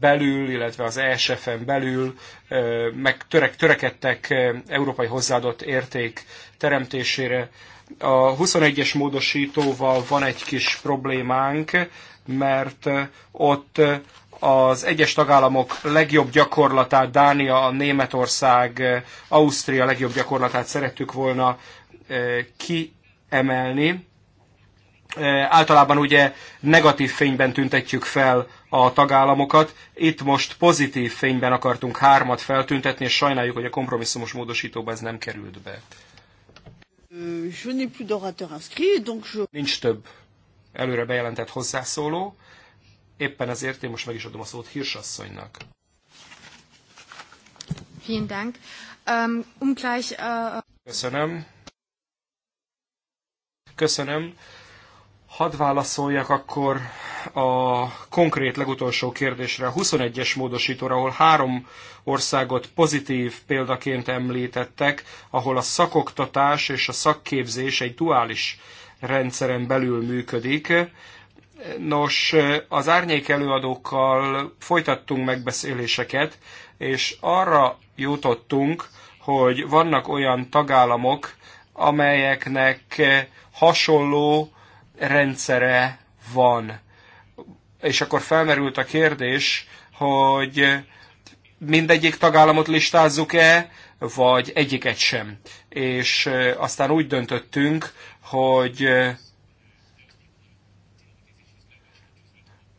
belül, illetve az ESF-en belül meg törek, törekedtek európai hozzáadott érték teremtésére. A 21-es módosítóval van egy kis problémánk, mert ott az egyes tagállamok legjobb gyakorlatát, Dánia, Németország, Ausztria legjobb gyakorlatát szerettük volna eh, kiemelni. Eh, általában ugye negatív fényben tüntetjük fel a tagállamokat, itt most pozitív fényben akartunk hármat feltüntetni, és sajnáljuk, hogy a kompromisszumos módosítóba ez nem került be. Euh, Nincs több előre bejelentett hozzászóló, éppen ezért én most meg is adom a szót Hirsasszonynak. Ähm, um äh, Köszönöm. Köszönöm. Hadd válaszoljak akkor a konkrét legutolsó kérdésre, a 21-es módosítóra, ahol három országot pozitív példaként említettek, ahol a szakoktatás és a szakképzés egy duális rendszeren belül működik. Nos, az árnyék előadókkal folytattunk megbeszéléseket, és arra jutottunk, hogy vannak olyan tagállamok, amelyeknek hasonló rendszere van. És akkor felmerült a kérdés, hogy mindegyik tagállamot listázzuk-e, vagy egyiket sem. És aztán úgy döntöttünk, hogy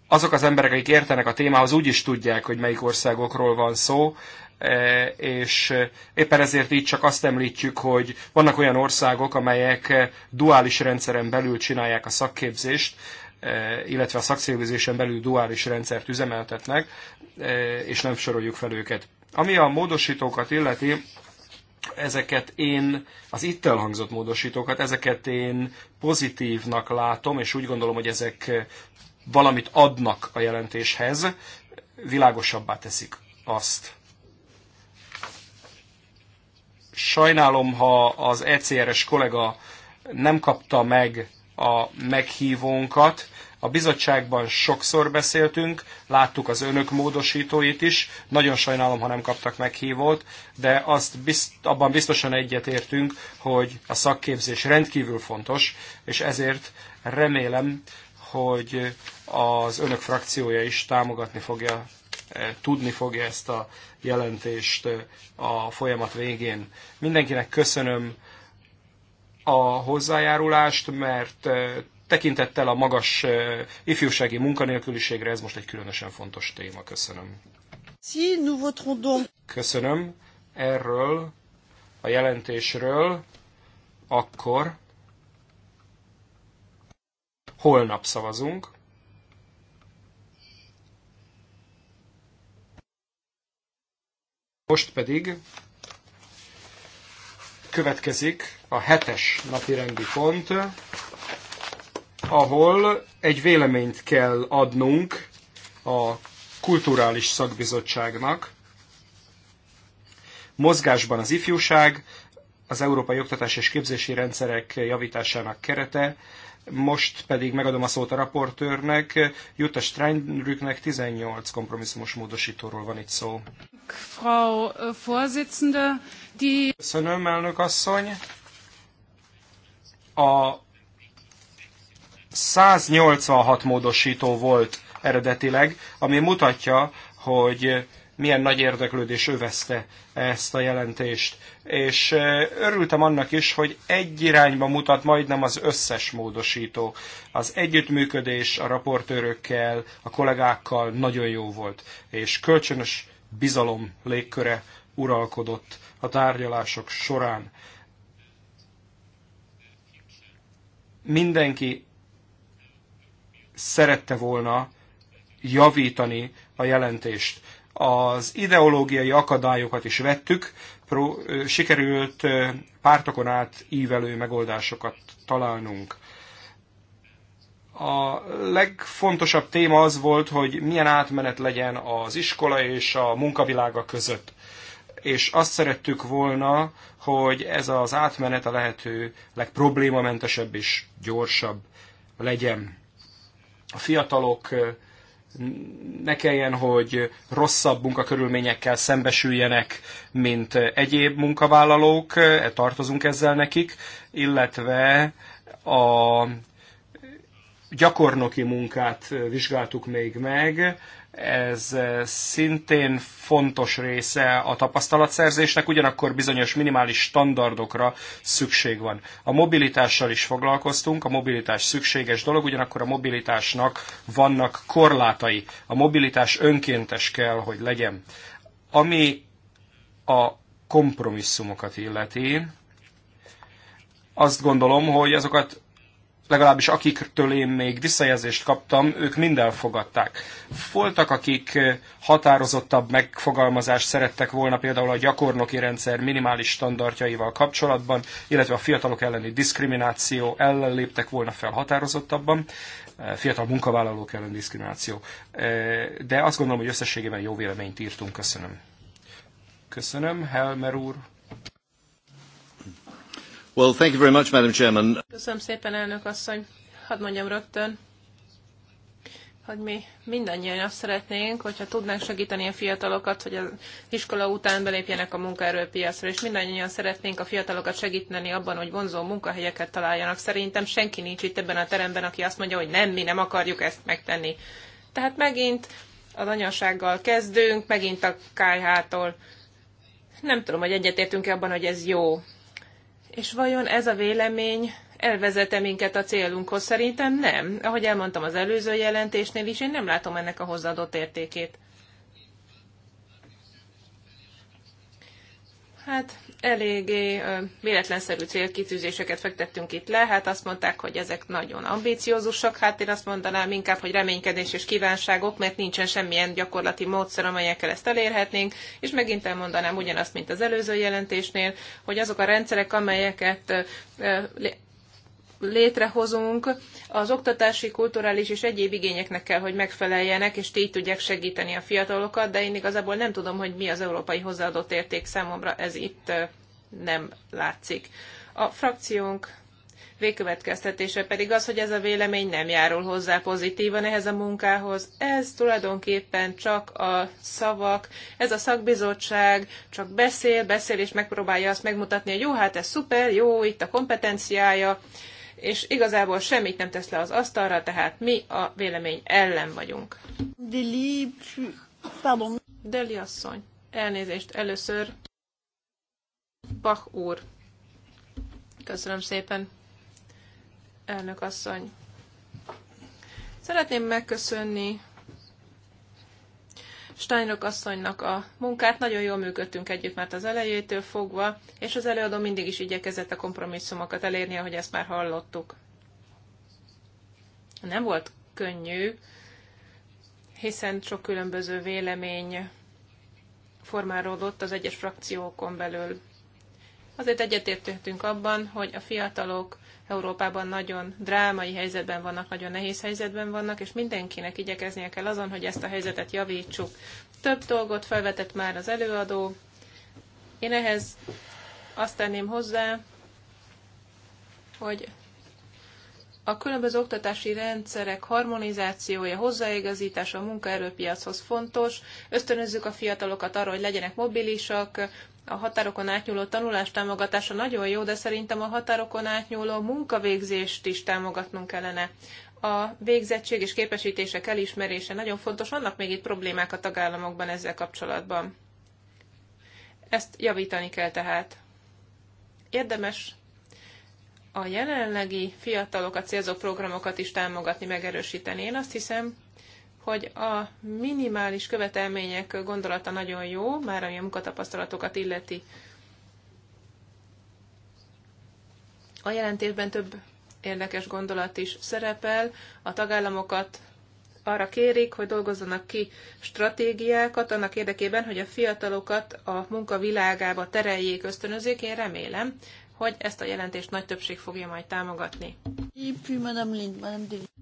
azok az emberek, akik értenek a témához, úgy is tudják, hogy melyik országokról van szó, E, és éppen ezért így csak azt említjük, hogy vannak olyan országok, amelyek duális rendszeren belül csinálják a szakképzést, e, illetve a szakszélvizésen belül duális rendszert üzemeltetnek, e, és nem soroljuk fel őket. Ami a módosítókat illeti, ezeket én, az itt elhangzott módosítókat, ezeket én pozitívnak látom, és úgy gondolom, hogy ezek valamit adnak a jelentéshez, világosabbá teszik azt. Sajnálom, ha az ECRS kollega nem kapta meg a meghívónkat. A bizottságban sokszor beszéltünk, láttuk az önök módosítóit is. Nagyon sajnálom, ha nem kaptak meghívót, de azt bizt, abban biztosan egyetértünk, hogy a szakképzés rendkívül fontos, és ezért remélem, hogy az önök frakciója is támogatni fogja, eh, tudni fogja ezt a jelentést eh, a folyamat végén. Mindenkinek köszönöm a hozzájárulást, mert eh, tekintettel a magas eh, ifjúsági munkanélküliségre ez most egy különösen fontos téma. Köszönöm. Köszönöm erről a jelentésről, akkor holnap szavazunk. Most pedig következik a hetes napi rendi pont, ahol egy véleményt kell adnunk a kulturális szakbizottságnak. Mozgásban az ifjúság, az európai oktatás és képzési rendszerek javításának kerete, most pedig megadom a szót a raportőrnek, Jutta Steinrücknek 18 kompromisszumos módosítóról van itt szó. Frau äh, Vorsitzende, die... Köszönöm, elnök asszony. A 186 módosító volt eredetileg, ami mutatja, hogy milyen nagy érdeklődés övezte ezt a jelentést. És eh, örültem annak is, hogy egy irányba mutat majdnem az összes módosító. Az együttműködés a raportőrökkel, a kollégákkal nagyon jó volt, és kölcsönös bizalom légköre uralkodott a tárgyalások során. Mindenki szerette volna javítani a jelentést. Az ideológiai akadályokat is vettük, sikerült pártokon át ívelő megoldásokat találnunk. A legfontosabb téma az volt, hogy milyen átmenet legyen az iskola és a munkavilága között. És azt szerettük volna, hogy ez az átmenet a lehető legproblémamentesebb és gyorsabb legyen. A fiatalok ne kelljen, hogy rosszabb munkakörülményekkel szembesüljenek, mint egyéb munkavállalók, e, tartozunk ezzel nekik, illetve a gyakornoki munkát vizsgáltuk még meg, ez eh, szintén fontos része a tapasztalatszerzésnek, ugyanakkor bizonyos minimális standardokra szükség van. A mobilitással is foglalkoztunk, a mobilitás szükséges dolog, ugyanakkor a mobilitásnak vannak korlátai. A mobilitás önkéntes kell, hogy legyen. Ami a kompromisszumokat illeti, azt gondolom, hogy azokat legalábbis akiktől én még visszajelzést kaptam, ők mind elfogadták. Voltak, akik eh, határozottabb megfogalmazást szerettek volna például a gyakornoki rendszer minimális standardjaival kapcsolatban, illetve a fiatalok elleni diszkrimináció ellen léptek volna fel határozottabban, eh, fiatal munkavállalók ellen diszkrimináció. Eh, de azt gondolom, hogy összességében jó véleményt írtunk. Köszönöm. Köszönöm, Helmer úr. Well, thank you very much, Madam Chairman. Köszönöm szépen, elnök asszony. Hadd mondjam rögtön, hogy mi mindannyian azt szeretnénk, hogyha tudnánk segíteni a fiatalokat, hogy az iskola után belépjenek a munkaerőpiacra, és mindannyian szeretnénk a fiatalokat segíteni abban, hogy vonzó munkahelyeket találjanak. Szerintem senki nincs itt ebben a teremben, aki azt mondja, hogy nem, mi nem akarjuk ezt megtenni. Tehát megint az anyasággal kezdünk, megint a kájhától. Nem tudom, hogy egyetértünk-e abban, hogy ez jó. És vajon ez a vélemény elvezete minket a célunkhoz? Szerintem nem. Ahogy elmondtam az előző jelentésnél is, én nem látom ennek a hozzáadott értékét. Hát eléggé véletlenszerű célkitűzéseket fektettünk itt le, hát azt mondták, hogy ezek nagyon ambiciózusak, hát én azt mondanám inkább, hogy reménykedés és kívánságok, mert nincsen semmilyen gyakorlati módszer, amelyekkel ezt elérhetnénk, és megint elmondanám ugyanazt, mint az előző jelentésnél, hogy azok a rendszerek, amelyeket létrehozunk, az oktatási, kulturális és egyéb igényeknek kell, hogy megfeleljenek, és így tudják segíteni a fiatalokat, de én igazából nem tudom, hogy mi az európai hozzáadott érték számomra, ez itt nem látszik. A frakciónk végkövetkeztetése pedig az, hogy ez a vélemény nem járul hozzá pozitívan ehhez a munkához. Ez tulajdonképpen csak a szavak, ez a szakbizottság csak beszél, beszél és megpróbálja azt megmutatni, hogy jó, hát ez szuper, jó, itt a kompetenciája, és igazából semmit nem tesz le az asztalra, tehát mi a vélemény ellen vagyunk. Deli, pardon. Deli asszony, elnézést először. Bach úr. Köszönöm szépen, elnök asszony. Szeretném megköszönni Steinrock asszonynak a munkát. Nagyon jól működtünk együtt, mert az elejétől fogva, és az előadó mindig is igyekezett a kompromisszumokat elérni, ahogy ezt már hallottuk. Nem volt könnyű, hiszen sok különböző vélemény formálódott az egyes frakciókon belül. Azért egyetértettünk abban, hogy a fiatalok Európában nagyon drámai helyzetben vannak, nagyon nehéz helyzetben vannak, és mindenkinek igyekeznie kell azon, hogy ezt a helyzetet javítsuk. Több dolgot felvetett már az előadó. Én ehhez azt tenném hozzá, hogy a különböző oktatási rendszerek harmonizációja, hozzáigazítása a munkaerőpiachoz fontos. Ösztönözzük a fiatalokat arra, hogy legyenek mobilisak, a határokon átnyúló tanulás támogatása nagyon jó, de szerintem a határokon átnyúló munkavégzést is támogatnunk kellene. A végzettség és képesítések elismerése nagyon fontos, vannak még itt problémák a tagállamokban ezzel kapcsolatban. Ezt javítani kell tehát. Érdemes a jelenlegi fiatalokat célzó programokat is támogatni, megerősíteni. Én azt hiszem, hogy a minimális követelmények gondolata nagyon jó, már ami a munkatapasztalatokat illeti. A jelentésben több érdekes gondolat is szerepel. A tagállamokat arra kérik, hogy dolgozzanak ki stratégiákat annak érdekében, hogy a fiatalokat a munkavilágába tereljék, ösztönözzék. Én remélem, hogy ezt a jelentést nagy többség fogja majd támogatni.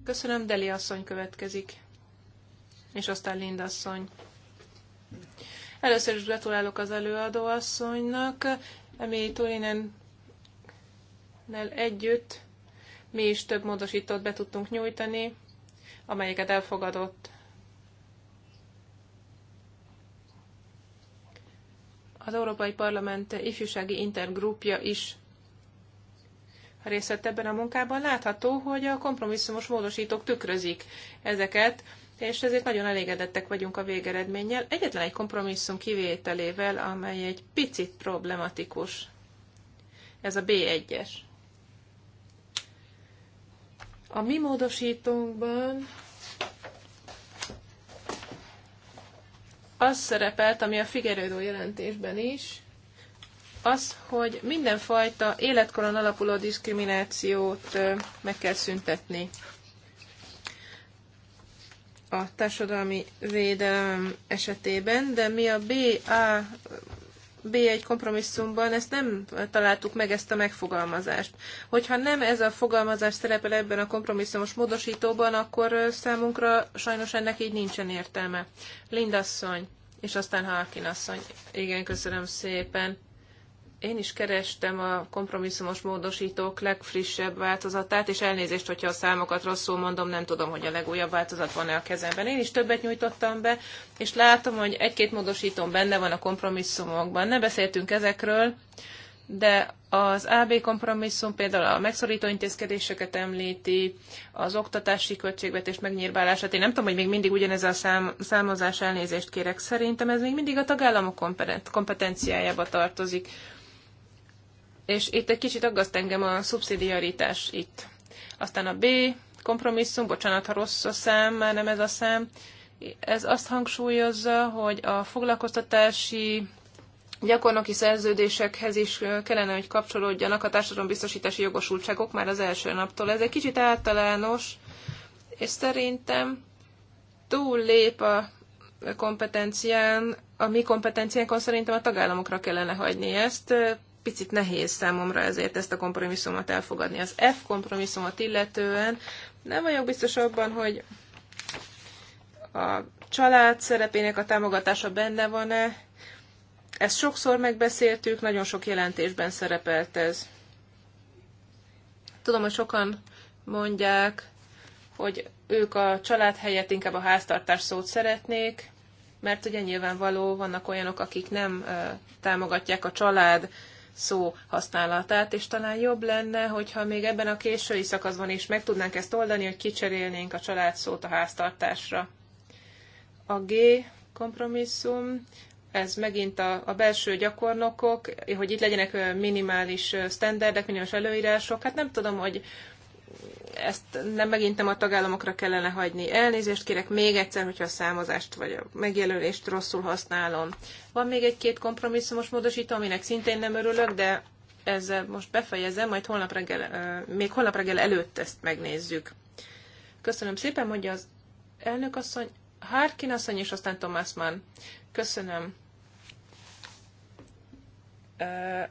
Köszönöm, Deli asszony következik, és aztán Linda asszony. Először is gratulálok az előadó asszonynak, Emily Turinennel együtt mi is több módosítót be tudtunk nyújtani, amelyeket elfogadott az Európai Parlament ifjúsági intergrupja is részt vett ebben a munkában, látható, hogy a kompromisszumos módosítók tükrözik ezeket, és ezért nagyon elégedettek vagyunk a végeredménnyel, egyetlen egy kompromisszum kivételével, amely egy picit problematikus. Ez a B1-es. A mi módosítónkban az szerepelt, ami a Figerődó jelentésben is, az, hogy mindenfajta életkoron alapuló diszkriminációt meg kell szüntetni. A társadalmi védelem esetében, de mi a BA B1 kompromisszumban ezt nem találtuk meg, ezt a megfogalmazást. Hogyha nem ez a fogalmazás szerepel ebben a kompromisszumos módosítóban, akkor számunkra sajnos ennek így nincsen értelme. Lindasszony, és aztán Halkin asszony. Igen, köszönöm szépen. Én is kerestem a kompromisszumos módosítók legfrissebb változatát, és elnézést, hogyha a számokat rosszul mondom, nem tudom, hogy a legújabb változat van-e a kezemben. Én is többet nyújtottam be, és látom, hogy egy-két módosítón benne van a kompromisszumokban. Ne beszéltünk ezekről, de az AB kompromisszum például a megszorító intézkedéseket említi, az oktatási költségvetés megnyírbálását. Én nem tudom, hogy még mindig ugyanez a szám, számozás elnézést kérek. Szerintem ez még mindig a tagállamok kompetenciájába tartozik és itt egy kicsit aggaszt engem a szubszidiaritás itt. Aztán a B kompromisszum, bocsánat, ha rossz a szám, már nem ez a szám, ez azt hangsúlyozza, hogy a foglalkoztatási gyakornoki szerződésekhez is kellene, hogy kapcsolódjanak a társadalombiztosítási jogosultságok már az első naptól. Ez egy kicsit általános, és szerintem túl lép a kompetencián, a mi kompetenciánkon szerintem a tagállamokra kellene hagyni ezt, picit nehéz számomra ezért ezt a kompromisszumot elfogadni. Az F kompromisszumot illetően nem vagyok biztos abban, hogy a család szerepének a támogatása benne van-e. Ezt sokszor megbeszéltük, nagyon sok jelentésben szerepelt ez. Tudom, hogy sokan mondják, hogy ők a család helyett inkább a háztartás szót szeretnék, mert ugye nyilvánvaló vannak olyanok, akik nem támogatják a család szó használatát, és talán jobb lenne, hogyha még ebben a késői szakaszban is meg tudnánk ezt oldani, hogy kicserélnénk a család szót a háztartásra. A G kompromisszum, ez megint a, a belső gyakornokok, hogy itt legyenek minimális standardek, minimális előírások. Hát nem tudom, hogy ezt nem megintem a tagállamokra kellene hagyni. Elnézést kérek még egyszer, hogyha a számozást vagy a megjelölést rosszul használom. Van még egy-két kompromisszumos módosító, aminek szintén nem örülök, de ezzel most befejezem, majd holnap reggel, még holnap reggel előtt ezt megnézzük. Köszönöm szépen, mondja az elnök asszony, Harkin asszony, és aztán Thomas Mann. Köszönöm.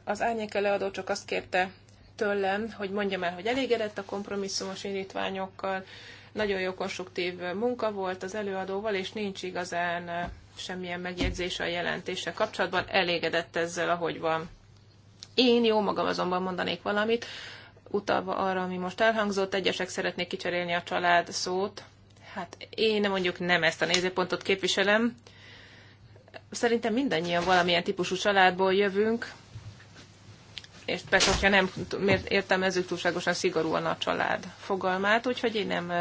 Az árnyék leadó csak azt kérte tőlem, hogy mondjam el, hogy elégedett a kompromisszumos indítványokkal, nagyon jó konstruktív munka volt az előadóval, és nincs igazán semmilyen megjegyzés a jelentése kapcsolatban, elégedett ezzel, ahogy van. Én jó magam azonban mondanék valamit, utalva arra, ami most elhangzott, egyesek szeretnék kicserélni a család szót. Hát én mondjuk nem ezt a nézőpontot képviselem. Szerintem mindannyian valamilyen típusú családból jövünk, és persze, hogyha nem értelmezzük túlságosan szigorúan a család fogalmát, úgyhogy én nem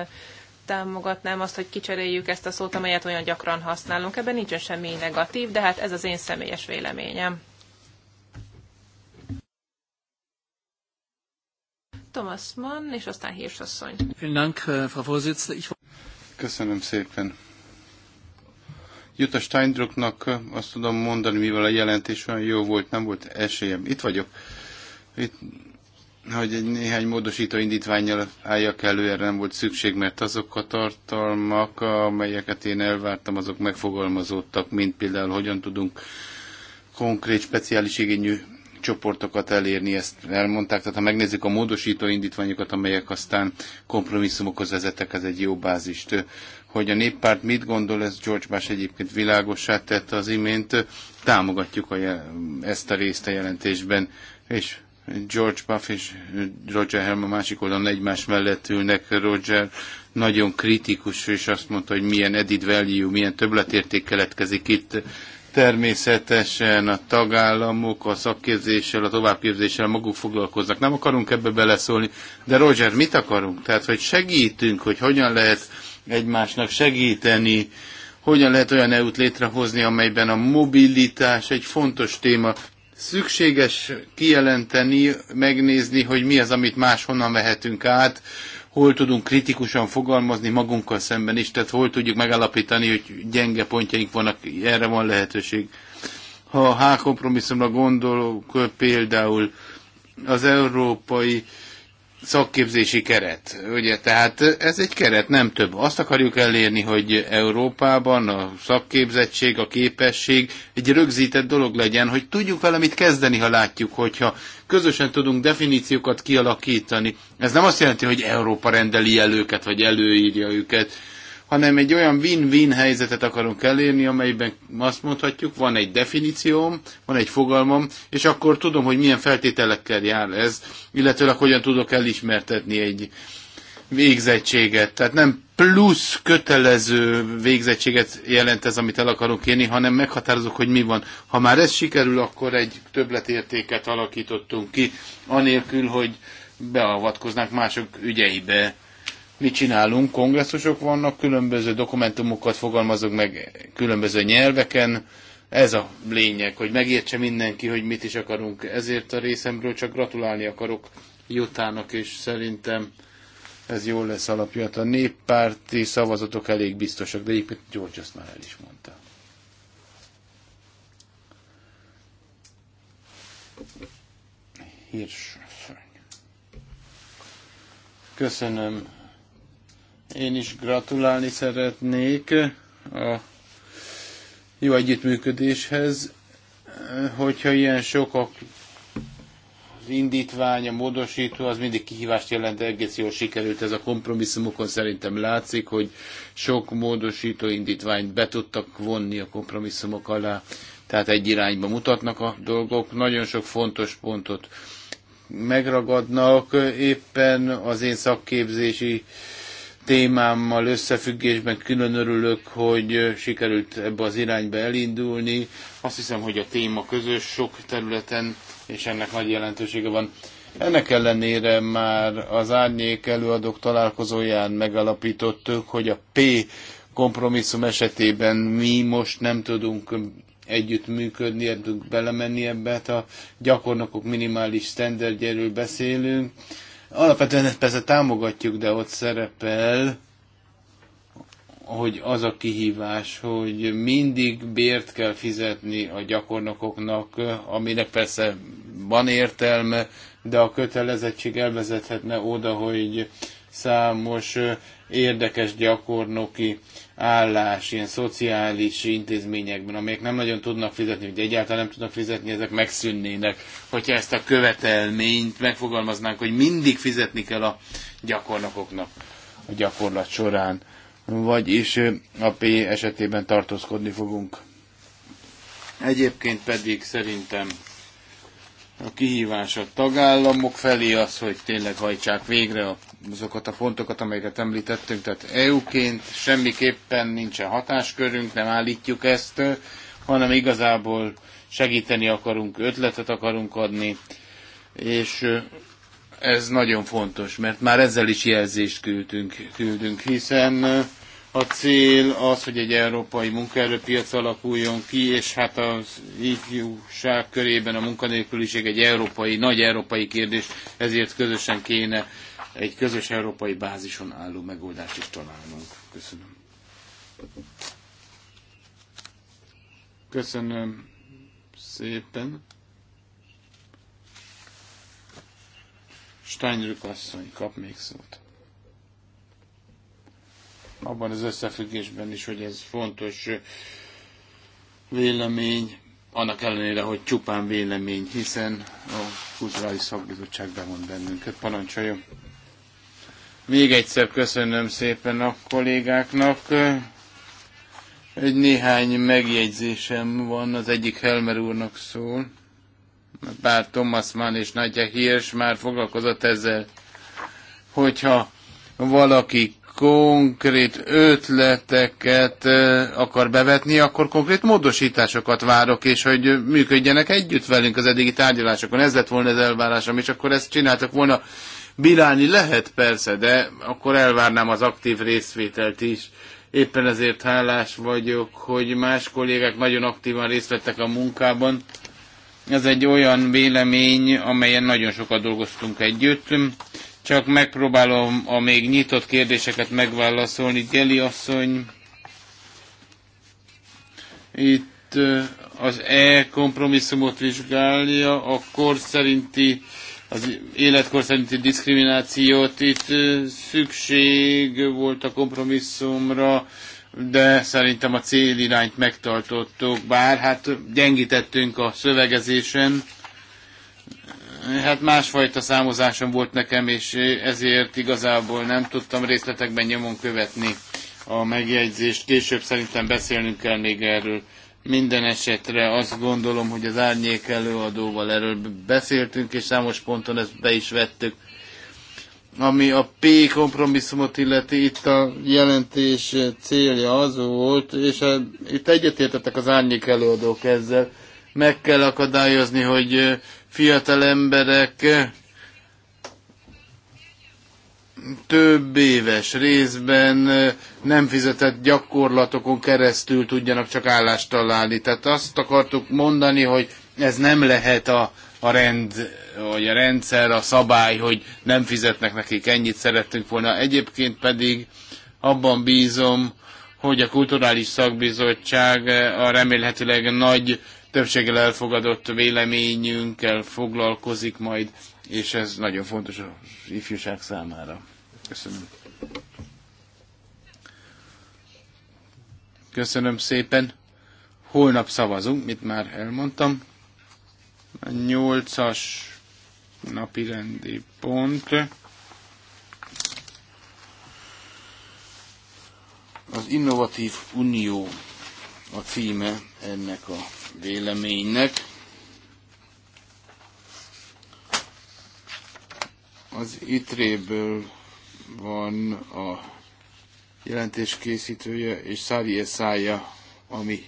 támogatnám azt, hogy kicseréljük ezt a szót, amelyet olyan gyakran használunk. Ebben nincsen semmi negatív, de hát ez az én személyes véleményem. Thomas Mann, és aztán Hírsasszony. Äh, Köszönöm szépen. Jutta Steindrucknak azt tudom mondani, mivel a jelentés olyan jó volt, nem volt esélyem. Itt vagyok. Itt, hogy egy néhány módosító indítványjal álljak elő, erre nem volt szükség, mert azok a tartalmak, amelyeket én elvártam, azok megfogalmazódtak, mint például hogyan tudunk konkrét, speciális igényű csoportokat elérni, ezt elmondták. Tehát ha megnézzük a módosító indítványokat, amelyek aztán kompromisszumokhoz vezettek, ez egy jó bázist. Hogy a néppárt mit gondol, ez George Bush egyébként világossá tette az imént, támogatjuk a, ezt a részt a jelentésben, és George Buff és Roger Helm a másik oldalon egymás mellett ülnek. Roger nagyon kritikus, és azt mondta, hogy milyen edit value, milyen többletérték keletkezik itt. Természetesen a tagállamok a szakképzéssel, a továbbképzéssel maguk foglalkoznak. Nem akarunk ebbe beleszólni, de Roger, mit akarunk? Tehát, hogy segítünk, hogy hogyan lehet egymásnak segíteni, hogyan lehet olyan EU-t létrehozni, amelyben a mobilitás egy fontos téma szükséges kijelenteni, megnézni, hogy mi az, amit máshonnan vehetünk át, hol tudunk kritikusan fogalmazni magunkkal szemben is, tehát hol tudjuk megállapítani, hogy gyenge pontjaink vannak, erre van lehetőség. Ha a H kompromisszumra gondolok, például az európai uh, szakképzési keret, ugye, tehát ez egy keret, nem több. Azt akarjuk elérni, hogy Európában a szakképzettség, a képesség egy rögzített dolog legyen, hogy tudjuk vele mit kezdeni, ha látjuk, hogyha közösen tudunk definíciókat kialakítani. Ez nem azt jelenti, hogy Európa rendeli előket vagy előírja őket, hanem egy olyan win-win helyzetet akarunk elérni, amelyben azt mondhatjuk, van egy definícióm, van egy fogalmam, és akkor tudom, hogy milyen feltételekkel jár ez, illetőleg hogyan tudok elismertetni egy végzettséget. Tehát nem plusz kötelező végzettséget jelent ez, amit el akarunk kérni, hanem meghatározok, hogy mi van. Ha már ez sikerül, akkor egy többletértéket alakítottunk ki, anélkül, hogy beavatkoznánk mások ügyeibe mit csinálunk, kongresszusok vannak, különböző dokumentumokat fogalmazok meg különböző nyelveken, ez a lényeg, hogy megértse mindenki, hogy mit is akarunk. Ezért a részemről csak gratulálni akarok Jutának, és szerintem ez jól lesz alapja A néppárti szavazatok elég biztosak, de egyébként George azt már el is mondta. Hírs. Köszönöm én is gratulálni szeretnék a jó együttműködéshez, hogyha ilyen sok a az indítvány, a módosító, az mindig kihívást jelent, egész jól sikerült ez a kompromisszumokon. Szerintem látszik, hogy sok módosító indítványt be tudtak vonni a kompromisszumok alá, tehát egy irányba mutatnak a dolgok. Nagyon sok fontos pontot megragadnak, éppen az én szakképzési témámmal összefüggésben külön örülök, hogy sikerült ebbe az irányba elindulni. Azt hiszem, hogy a téma közös sok területen, és ennek nagy jelentősége van. Ennek ellenére már az árnyék előadók találkozóján megalapítottuk, hogy a P kompromisszum esetében mi most nem tudunk együttműködni, tudunk belemenni ebbe, hát a gyakornokok minimális sztenderdjéről beszélünk, Alapvetően ezt persze támogatjuk, de ott szerepel, hogy az a kihívás, hogy mindig bért kell fizetni a gyakornokoknak, aminek persze van értelme, de a kötelezettség elvezethetne oda, hogy számos érdekes gyakornoki állás ilyen szociális intézményekben, amelyek nem nagyon tudnak fizetni, vagy egyáltalán nem tudnak fizetni, ezek megszűnnének. Hogyha ezt a követelményt megfogalmaznánk, hogy mindig fizetni kell a gyakornokoknak a gyakorlat során, vagyis a P esetében tartózkodni fogunk. Egyébként pedig szerintem a kihívás a tagállamok felé az, hogy tényleg hajtsák végre a azokat a pontokat, amelyeket említettünk, tehát EU-ként semmiképpen nincsen hatáskörünk, nem állítjuk ezt, hanem igazából segíteni akarunk, ötletet akarunk adni, és ez nagyon fontos, mert már ezzel is jelzést küldünk, küldünk hiszen a cél az, hogy egy európai munkaerőpiac alakuljon ki, és hát az ifjúság körében a munkanélküliség egy európai, nagy európai kérdés, ezért közösen kéne egy közös európai bázison álló megoldást is találnunk. Köszönöm. Köszönöm szépen. Steinrück asszony kap még szót. Abban az összefüggésben is, hogy ez fontos vélemény, annak ellenére, hogy csupán vélemény, hiszen a Kulturális Szakbizottság bevon bennünket. Parancsoljon! Még egyszer köszönöm szépen a kollégáknak. Egy néhány megjegyzésem van, az egyik Helmer úrnak szól. Bár Thomas Mann és Nagyja Hirsch már foglalkozott ezzel, hogyha valaki konkrét ötleteket akar bevetni, akkor konkrét módosításokat várok, és hogy működjenek együtt velünk az eddigi tárgyalásokon. Ez lett volna az elvárásom, és akkor ezt csináltak volna. Bírálni lehet persze, de akkor elvárnám az aktív részvételt is. Éppen ezért hálás vagyok, hogy más kollégák nagyon aktívan részt vettek a munkában. Ez egy olyan vélemény, amelyen nagyon sokat dolgoztunk együtt. Csak megpróbálom a még nyitott kérdéseket megválaszolni. Geli asszony, itt az e-kompromisszumot vizsgálja, a kor szerinti az életkor szerinti diszkriminációt. Itt szükség volt a kompromisszumra, de szerintem a célirányt megtartottuk, bár hát gyengítettünk a szövegezésen. Hát másfajta számozásom volt nekem, és ezért igazából nem tudtam részletekben nyomon követni a megjegyzést. Később szerintem beszélnünk kell még erről. Minden esetre azt gondolom, hogy az árnyék előadóval erről beszéltünk, és számos ponton ezt be is vettük. Ami a P kompromisszumot illeti, itt a jelentés célja az volt, és a, itt egyetértettek az árnyék előadók ezzel, meg kell akadályozni, hogy fiatal emberek több éves részben nem fizetett gyakorlatokon keresztül tudjanak csak állást találni. Tehát azt akartuk mondani, hogy ez nem lehet a, a rend, vagy a rendszer, a szabály, hogy nem fizetnek nekik ennyit szerettünk volna. Egyébként pedig abban bízom, hogy a Kulturális Szakbizottság a remélhetőleg nagy többséggel elfogadott véleményünkkel foglalkozik majd és ez nagyon fontos az ifjúság számára. Köszönöm. Köszönöm szépen. Holnap szavazunk, mit már elmondtam. A nyolcas napi rendi pont. Az Innovatív Unió a címe ennek a véleménynek. Az ITRÉ-ből van a jelentés készítője, és Szári Szája, ami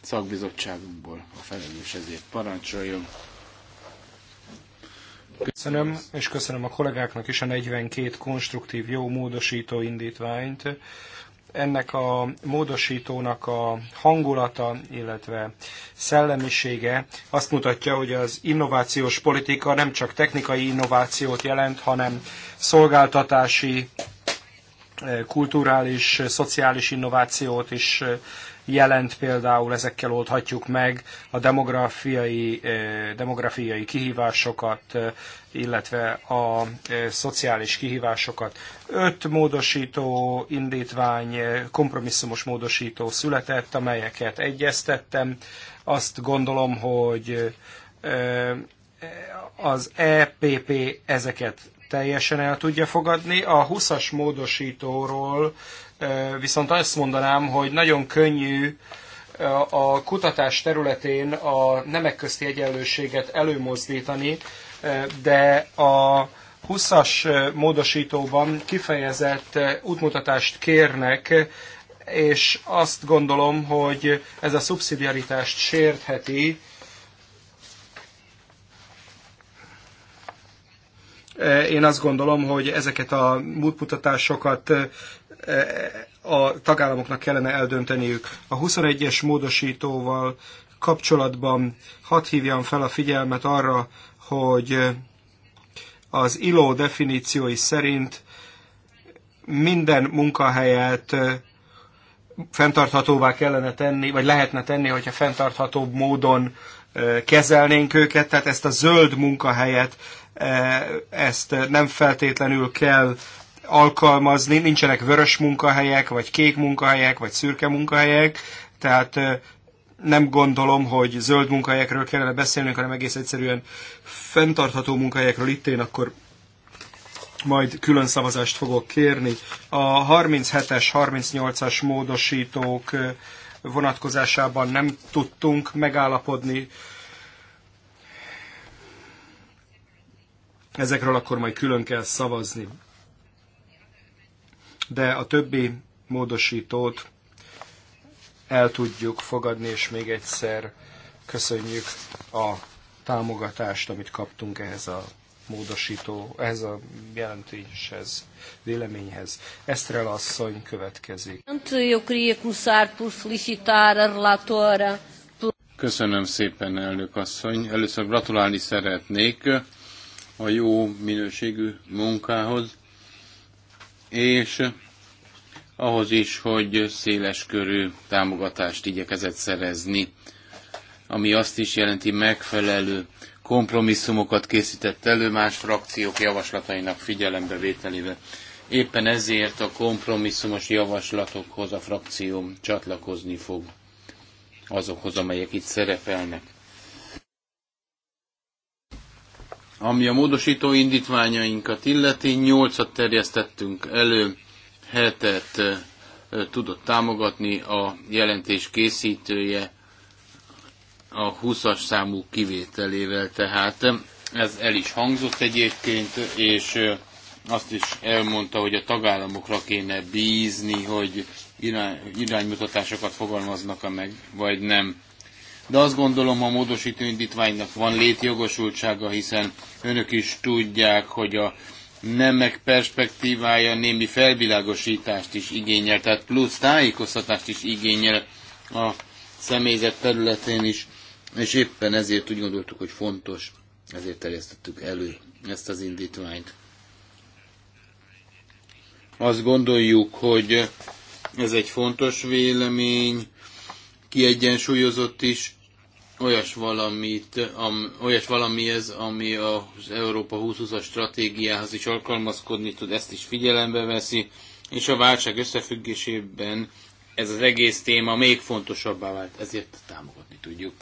szakbizottságunkból a felelős ezért parancsoljon. Köszönöm, és köszönöm a kollégáknak is a 42 konstruktív, jó módosító indítványt ennek a módosítónak a hangulata, illetve szellemisége azt mutatja, hogy az innovációs politika nem csak technikai innovációt jelent, hanem szolgáltatási kulturális, szociális innovációt is jelent például, ezekkel oldhatjuk meg a demográfiai, demográfiai kihívásokat, illetve a szociális kihívásokat. Öt módosító indítvány, kompromisszumos módosító született, amelyeket egyeztettem. Azt gondolom, hogy az EPP ezeket teljesen el tudja fogadni. A 20-as módosítóról viszont azt mondanám, hogy nagyon könnyű a kutatás területén a nemek közti egyenlőséget előmozdítani, de a 20-as módosítóban kifejezett útmutatást kérnek, és azt gondolom, hogy ez a szubszidiaritást sértheti, Eh, én azt gondolom, hogy ezeket a múltmutatásokat eh, a tagállamoknak kellene eldönteniük. A 21-es módosítóval kapcsolatban hadd hívjam fel a figyelmet arra, hogy eh, az ILO definíciói szerint minden munkahelyet fenntarthatóvá kellene tenni, vagy lehetne tenni, hogyha fenntarthatóbb módon kezelnénk őket, tehát ezt a zöld munkahelyet E, ezt nem feltétlenül kell alkalmazni, nincsenek vörös munkahelyek, vagy kék munkahelyek, vagy szürke munkahelyek, tehát e, nem gondolom, hogy zöld munkahelyekről kellene beszélnünk, hanem egész egyszerűen fenntartható munkahelyekről itt én akkor majd külön szavazást fogok kérni. A 37-es, 38-as módosítók e, vonatkozásában nem tudtunk megállapodni Ezekről akkor majd külön kell szavazni. De a többi módosítót el tudjuk fogadni, és még egyszer köszönjük a támogatást, amit kaptunk ehhez a módosító, ehhez a jelentéshez, véleményhez. Esztrel asszony következik. Köszönöm szépen, elnök asszony. Először gratulálni szeretnék a jó minőségű munkához, és ahhoz is, hogy széles körű támogatást igyekezett szerezni, ami azt is jelenti megfelelő kompromisszumokat készített elő más frakciók javaslatainak vételével. Éppen ezért a kompromisszumos javaslatokhoz a frakció csatlakozni fog azokhoz, amelyek itt szerepelnek. Ami a módosító indítványainkat illeti, nyolcat terjesztettünk elő, hetet tudott támogatni a jelentés készítője a 20-as számú kivételével, tehát ez el is hangzott egyébként, és azt is elmondta, hogy a tagállamokra kéne bízni, hogy irány, iránymutatásokat fogalmaznak -e meg, vagy nem de azt gondolom a módosító indítványnak van létjogosultsága, hiszen önök is tudják, hogy a nemek perspektívája némi felvilágosítást is igényel, tehát plusz tájékoztatást is igényel a személyzet területén is, és éppen ezért úgy gondoltuk, hogy fontos, ezért terjesztettük elő ezt az indítványt. Azt gondoljuk, hogy ez egy fontos vélemény, kiegyensúlyozott is, olyas valamit, am, olyas valami ez, ami az Európa 2020-as stratégiához is alkalmazkodni tud, ezt is figyelembe veszi, és a válság összefüggésében ez az egész téma még fontosabbá vált, ezért támogatni tudjuk.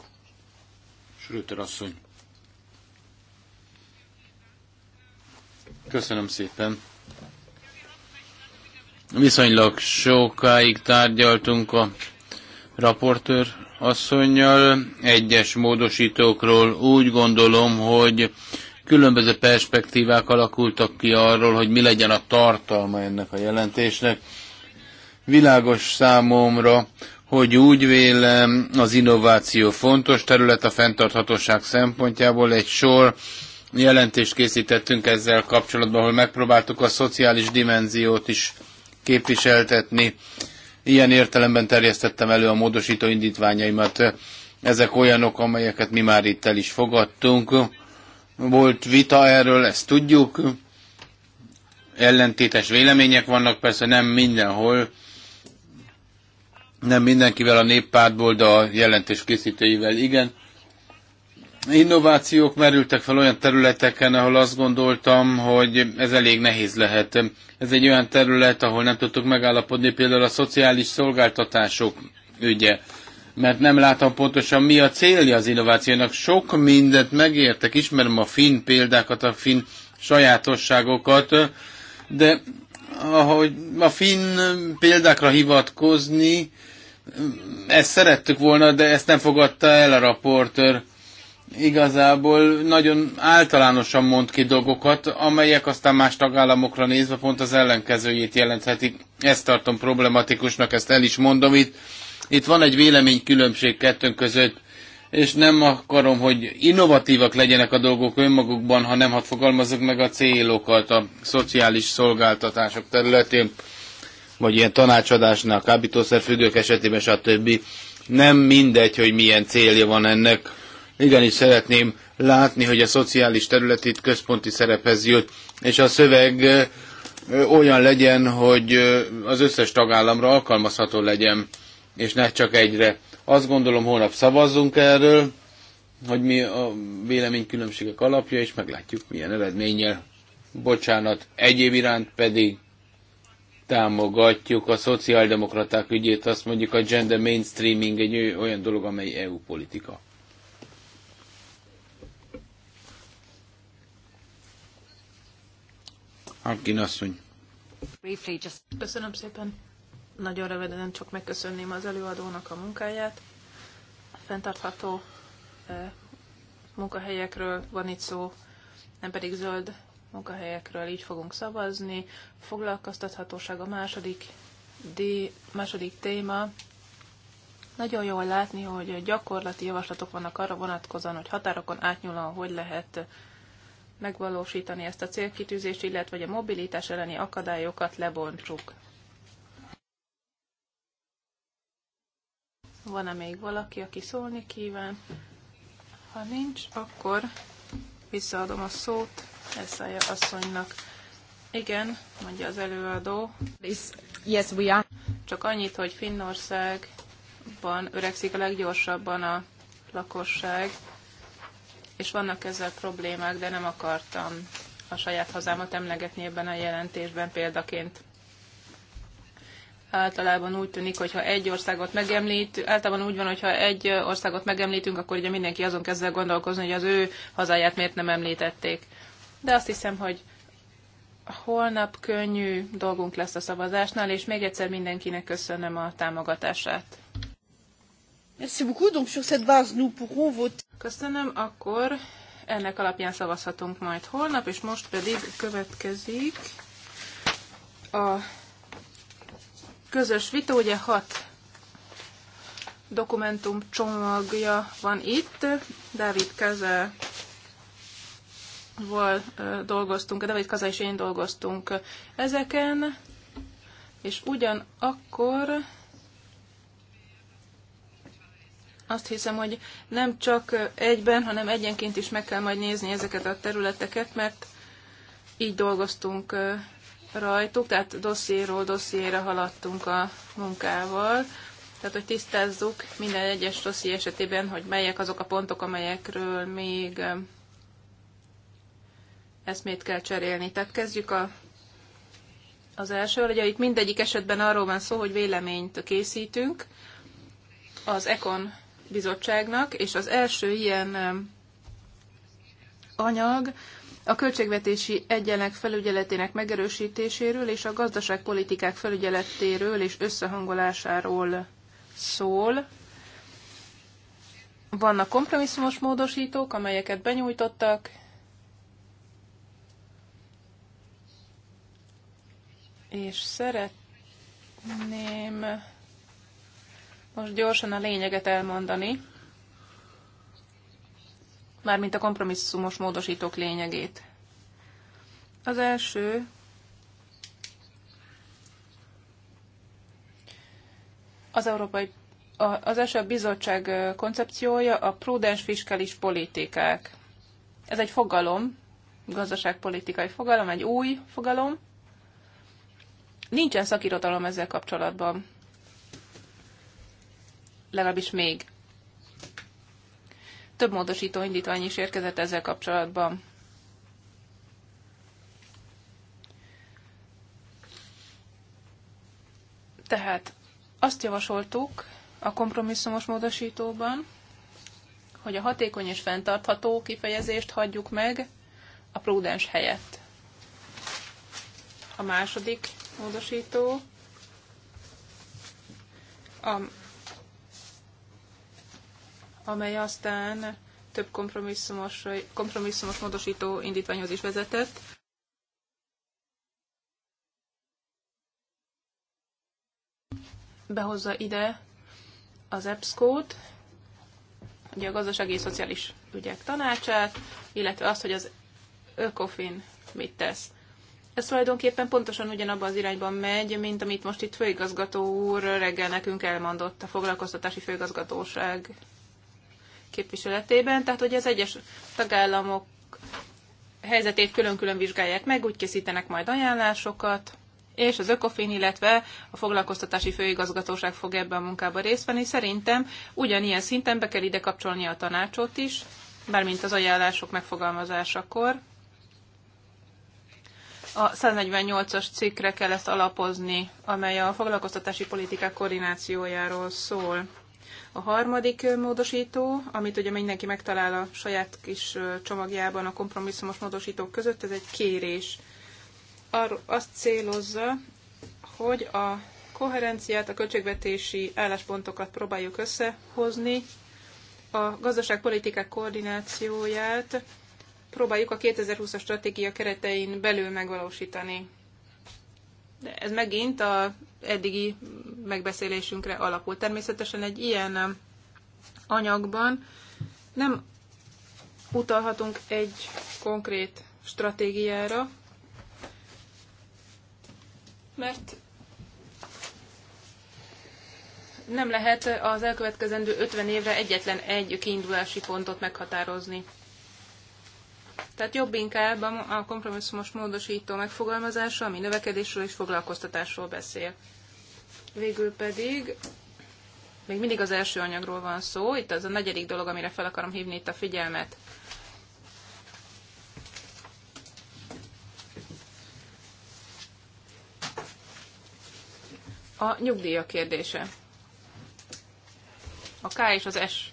Schröter asszony. Köszönöm szépen. Viszonylag sokáig tárgyaltunk a raportőr asszonynal egyes módosítókról. Úgy gondolom, hogy különböző perspektívák alakultak ki arról, hogy mi legyen a tartalma ennek a jelentésnek. Világos számomra, hogy úgy vélem, az innováció fontos terület a fenntarthatóság szempontjából. Egy sor jelentést készítettünk ezzel kapcsolatban, ahol megpróbáltuk a szociális dimenziót is képviseltetni Ilyen értelemben terjesztettem elő a módosító indítványaimat. Ezek olyanok, amelyeket mi már itt el is fogadtunk. Volt vita erről, ezt tudjuk. Ellentétes vélemények vannak, persze nem mindenhol. Nem mindenkivel a néppártból, de a jelentés készítőivel igen innovációk merültek fel olyan területeken, ahol azt gondoltam, hogy ez elég nehéz lehet. Ez egy olyan terület, ahol nem tudtuk megállapodni, például a szociális szolgáltatások ügye. Mert nem látom pontosan, mi a célja az innovációnak. Sok mindent megértek, ismerem a finn példákat, a finn sajátosságokat, de ahogy a finn példákra hivatkozni, ezt szerettük volna, de ezt nem fogadta el a raportőr igazából nagyon általánosan mond ki dolgokat, amelyek aztán más tagállamokra nézve pont az ellenkezőjét jelenthetik. Ezt tartom problematikusnak, ezt el is mondom itt. Itt van egy véleménykülönbség kettőnk között, és nem akarom, hogy innovatívak legyenek a dolgok önmagukban, hanem ha fogalmazok meg a célokat a szociális szolgáltatások területén, vagy ilyen tanácsadásnál, kábítószerfüggők esetében, stb. Nem mindegy, hogy milyen célja van ennek igenis szeretném látni, hogy a szociális terület itt központi szerephez jut, és a szöveg olyan legyen, hogy az összes tagállamra alkalmazható legyen, és ne csak egyre. Azt gondolom, holnap szavazzunk erről, hogy mi a véleménykülönbségek alapja, és meglátjuk, milyen eredménnyel. Bocsánat, egyéb iránt pedig támogatjuk a szociáldemokraták ügyét, azt mondjuk a gender mainstreaming egy olyan dolog, amely EU politika. Harkin asszony. Köszönöm szépen. Nagyon röviden csak megköszönném az előadónak a munkáját. A fenntartható munkahelyekről van itt szó, nem pedig zöld munkahelyekről, így fogunk szavazni. Foglalkoztathatóság a második, D, második téma. Nagyon jól látni, hogy gyakorlati javaslatok vannak arra vonatkozóan, hogy határokon átnyúlóan hogy lehet megvalósítani ezt a célkitűzést, illetve hogy a mobilitás elleni akadályokat lebontsuk. Van-e még valaki, aki szólni kíván? Ha nincs, akkor visszaadom a szót Eszája asszonynak. Igen, mondja az előadó. Yes, we are. Csak annyit, hogy Finnországban öregszik a leggyorsabban a lakosság, és vannak ezzel problémák, de nem akartam a saját hazámat emlegetni ebben a jelentésben példaként. Általában úgy tűnik, ha egy országot megemlít, általában úgy van, ha egy országot megemlítünk, akkor ugye mindenki azon kezd el gondolkozni, hogy az ő hazáját miért nem említették. De azt hiszem, hogy holnap könnyű dolgunk lesz a szavazásnál, és még egyszer mindenkinek köszönöm a támogatását. Merci beaucoup. Donc sur cette base, nous pourrons voter. Köszönöm, akkor ennek alapján szavazhatunk majd holnap, és most pedig következik a közös vita, ugye hat dokumentum csomagja van itt. Dávid Keze val dolgoztunk, David Kaza és én dolgoztunk ezeken, és ugyanakkor azt hiszem, hogy nem csak egyben, hanem egyenként is meg kell majd nézni ezeket a területeket, mert így dolgoztunk rajtuk, tehát dossziéról dossziére haladtunk a munkával, tehát hogy tisztázzuk minden egyes dosszi esetében, hogy melyek azok a pontok, amelyekről még eszmét kell cserélni. Tehát kezdjük a, az első, ugye itt mindegyik esetben arról van szó, hogy véleményt készítünk, az Econ bizottságnak, és az első ilyen anyag a költségvetési egyenek felügyeletének megerősítéséről és a gazdaságpolitikák felügyeletéről és összehangolásáról szól. Vannak kompromisszumos módosítók, amelyeket benyújtottak, és szeretném most gyorsan a lényeget elmondani, mármint a kompromisszumos módosítók lényegét. Az első az Európai az első a bizottság koncepciója a prudens fiskális politikák. Ez egy fogalom, gazdaságpolitikai fogalom, egy új fogalom. Nincsen szakirodalom ezzel kapcsolatban legalábbis még. Több módosító indítvány is érkezett ezzel kapcsolatban. Tehát azt javasoltuk a kompromisszumos módosítóban, hogy a hatékony és fenntartható kifejezést hagyjuk meg a prudens helyett. A második módosító a amely aztán több kompromisszumos, kompromisszumos módosító indítványhoz is vezetett. Behozza ide az EBSCO-t, ugye a Gazdasági és Szociális Ügyek Tanácsát, illetve azt, hogy az ÖkoFin mit tesz. Ez tulajdonképpen pontosan ugyanabban az irányban megy, mint amit most itt főigazgató úr reggel nekünk elmondott a foglalkoztatási főigazgatóság képviseletében, tehát hogy az egyes tagállamok helyzetét külön-külön vizsgálják meg, úgy készítenek majd ajánlásokat, és az ÖKOFIN, illetve a foglalkoztatási főigazgatóság fog ebben a munkában részt venni. Szerintem ugyanilyen szinten be kell ide kapcsolni a tanácsot is, mármint az ajánlások megfogalmazásakor. A 148-as cikkre kell ezt alapozni, amely a foglalkoztatási politikák koordinációjáról szól. A harmadik módosító, amit ugye mindenki megtalál a saját kis csomagjában a kompromisszumos módosítók között, ez egy kérés. Arra azt célozza, hogy a koherenciát, a költségvetési álláspontokat próbáljuk összehozni, a gazdaságpolitikák koordinációját próbáljuk a 2020-as stratégia keretein belül megvalósítani ez megint a eddigi megbeszélésünkre alapul. Természetesen egy ilyen um, anyagban nem utalhatunk egy konkrét stratégiára, mert nem lehet az elkövetkezendő 50 évre egyetlen egy kiindulási pontot meghatározni. Tehát jobb inkább a kompromisszumos módosító megfogalmazása, ami növekedésről és foglalkoztatásról beszél. Végül pedig még mindig az első anyagról van szó, itt az a negyedik dolog, amire fel akarom hívni itt a figyelmet. A nyugdíja kérdése. A K és az S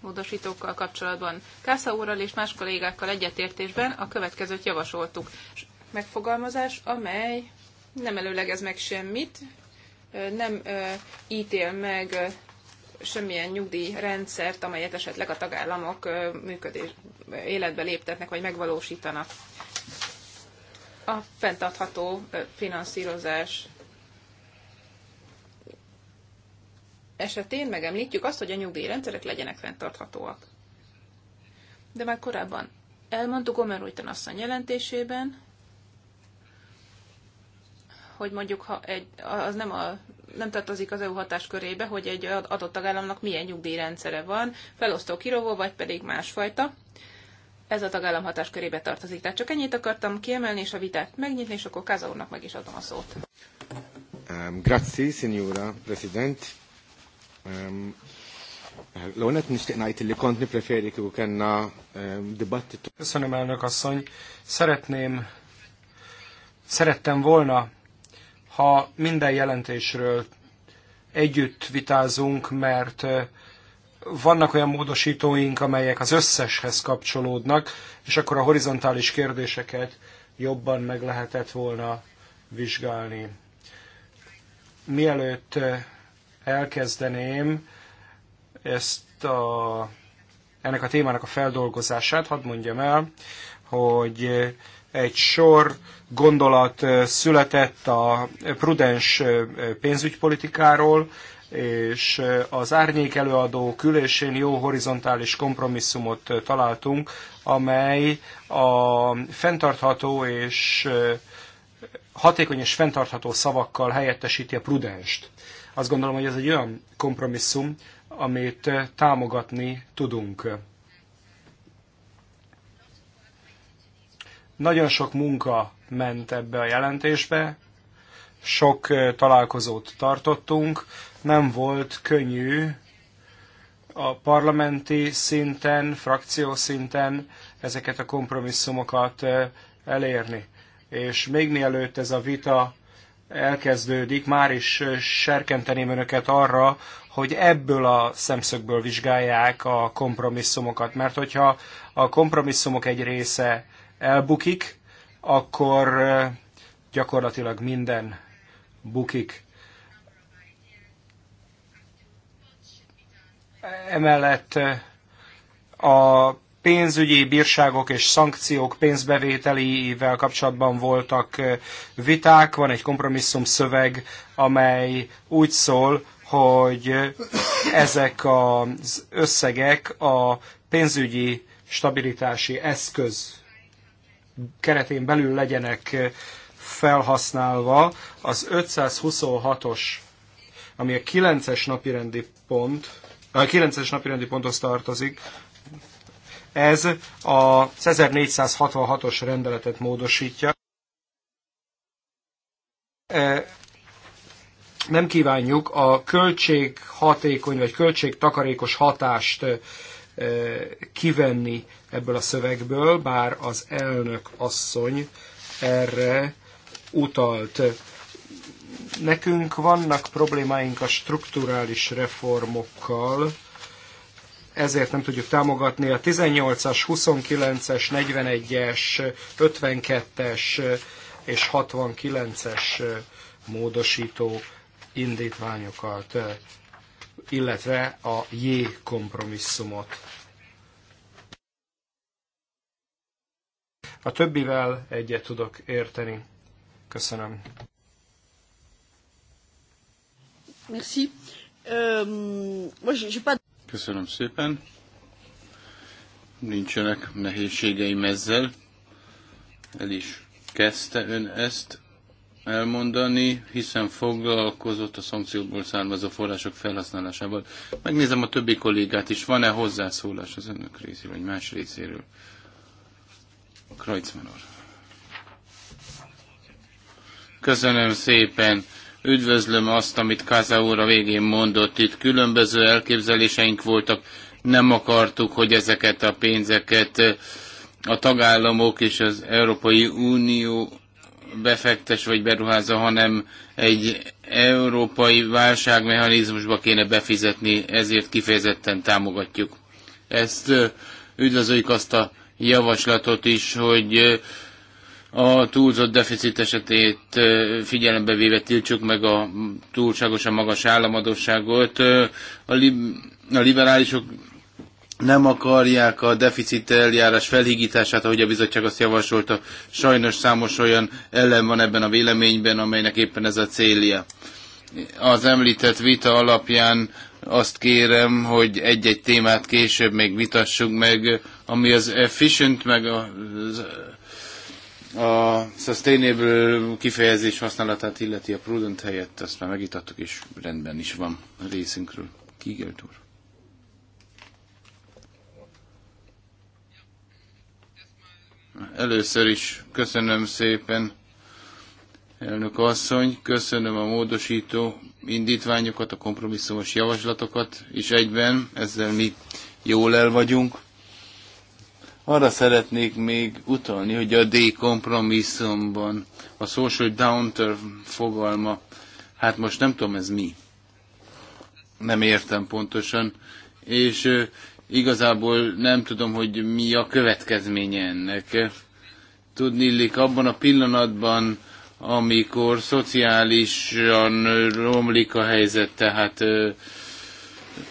módosítókkal kapcsolatban. Kásza úrral és más kollégákkal egyetértésben a következőt javasoltuk. Megfogalmazás, amely nem előlegez meg semmit, nem ítél meg semmilyen nyugdíjrendszert, amelyet esetleg a tagállamok működés, életbe léptetnek vagy megvalósítanak. A fenntartható finanszírozás esetén megemlítjük azt, hogy a nyugdíjrendszerek legyenek fenntarthatóak. De már korábban elmondtuk Omer Újtan asszony jelentésében, hogy mondjuk ha egy, az nem, a, nem tartozik az EU hatáskörébe, hogy egy adott tagállamnak milyen nyugdíjrendszere van, felosztó kirovó, vagy pedig másfajta. Ez a tagállam hatáskörébe tartozik. Tehát csak ennyit akartam kiemelni, és a vitát megnyitni, és akkor Káza úrnak meg is adom a szót. Um, grazie, signora President. Ehm, ehm, Köszönöm elnök asszony. Szeretném, szerettem volna, ha minden jelentésről együtt vitázunk, mert eh, vannak olyan módosítóink, amelyek az összeshez kapcsolódnak, és akkor a horizontális kérdéseket jobban meg lehetett volna vizsgálni. Mielőtt eh, elkezdeném ezt a, ennek a témának a feldolgozását, hadd mondjam el, hogy egy sor gondolat született a prudens pénzügypolitikáról, és az árnyék előadó külésén jó horizontális kompromisszumot találtunk, amely a fenntartható és hatékony és fenntartható szavakkal helyettesíti a prudenst. Azt gondolom, hogy ez egy olyan kompromisszum, amit eh, támogatni tudunk. Nagyon sok munka ment ebbe a jelentésbe, sok eh, találkozót tartottunk, nem volt könnyű a parlamenti szinten, frakció szinten ezeket a kompromisszumokat eh, elérni. És még mielőtt ez a vita elkezdődik, már is serkenteném önöket arra, hogy ebből a szemszögből vizsgálják a kompromisszumokat. Mert hogyha a kompromisszumok egy része elbukik, akkor gyakorlatilag minden bukik. Emellett a pénzügyi bírságok és szankciók pénzbevételével kapcsolatban voltak viták. Van egy kompromisszum szöveg, amely úgy szól, hogy ezek az összegek a pénzügyi stabilitási eszköz keretén belül legyenek felhasználva. Az 526-os, ami a 9-es napirendi pont, a 9-es napirendi ponthoz tartozik, ez a 1466-os rendeletet módosítja. E, nem kívánjuk a költséghatékony vagy költségtakarékos hatást e, kivenni ebből a szövegből, bár az elnök asszony erre utalt. Nekünk vannak problémáink a strukturális reformokkal, ezért nem tudjuk támogatni a 18-as, 29-es, 41-es, 52-es és 69-es módosító indítványokat, illetve a J kompromisszumot. A többivel egyet tudok érteni. Köszönöm. Merci. Euh, moi, j'ai pas Köszönöm szépen. Nincsenek nehézségeim ezzel. El is kezdte ön ezt elmondani, hiszen foglalkozott a szankciókból származó források felhasználásával. Megnézem a többi kollégát is. Van-e hozzászólás az önök részéről, vagy más részéről? Kreuzmann úr. Köszönöm szépen. Üdvözlöm azt, amit Káza úr a végén mondott. Itt különböző elképzeléseink voltak. Nem akartuk, hogy ezeket a pénzeket eh, a tagállamok és az Európai Unió befektes vagy beruházza, hanem egy európai válságmechanizmusba kéne befizetni, ezért kifejezetten támogatjuk. Ezt eh, üdvözöljük azt a javaslatot is, hogy eh, a túlzott deficit esetét figyelembe véve tiltsuk meg a túlságosan magas államadóságot. A, li- a liberálisok nem akarják a deficit eljárás felhigítását, ahogy a bizottság azt javasolta. Sajnos számos olyan ellen van ebben a véleményben, amelynek éppen ez a célja. Az említett vita alapján azt kérem, hogy egy-egy témát később még vitassuk meg, ami az efficient, meg az a sustainable kifejezés használatát illeti a prudent helyett, azt már megitattuk, és rendben is van a részünkről. Kigelt úr. Először is köszönöm szépen, elnök asszony, köszönöm a módosító indítványokat, a kompromisszumos javaslatokat, és egyben ezzel mi jól el vagyunk. Arra szeretnék még utalni, hogy a D kompromisszumban a social downturn fogalma, hát most nem tudom ez mi, nem értem pontosan, és igazából nem tudom, hogy mi a következménye ennek. Tudni illik abban a pillanatban, amikor szociálisan romlik a helyzet, tehát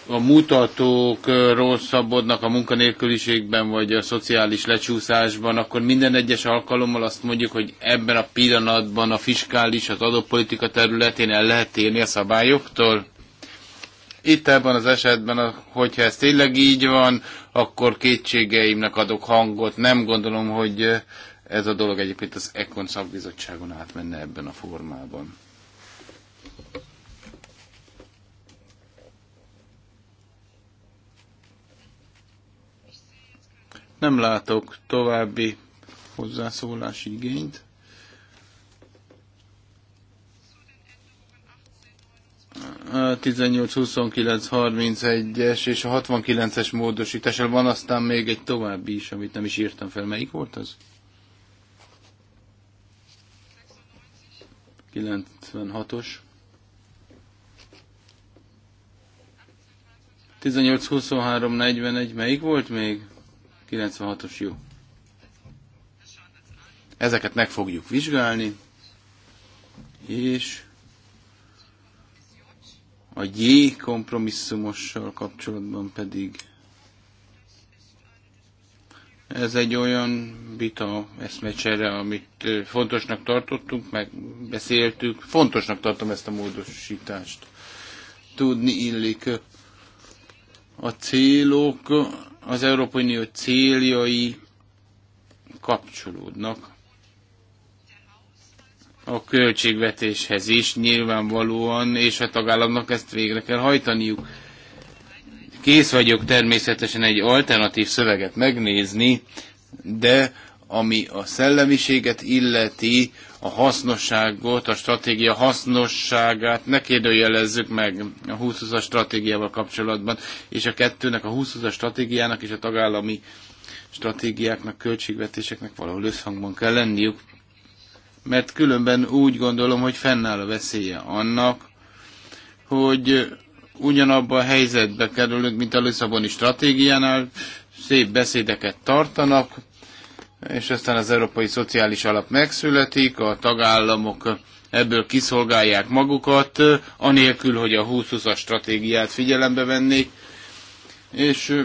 a mutatók rosszabbodnak a munkanélküliségben, vagy a szociális lecsúszásban, akkor minden egyes alkalommal azt mondjuk, hogy ebben a pillanatban a fiskális, az adópolitika területén el lehet térni a szabályoktól? Itt ebben az esetben, hogyha ez tényleg így van, akkor kétségeimnek adok hangot. Nem gondolom, hogy ez a dolog egyébként az Econ szakbizottságon átmenne ebben a formában. Nem látok további hozzászólási igényt. A 18, 29, 31-es és a 69-es módosítással van aztán még egy további is, amit nem is írtam fel. Melyik volt az? 96-os. 18, 23, 41, melyik volt még? 96-os jó. Ezeket meg fogjuk vizsgálni, és a J kompromisszumossal kapcsolatban pedig ez egy olyan vita eszmecsere, amit fontosnak tartottunk, meg beszéltük. Fontosnak tartom ezt a módosítást. Tudni illik a célok az Európai Unió céljai kapcsolódnak a költségvetéshez is nyilvánvalóan, és a tagállamnak ezt végre kell hajtaniuk. Kész vagyok természetesen egy alternatív szöveget megnézni, de ami a szellemiséget illeti, a hasznosságot, a stratégia hasznosságát ne kérdőjelezzük meg a 20-as stratégiával kapcsolatban, és a kettőnek, a 20-as stratégiának és a tagállami stratégiáknak, költségvetéseknek valahol összhangban kell lenniük. Mert különben úgy gondolom, hogy fennáll a veszélye annak, hogy ugyanabban a helyzetbe kerülünk, mint a Lisszaboni stratégiánál, szép beszédeket tartanak, és aztán az Európai Szociális Alap megszületik, a tagállamok ebből kiszolgálják magukat, anélkül, hogy a 2020-as stratégiát figyelembe vennék, és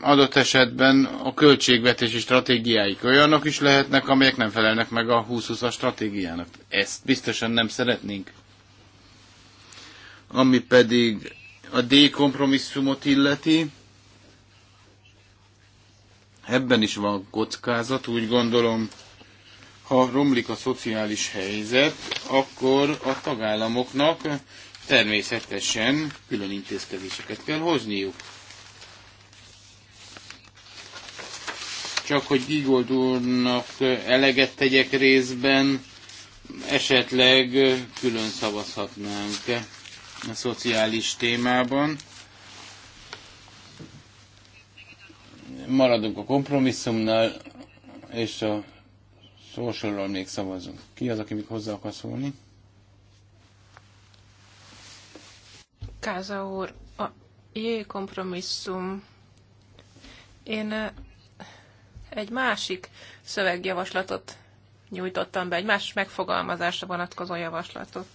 adott esetben a költségvetési stratégiáik olyanok is lehetnek, amelyek nem felelnek meg a 2020-as stratégiának. Ezt biztosan nem szeretnénk. Ami pedig a D kompromisszumot illeti, Ebben is van kockázat, úgy gondolom, ha romlik a szociális helyzet, akkor a tagállamoknak természetesen külön intézkedéseket kell hozniuk. Csak hogy Gigold úrnak eleget tegyek részben, esetleg külön szavazhatnánk a szociális témában. maradunk a kompromisszumnál, és a sorsolról még szavazunk. Ki az, aki még hozzá akar szólni? Káza úr, a jé kompromisszum. Én egy másik szövegjavaslatot nyújtottam be, egy más megfogalmazásra vonatkozó javaslatot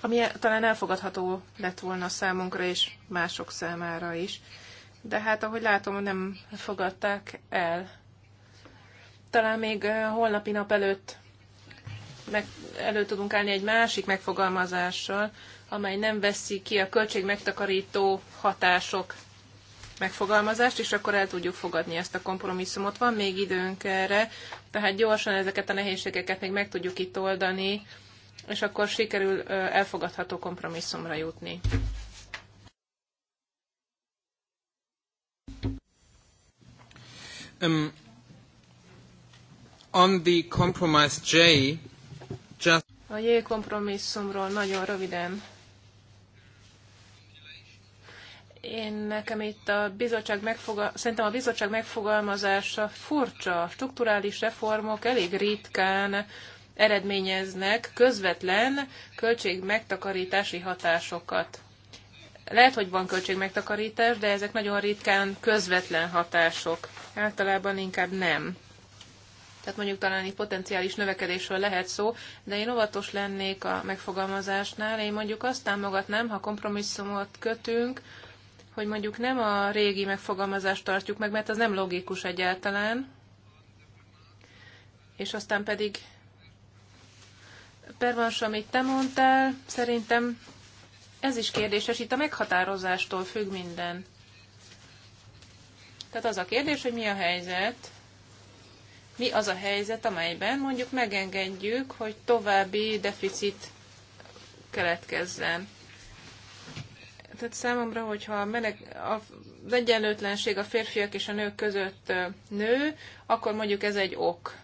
ami talán elfogadható lett volna számunkra és mások számára is. De hát, ahogy látom, nem fogadták el. Talán még holnapi nap előtt meg, elő tudunk állni egy másik megfogalmazással, amely nem veszi ki a költség megtakarító hatások megfogalmazást, és akkor el tudjuk fogadni ezt a kompromisszumot. Van még időnk erre, tehát gyorsan ezeket a nehézségeket még meg tudjuk itt oldani, és akkor sikerül elfogadható kompromisszumra jutni. Um, on the compromise J, just... A J kompromisszumról nagyon röviden. Én nekem itt a bizottság megfogal... szerintem a bizottság megfogalmazása furcsa. Strukturális reformok elég ritkán eredményeznek közvetlen költségmegtakarítási hatásokat. Lehet, hogy van költségmegtakarítás, de ezek nagyon ritkán közvetlen hatások. Általában inkább nem. Tehát mondjuk talán egy potenciális növekedésről lehet szó, de én óvatos lennék a megfogalmazásnál. Én mondjuk azt támogatnám, ha kompromisszumot kötünk, hogy mondjuk nem a régi megfogalmazást tartjuk meg, mert az nem logikus egyáltalán. És aztán pedig Pervans, amit te mondtál, szerintem ez is kérdéses, itt a meghatározástól függ minden. Tehát az a kérdés, hogy mi a helyzet, mi az a helyzet, amelyben mondjuk megengedjük, hogy további deficit keletkezzen. Tehát számomra, hogyha a, meleg, az egyenlőtlenség a férfiak és a nők között nő, akkor mondjuk ez egy ok.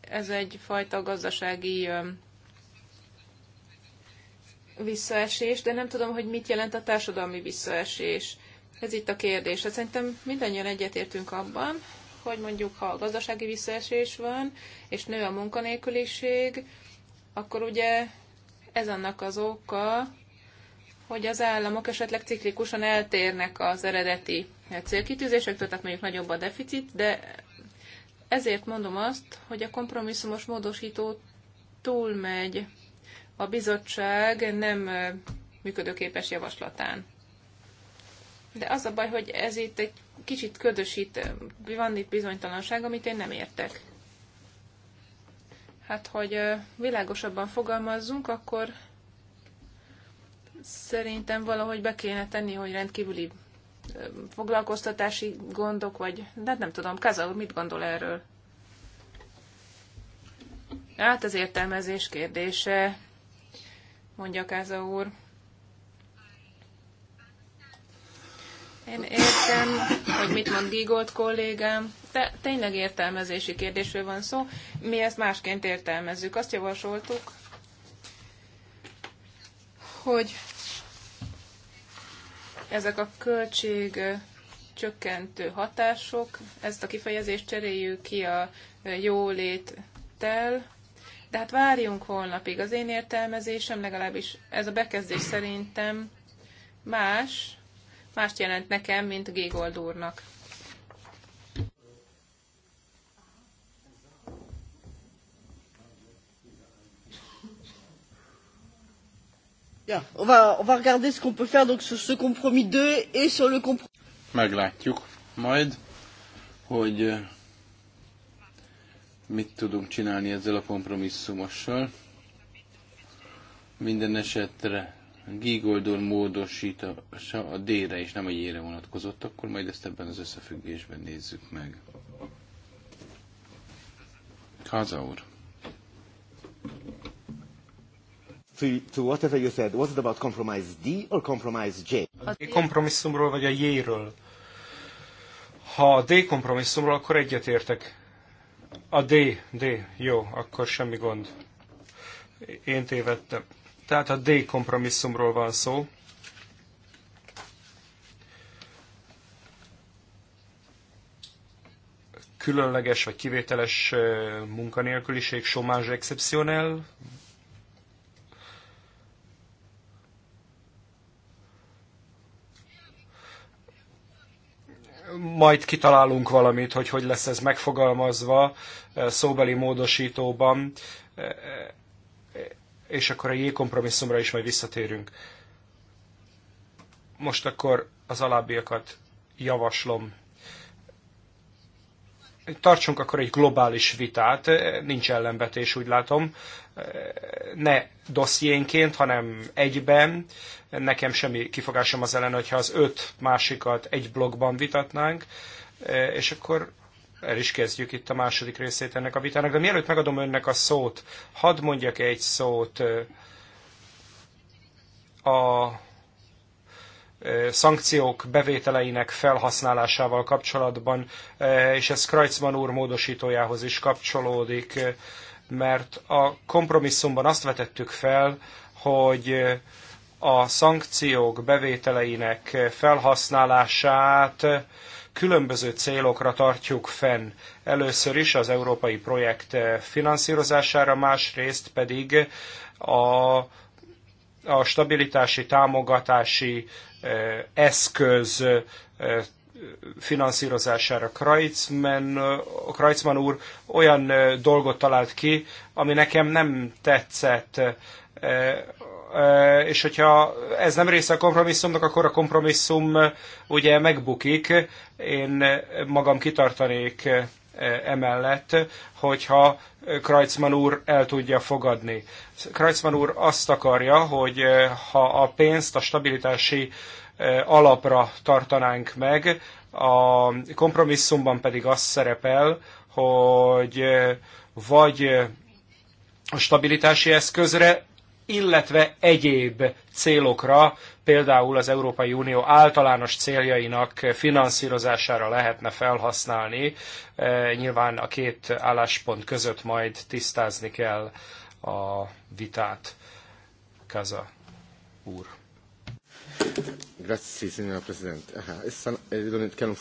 Ez egyfajta gazdasági visszaesés, de nem tudom, hogy mit jelent a társadalmi visszaesés. Ez itt a kérdés. Hát szerintem mindannyian egyetértünk abban, hogy mondjuk, ha a gazdasági visszaesés van, és nő a munkanélküliség, akkor ugye ez annak az oka, hogy az államok esetleg ciklikusan eltérnek az eredeti célkitűzésektől, tehát mondjuk nagyobb a deficit, de ezért mondom azt, hogy a kompromisszumos módosító túlmegy a bizottság nem működőképes javaslatán. De az a baj, hogy ez itt egy kicsit ködösít, van itt bizonytalanság, amit én nem értek. Hát, hogy világosabban fogalmazzunk, akkor szerintem valahogy be kéne tenni, hogy rendkívüli foglalkoztatási gondok, vagy de nem tudom, Kaza úr mit gondol erről? Hát az értelmezés kérdése, mondja Káza úr. Én értem, hogy mit mond Gigolt kollégám, de tényleg értelmezési kérdésről van szó. Mi ezt másként értelmezzük. Azt javasoltuk, hogy ezek a költség csökkentő hatások, ezt a kifejezést cseréljük ki a tel, de hát várjunk holnapig. Az én értelmezésem legalábbis ez a bekezdés szerintem más, mást jelent nekem, mint Gégold úrnak. Bien, on va, on va regarder ce qu'on peut faire donc sur ce compromis 2 et sur le compromis. Meglátjuk majd, hogy mit tudunk csinálni ezzel a kompromisszumossal. Minden esetre Gigoldon módosít a D-re és nem a J-re vonatkozott, akkor majd ezt ebben az összefüggésben nézzük meg. Kaza úr. To, to whatever you said, was it about compromise D or compromise J? A kompromisszumról vagy a J-ről? Ha a D kompromisszumról, akkor egyetértek. A D, D, jó, akkor semmi gond. Én tévedtem. Tehát a D kompromisszumról van szó. Különleges vagy kivételes munkanélküliség, somás exceptionnel, majd kitalálunk valamit, hogy hogy lesz ez megfogalmazva eh, szóbeli módosítóban, eh, eh, és akkor a jégkompromisszumra kompromisszumra is majd visszatérünk. Most akkor az alábbiakat javaslom tartsunk akkor egy globális vitát, eh, nincs ellenvetés, úgy látom, eh, ne dossziénként, hanem egyben. Nekem semmi kifogásom az ellen, hogyha az öt másikat egy blogban vitatnánk, eh, és akkor el is kezdjük itt a második részét ennek a vitának. De mielőtt megadom önnek a szót, hadd mondjak egy szót a szankciók bevételeinek felhasználásával kapcsolatban, és ez Kreutzmann úr módosítójához is kapcsolódik, mert a kompromisszumban azt vetettük fel, hogy a szankciók bevételeinek felhasználását különböző célokra tartjuk fenn. Először is az európai projekt finanszírozására, másrészt pedig a, a stabilitási támogatási Eh, eszköz eh, finanszírozására. Kreitzmann, Kreitzmann úr olyan eh, dolgot talált ki, ami nekem nem tetszett, és hogyha ez nem része a kompromisszumnak, akkor a kompromisszum ugye megbukik. Én magam kitartanék Eh, emellett, hogyha Kreutzmann úr el tudja fogadni. Kreutzmann úr azt akarja, hogy eh, ha a pénzt a stabilitási eh, alapra tartanánk meg, a kompromisszumban pedig az szerepel, hogy vagy a stabilitási eszközre illetve egyéb célokra, például az Európai Unió általános céljainak finanszírozására lehetne felhasználni. E, nyilván a két álláspont között majd tisztázni kell a vitát. Kaza úr. Grazie, signora Presidente. E e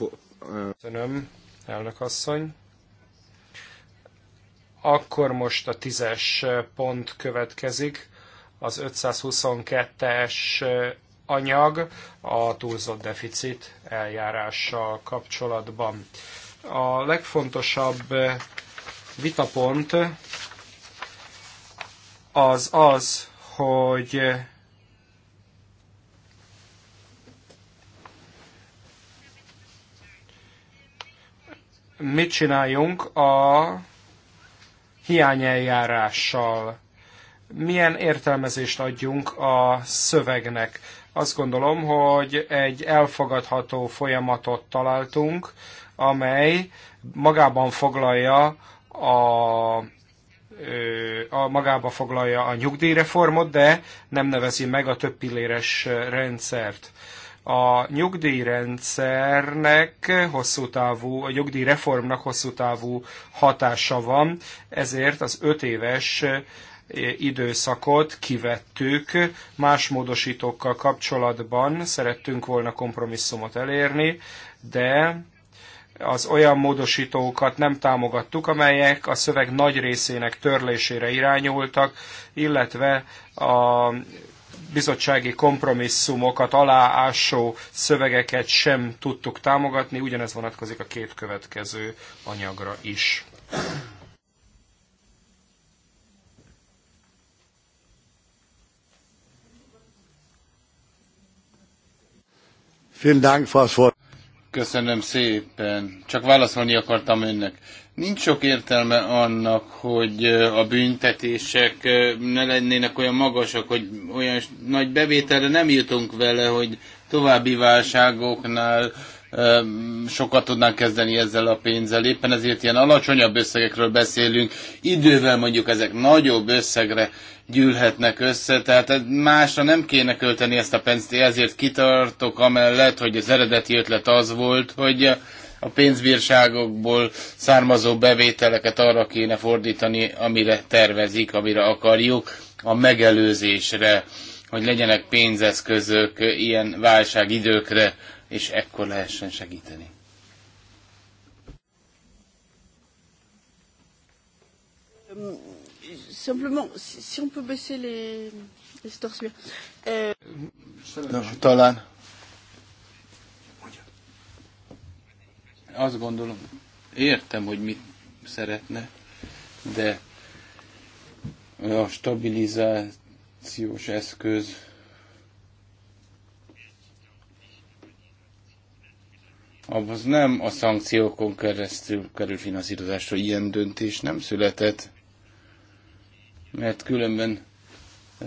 Köszönöm, elnök asszony. Akkor most a tízes pont következik az 522-es anyag a túlzott deficit eljárással kapcsolatban. A legfontosabb vitapont az az, hogy mit csináljunk a hiányeljárással milyen értelmezést adjunk a szövegnek. Azt gondolom, hogy egy elfogadható folyamatot találtunk, amely magában foglalja a, a magába foglalja a nyugdíjreformot, de nem nevezi meg a pilléres rendszert. A nyugdíjrendszernek hosszú távú, a nyugdíjreformnak hosszú távú hatása van, ezért az öt éves időszakot kivettük, más módosítókkal kapcsolatban szerettünk volna kompromisszumot elérni, de az olyan módosítókat nem támogattuk, amelyek a szöveg nagy részének törlésére irányultak, illetve a bizottsági kompromisszumokat aláásó szövegeket sem tudtuk támogatni, ugyanez vonatkozik a két következő anyagra is. Köszönöm szépen. Csak válaszolni akartam önnek. Nincs sok értelme annak, hogy a büntetések ne lennének olyan magasak, hogy olyan nagy bevételre nem jutunk vele, hogy további válságoknál sokat tudnánk kezdeni ezzel a pénzzel. Éppen ezért ilyen alacsonyabb összegekről beszélünk. Idővel mondjuk ezek nagyobb összegre gyűlhetnek össze, tehát másra nem kéne költeni ezt a pénzt, ezért kitartok amellett, hogy az eredeti ötlet az volt, hogy a pénzbírságokból származó bevételeket arra kéne fordítani, amire tervezik, amire akarjuk, a megelőzésre, hogy legyenek pénzeszközök ilyen válságidőkre, és ekkor lehessen segíteni. Simplement, si on peut baisser les, les bien. Euh... Talán. Azt gondolom, értem, hogy mit szeretne, de a stabilizációs eszköz az nem a szankciókon keresztül kerül finanszírozásra, ilyen döntés nem született mert különben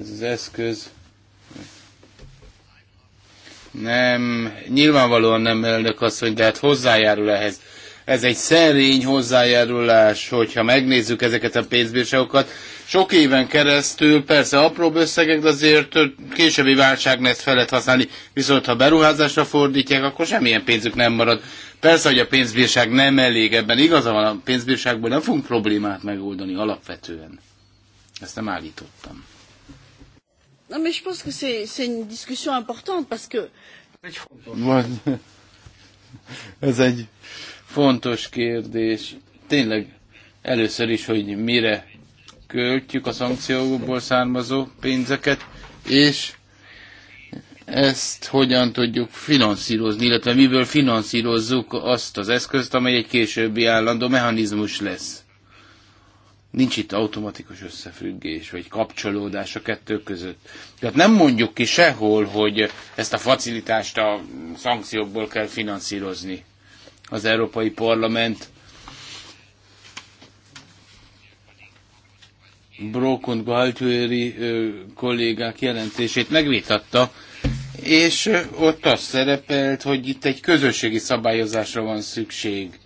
ez az eszköz nem, nyilvánvalóan nem elnök asszony, de hát hozzájárul ehhez. Ez egy szerény hozzájárulás, hogyha megnézzük ezeket a pénzbírságokat. Sok éven keresztül persze apró összegek, de azért későbbi válságnál ezt fel lehet használni. Viszont ha beruházásra fordítják, akkor semmilyen pénzük nem marad. Persze, hogy a pénzbírság nem elég ebben. Igaza van, a pénzbírságból nem fogunk problémát megoldani alapvetően. Ezt nem állítottam. Na, mais je pense que c'est une discussion importante, parce que... Ez egy fontos kérdés. Tényleg először is, hogy mire költjük a szankciókból származó pénzeket, és ezt hogyan tudjuk finanszírozni, illetve miből finanszírozzuk azt az eszközt, amely egy későbbi állandó mechanizmus lesz. Nincs itt automatikus összefüggés, vagy kapcsolódás a kettő között. Tehát nem mondjuk ki sehol, hogy ezt a facilitást a szankciókból kell finanszírozni. Az Európai Parlament Broken Galtieri kollégák jelentését megvitatta, és ott az szerepelt, hogy itt egy közösségi szabályozásra van szükség,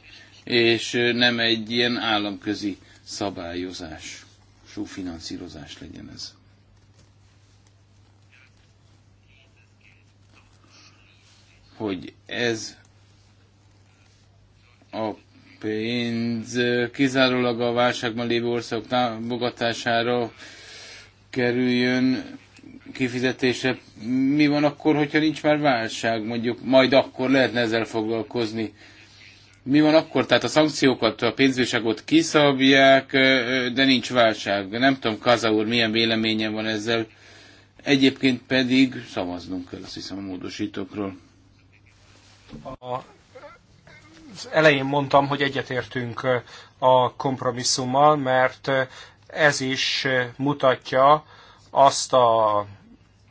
és nem egy ilyen államközi szabályozás, sú finanszírozás legyen ez. Hogy ez a pénz kizárólag a válságban lévő országok támogatására kerüljön kifizetése. Mi van akkor, hogyha nincs már válság? Mondjuk majd akkor lehetne ezzel foglalkozni mi van akkor? Tehát a szankciókat, a pénzbírságot kiszabják, de nincs válság. Nem tudom, Kaza úr, milyen véleményem van ezzel. Egyébként pedig szavaznunk kell, azt hiszem, a módosítókról. A az elején mondtam, hogy egyetértünk a kompromisszummal, mert ez is mutatja azt a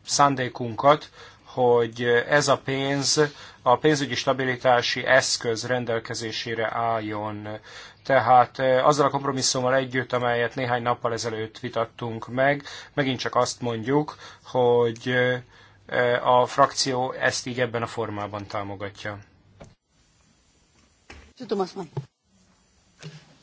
szándékunkat, hogy ez a pénz a pénzügyi stabilitási eszköz rendelkezésére álljon. Tehát eh, azzal a kompromisszummal együtt, amelyet néhány nappal ezelőtt vitattunk meg, megint csak azt mondjuk, hogy eh, a frakció ezt így ebben a formában támogatja.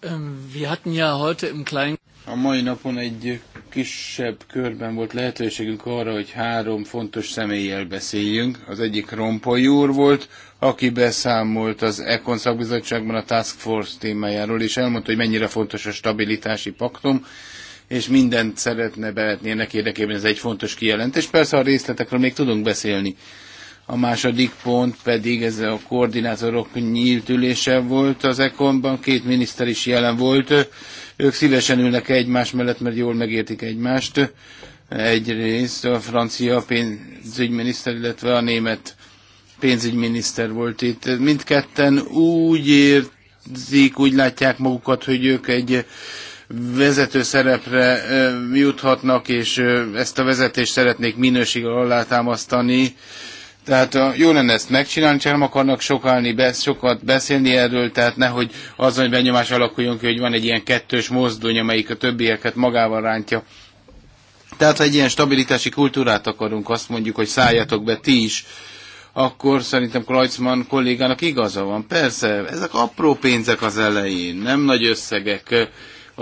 Ähm, wir hatten ja heute im kleinen a mai napon egy kisebb körben volt lehetőségünk arra, hogy három fontos személlyel beszéljünk. Az egyik Rompoly úr volt, aki beszámolt az Econ szakbizottságban a Task Force témájáról, és elmondta, hogy mennyire fontos a stabilitási paktum, és mindent szeretne bevetni ennek érdekében, ez egy fontos kijelentés. Persze a részletekről még tudunk beszélni. A második pont pedig ez a koordinátorok nyílt ülése volt az Ekonban, két miniszter is jelen volt. Ők szívesen ülnek egymás mellett, mert jól megértik egymást. Egyrészt a francia pénzügyminiszter, illetve a német pénzügyminiszter volt itt. Mindketten úgy érzik, úgy látják magukat, hogy ők egy vezető szerepre juthatnak, és ezt a vezetést szeretnék minőség támasztani. Tehát jó lenne ezt megcsinálni, csak nem akarnak sokálni, be, sokat beszélni erről, tehát nehogy az, hogy benyomás alakuljon ki, hogy van egy ilyen kettős mozdony, amelyik a többieket magával rántja. Tehát, ha egy ilyen stabilitási kultúrát akarunk, azt mondjuk, hogy szálljatok be ti is, akkor szerintem Kreuzmann kollégának igaza van. Persze, ezek apró pénzek az elején, nem nagy összegek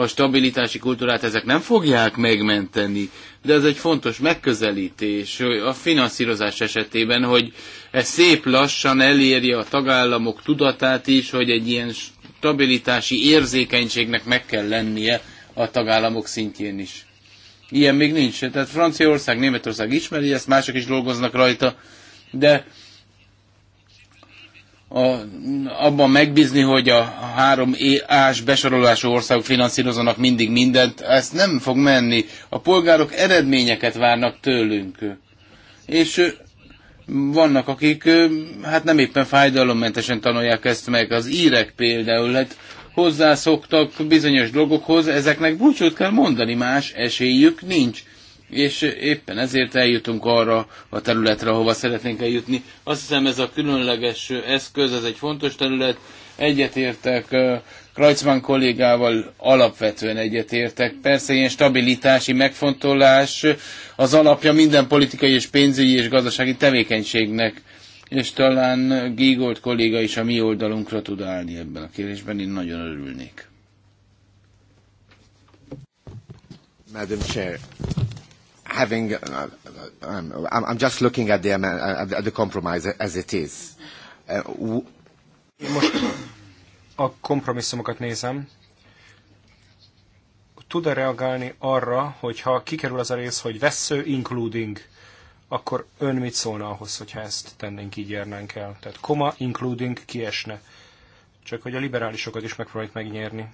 a stabilitási kultúrát ezek nem fogják megmenteni, de ez egy fontos megközelítés a finanszírozás esetében, hogy ez szép lassan elérje a tagállamok tudatát is, hogy egy ilyen stabilitási érzékenységnek meg kell lennie a tagállamok szintjén is. Ilyen még nincs. Tehát Franciaország, Németország ismeri ezt, mások is dolgoznak rajta, de a, abban megbízni, hogy a három ás besorolású országok finanszírozanak mindig mindent, ezt nem fog menni. A polgárok eredményeket várnak tőlünk. És vannak, akik hát nem éppen fájdalommentesen tanulják ezt meg. Az írek például, hát hozzászoktak bizonyos dolgokhoz, ezeknek búcsút kell mondani, más esélyük nincs és éppen ezért eljutunk arra a területre, ahova szeretnénk eljutni. Azt hiszem ez a különleges eszköz, ez egy fontos terület. Egyetértek Krajcman kollégával alapvetően egyetértek. Persze ilyen stabilitási megfontolás az alapja minden politikai és pénzügyi és gazdasági tevékenységnek. És talán Gigolt kolléga is a mi oldalunkra tud állni ebben a kérdésben, én nagyon örülnék. Madam Chair, having, uh, uh um, I'm just looking at the, uh, at the compromise as it is. Uh, Most a kompromisszumokat nézem. Tud-e reagálni arra, hogyha kikerül az a rész, hogy vesző including, akkor ön mit szólna ahhoz, hogyha ezt tennénk, így járnánk el? Tehát koma including kiesne. Csak hogy a liberálisokat is megpróbáljuk megnyerni.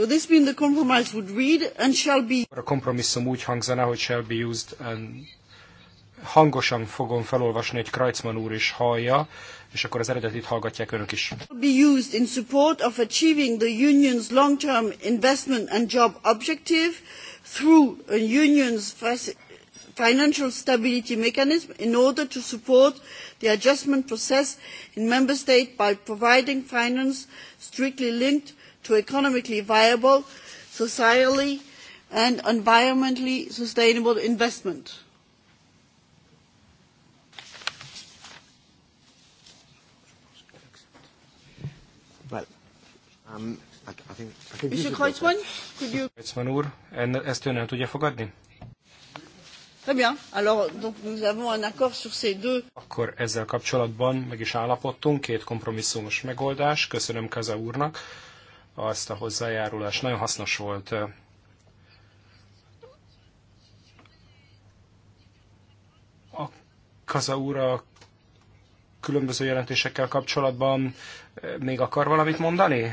So this being the compromise would read and shall be... A kompromisszum úgy hangzana, hogy shall be used and hangosan fogom felolvasni, egy Kreutzmann úr is hallja, és akkor az eredetit hallgatják önök is. ...be used in support of achieving the union's long-term investment and job objective through a union's financial stability mechanism in order to support the adjustment process in member state by providing finance strictly linked to economically viable, socially and environmentally sustainable investment. Mr. Um, Kreutzmann, could you... Kreutzmann úr, ezt ön tudja fogadni? Très bien. Alors, donc, nous avons un accord sur ces deux. Akkor ezzel kapcsolatban meg is állapodtunk, két kompromisszumos megoldás. Köszönöm Kaza úrnak azt a hozzájárulást. Nagyon hasznos volt a Kaza úr a különböző jelentésekkel kapcsolatban még akar valamit mondani?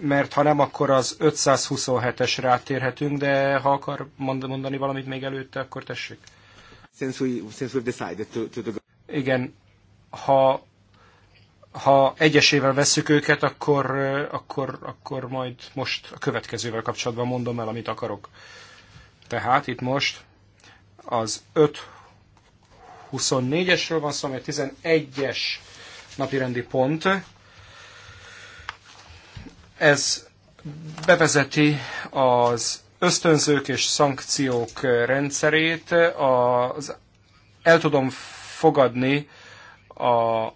Mert ha nem, akkor az 527-esre áttérhetünk, de ha akar mondani valamit még előtte, akkor tessék. Since we, since we've decided to, to the... Igen, ha ha egyesével vesszük őket, akkor, eh, akkor, akkor majd most a következővel kapcsolatban mondom el, amit akarok. Tehát itt most az 5.24-esről van szó, ami a 11-es napirendi pont. Ez bevezeti az ösztönzők és szankciók rendszerét. Az, el tudom fogadni a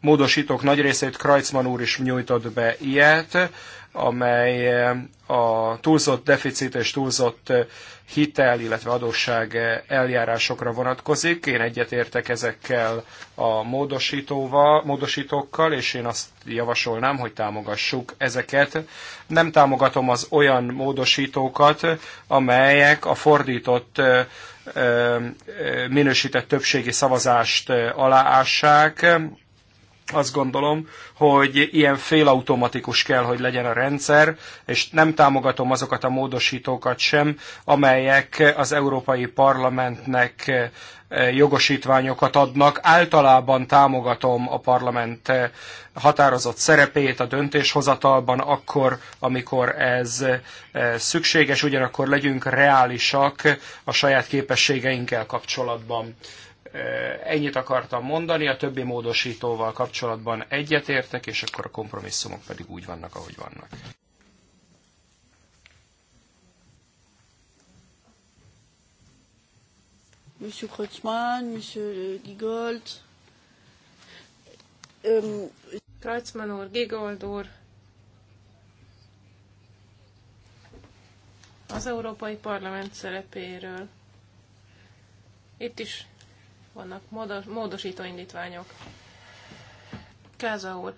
módosítók nagy részét Krajcman úr is nyújtott be ilyet, amely eh, a túlzott deficit és túlzott eh, hitel, illetve adósság eh, eljárásokra vonatkozik. Én egyetértek ezekkel a módosítóval, módosítókkal, és én azt javasolnám, hogy támogassuk ezeket. Nem támogatom az olyan módosítókat, amelyek a fordított minősített többségi szavazást aláássák, azt gondolom, hogy ilyen félautomatikus kell, hogy legyen a rendszer, és nem támogatom azokat a módosítókat sem, amelyek az Európai Parlamentnek eh, jogosítványokat adnak. Általában támogatom a parlament eh, határozott szerepét a döntéshozatalban akkor, amikor ez eh, szükséges, ugyanakkor legyünk reálisak a saját képességeinkkel kapcsolatban. Ennyit akartam mondani, a többi módosítóval kapcsolatban egyetértek, és akkor a kompromisszumok pedig úgy vannak, ahogy vannak. Monsieur Kreutzmann, Monsieur Gigold. Um, Kreutzmann úr, Gigold úr. Az Európai Parlament szerepéről. Itt is vannak módos, módosító indítványok. Káza úr,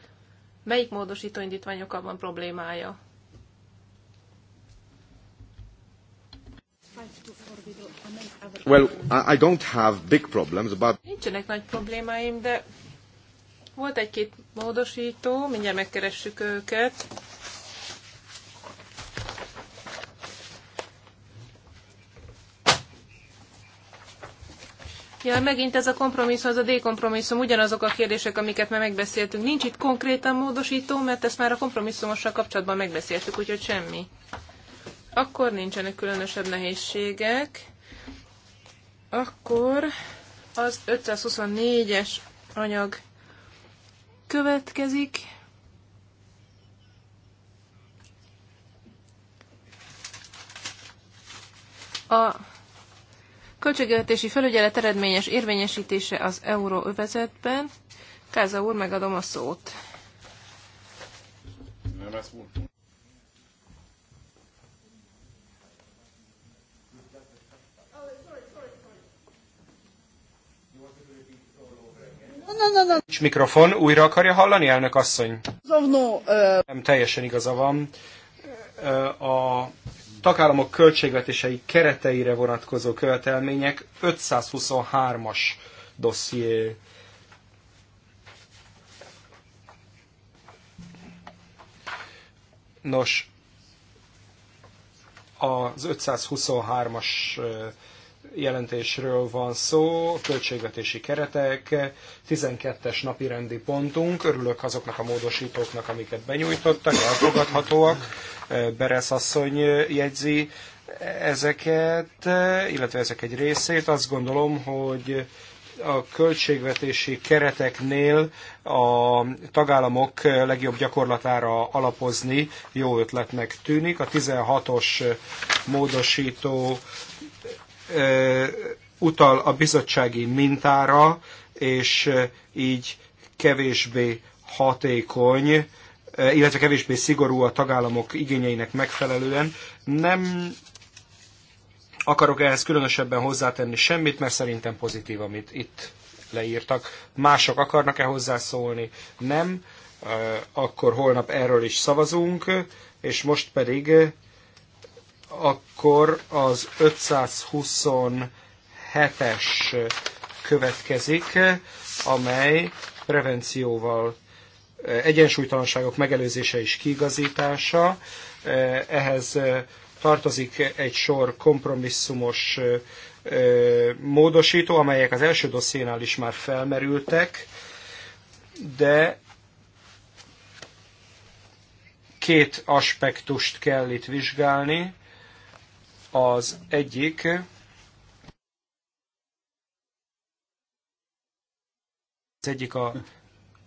melyik módosító indítványokkal van problémája? Well, I don't have big problems, but... Nincsenek nagy problémáim, de volt egy-két módosító, mindjárt megkeressük őket Ja, megint ez a kompromisszum, az a dékompromisszum. ugyanazok a kérdések, amiket már megbeszéltünk. Nincs itt konkrétan módosító, mert ezt már a kompromisszumossal kapcsolatban megbeszéltük, úgyhogy semmi. Akkor nincsenek különösebb nehézségek. Akkor az 524-es anyag következik. A Költségvetési felügyelet eredményes érvényesítése az euróövezetben. Káza úr, megadom a szót. Nem ezt mondtam. Nincs mikrofon, újra akarja hallani, elnök asszony? No, Nem, teljesen igaza van. A tagállamok költségvetései kereteire vonatkozó követelmények 523-as dosszié. Nos, az 523-as jelentésről van szó, költségvetési keretek, 12-es napi rendi pontunk. Örülök azoknak a módosítóknak, amiket benyújtottak, elfogadhatóak. Eh, Beresz asszony jegyzi ezeket, eh, illetve ezek egy részét. Azt gondolom, hogy a költségvetési kereteknél a tagállamok legjobb gyakorlatára alapozni jó ötletnek tűnik. A 16-os módosító utal a bizottsági mintára, és így kevésbé hatékony, illetve kevésbé szigorú a tagállamok igényeinek megfelelően. Nem akarok ehhez különösebben hozzátenni semmit, mert szerintem pozitív, amit itt leírtak. Mások akarnak-e hozzászólni? Nem. Akkor holnap erről is szavazunk, és most pedig akkor az 527-es következik, amely prevencióval egyensúlytalanságok megelőzése és kiigazítása. Ehhez tartozik egy sor kompromisszumos módosító, amelyek az első dossziénál is már felmerültek, de két aspektust kell itt vizsgálni. Az egyik az egyik a,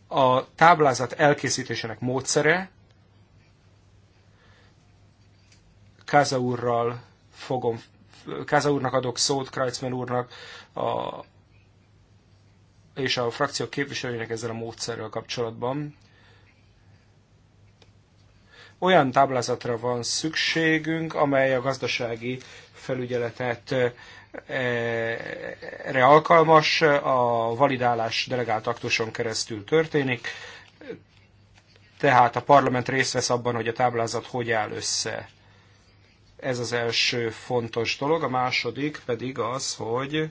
a táblázat elkészítésének módszere. Káza úrral fogom, Káza úrnak adok szót, Kreitzmann úrnak a, és a frakció képviselőjének ezzel a módszerrel kapcsolatban olyan táblázatra van szükségünk, amely a gazdasági felügyeletet eh, re alkalmas, a validálás delegált aktuson keresztül történik, tehát a parlament részt vesz abban, hogy a táblázat hogy áll össze. Ez az első fontos dolog, a második pedig az, hogy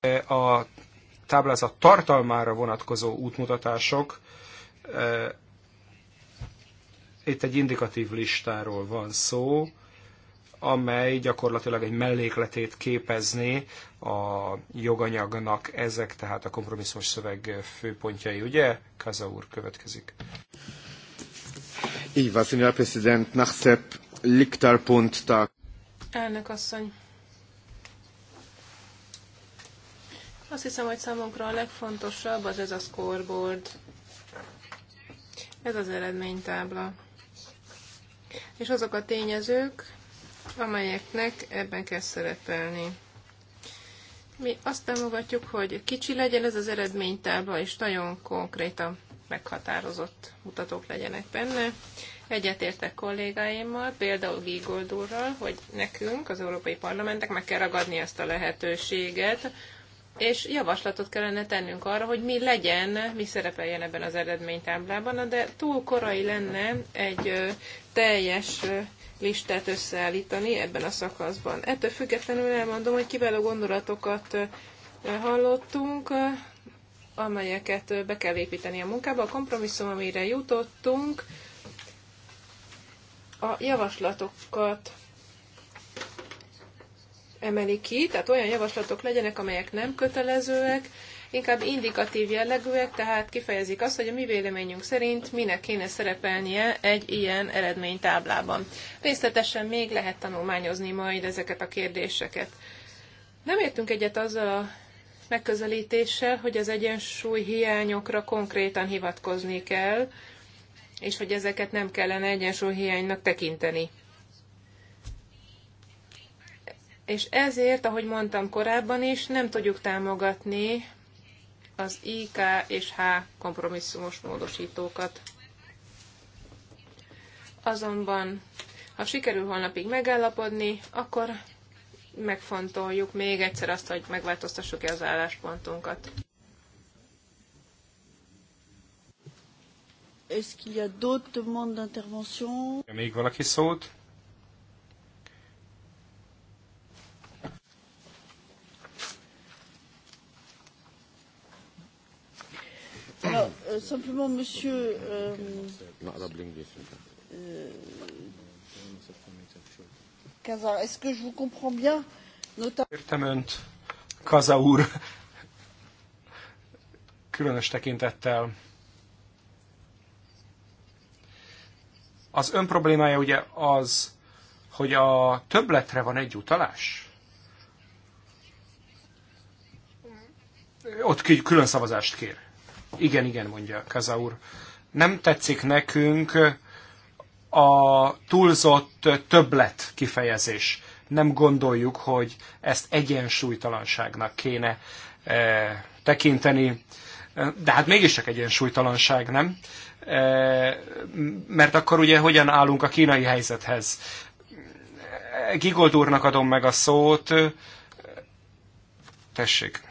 E, a táblázat tartalmára vonatkozó útmutatások, e, itt egy indikatív listáról van szó, amely gyakorlatilag egy mellékletét képezné a joganyagnak. Ezek tehát a kompromisszumos szöveg főpontjai, ugye? Kaza úr következik. Így van, Szenyor President, Nachszep, Liktarpont, Elnök asszony, Azt hiszem, hogy számunkra a legfontosabb az ez a scoreboard. Ez az eredménytábla. És azok a tényezők, amelyeknek ebben kell szerepelni. Mi azt támogatjuk, hogy kicsi legyen ez az eredménytábla, és nagyon konkrétan meghatározott mutatók legyenek benne. Egyetértek kollégáimmal, például Gigoldúrral, hogy nekünk, az Európai Parlamentnek meg kell ragadni ezt a lehetőséget, és javaslatot kellene tennünk arra, hogy mi legyen, mi szerepeljen ebben az eredménytáblában, de túl korai lenne egy teljes listát összeállítani ebben a szakaszban. Ettől függetlenül elmondom, hogy kiváló gondolatokat hallottunk, amelyeket be kell építeni a munkába. A kompromisszum, amire jutottunk, a javaslatokat emeli ki, tehát olyan javaslatok legyenek, amelyek nem kötelezőek, inkább indikatív jellegűek, tehát kifejezik azt, hogy a mi véleményünk szerint minek kéne szerepelnie egy ilyen eredménytáblában. Részletesen még lehet tanulmányozni majd ezeket a kérdéseket. Nem értünk egyet azzal a megközelítéssel, hogy az egyensúly hiányokra konkrétan hivatkozni kell, és hogy ezeket nem kellene egyensúlyhiánynak tekinteni. És ezért, ahogy mondtam korábban is, nem tudjuk támogatni az IK és H kompromisszumos módosítókat. Azonban, ha sikerül holnapig megállapodni, akkor megfontoljuk még egyszer azt, hogy megváltoztassuk-e az álláspontunkat. Est-ce qu'il y a d'autres demandes d'intervention? Még valaki szót? Alors, euh, simplement, monsieur. Euh, euh, Kaza, est-ce que je vous comprends bien notamment... Kaza úr, különös tekintettel. Az ön problémája ugye az, hogy a többletre van egy utalás? Ott külön szavazást kér. Igen, igen, mondja Kaza úr. Nem tetszik nekünk a túlzott többlet kifejezés. Nem gondoljuk, hogy ezt egyensúlytalanságnak kéne e, tekinteni. E, de hát mégiscsak egyensúlytalanság, nem? E, mert akkor ugye hogyan állunk a kínai helyzethez? Gigold úrnak adom meg a szót. Tessék.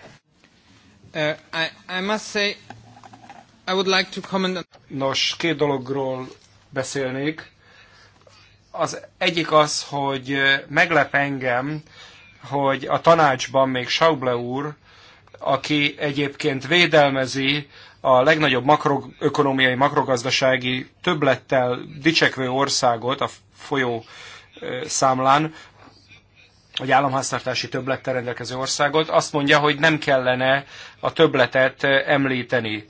Uh, I, I must say I would like to comment on... Nos, két dologról beszélnék. Az egyik az, hogy meglep engem, hogy a tanácsban még Schauble úr, aki egyébként védelmezi a legnagyobb makroökonomiai, makrogazdasági többlettel dicsekvő országot a folyó számlán, vagy államháztartási töblettel rendelkező országot, azt mondja, hogy nem kellene a töbletet említeni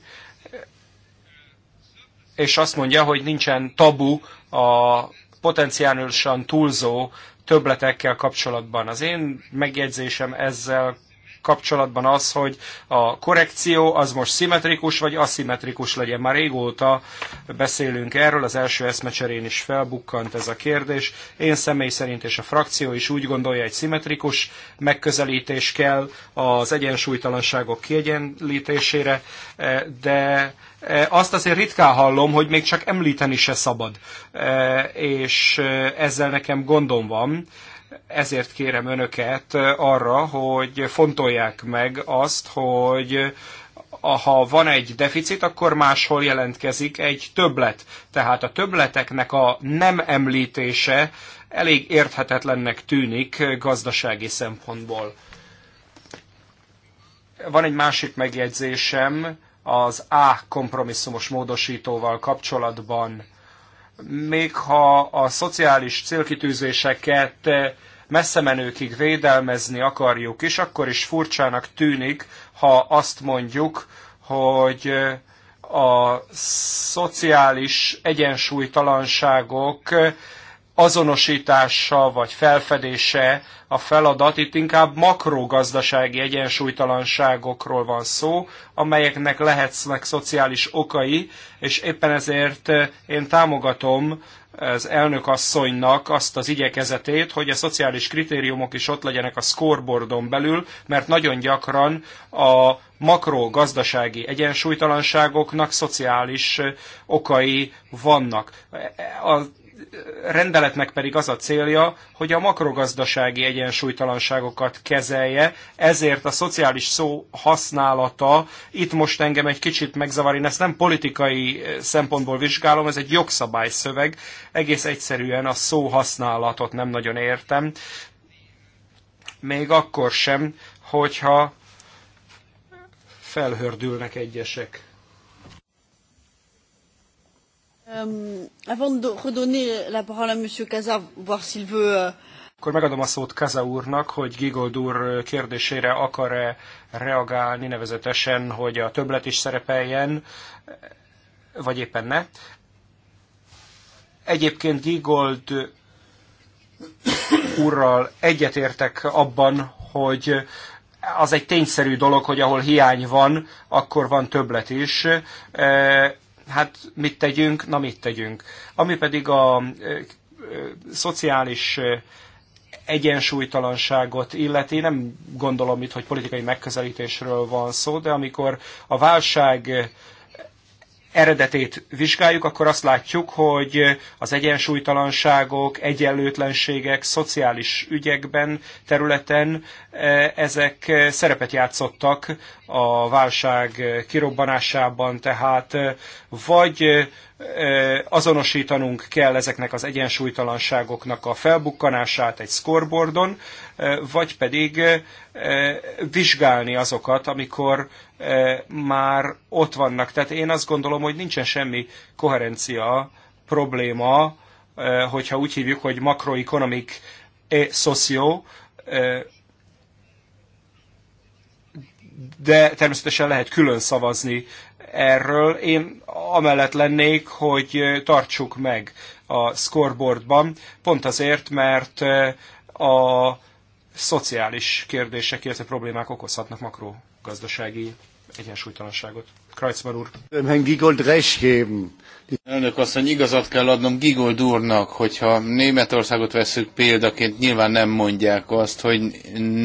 és azt mondja, hogy nincsen tabu a potenciálisan túlzó töbletekkel kapcsolatban. Az én megjegyzésem ezzel kapcsolatban az, hogy a korrekció az most szimmetrikus vagy aszimmetrikus legyen. Már régóta beszélünk erről, az első eszmecserén is felbukkant ez a kérdés. Én személy szerint és a frakció is úgy gondolja, egy szimmetrikus megközelítés kell az egyensúlytalanságok kiegyenlítésére, de E, azt azért ritkán hallom, hogy még csak említeni se szabad. E, és e, ezzel nekem gondom van, ezért kérem önöket arra, hogy fontolják meg azt, hogy ha van egy deficit, akkor máshol jelentkezik egy többlet. Tehát a többleteknek a nem említése elég érthetetlennek tűnik gazdasági szempontból. Van egy másik megjegyzésem, az A kompromisszumos módosítóval kapcsolatban. Még ha a szociális célkitűzéseket messze menőkig védelmezni akarjuk is, akkor is furcsának tűnik, ha azt mondjuk, hogy a szociális egyensúlytalanságok azonosítása vagy felfedése a feladat, itt inkább makrogazdasági egyensúlytalanságokról van szó, amelyeknek lehetnek szociális okai, és éppen ezért eh, én támogatom az asszonynak azt az igyekezetét, hogy a szociális kritériumok is ott legyenek a scoreboardon belül, mert nagyon gyakran a makrogazdasági egyensúlytalanságoknak szociális eh, okai vannak. A rendeletnek pedig az a célja, hogy a makrogazdasági egyensúlytalanságokat kezelje, ezért a szociális szó használata itt most engem egy kicsit megzavar, én ezt nem politikai eh, szempontból vizsgálom, ez egy jogszabályszöveg, egész egyszerűen a szó használatot nem nagyon értem, még akkor sem, hogyha felhördülnek egyesek. Euh, euh, akkor megadom a szót Kaza úrnak, hogy Gigold úr kérdésére akar-e reagálni nevezetesen, hogy a többlet is szerepeljen, vagy éppen ne. Egyébként Gigold úrral egyetértek abban, hogy az egy tényszerű dolog, hogy ahol hiány van, akkor van többlet is hát mit tegyünk? Na mit tegyünk? Ami pedig a szociális egyensúlytalanságot illeti. Nem gondolom itt, hogy politikai megközelítésről van szó, de amikor a válság eredetét vizsgáljuk, akkor azt látjuk, hogy az egyensúlytalanságok, egyenlőtlenségek, szociális ügyekben, területen e, ezek szerepet játszottak a válság kirobbanásában, tehát e, vagy e, azonosítanunk kell ezeknek az egyensúlytalanságoknak a felbukkanását egy scoreboardon, vagy pedig eh, vizsgálni azokat, amikor eh, már ott vannak. Tehát én azt gondolom, hogy nincsen semmi koherencia probléma, eh, hogyha úgy hívjuk, hogy makroekonomik e socio, de természetesen lehet külön szavazni erről. Én amellett lennék, hogy tartsuk meg a scoreboardban, pont azért, mert a szociális kérdések, illetve problémák okozhatnak makrogazdasági egyensúlytalanságot. Kreuzmann úr. Herrn Gigold recht Elnök asszony, igazat kell adnom Gigold úrnak, hogyha Németországot veszük példaként, nyilván nem mondják azt, hogy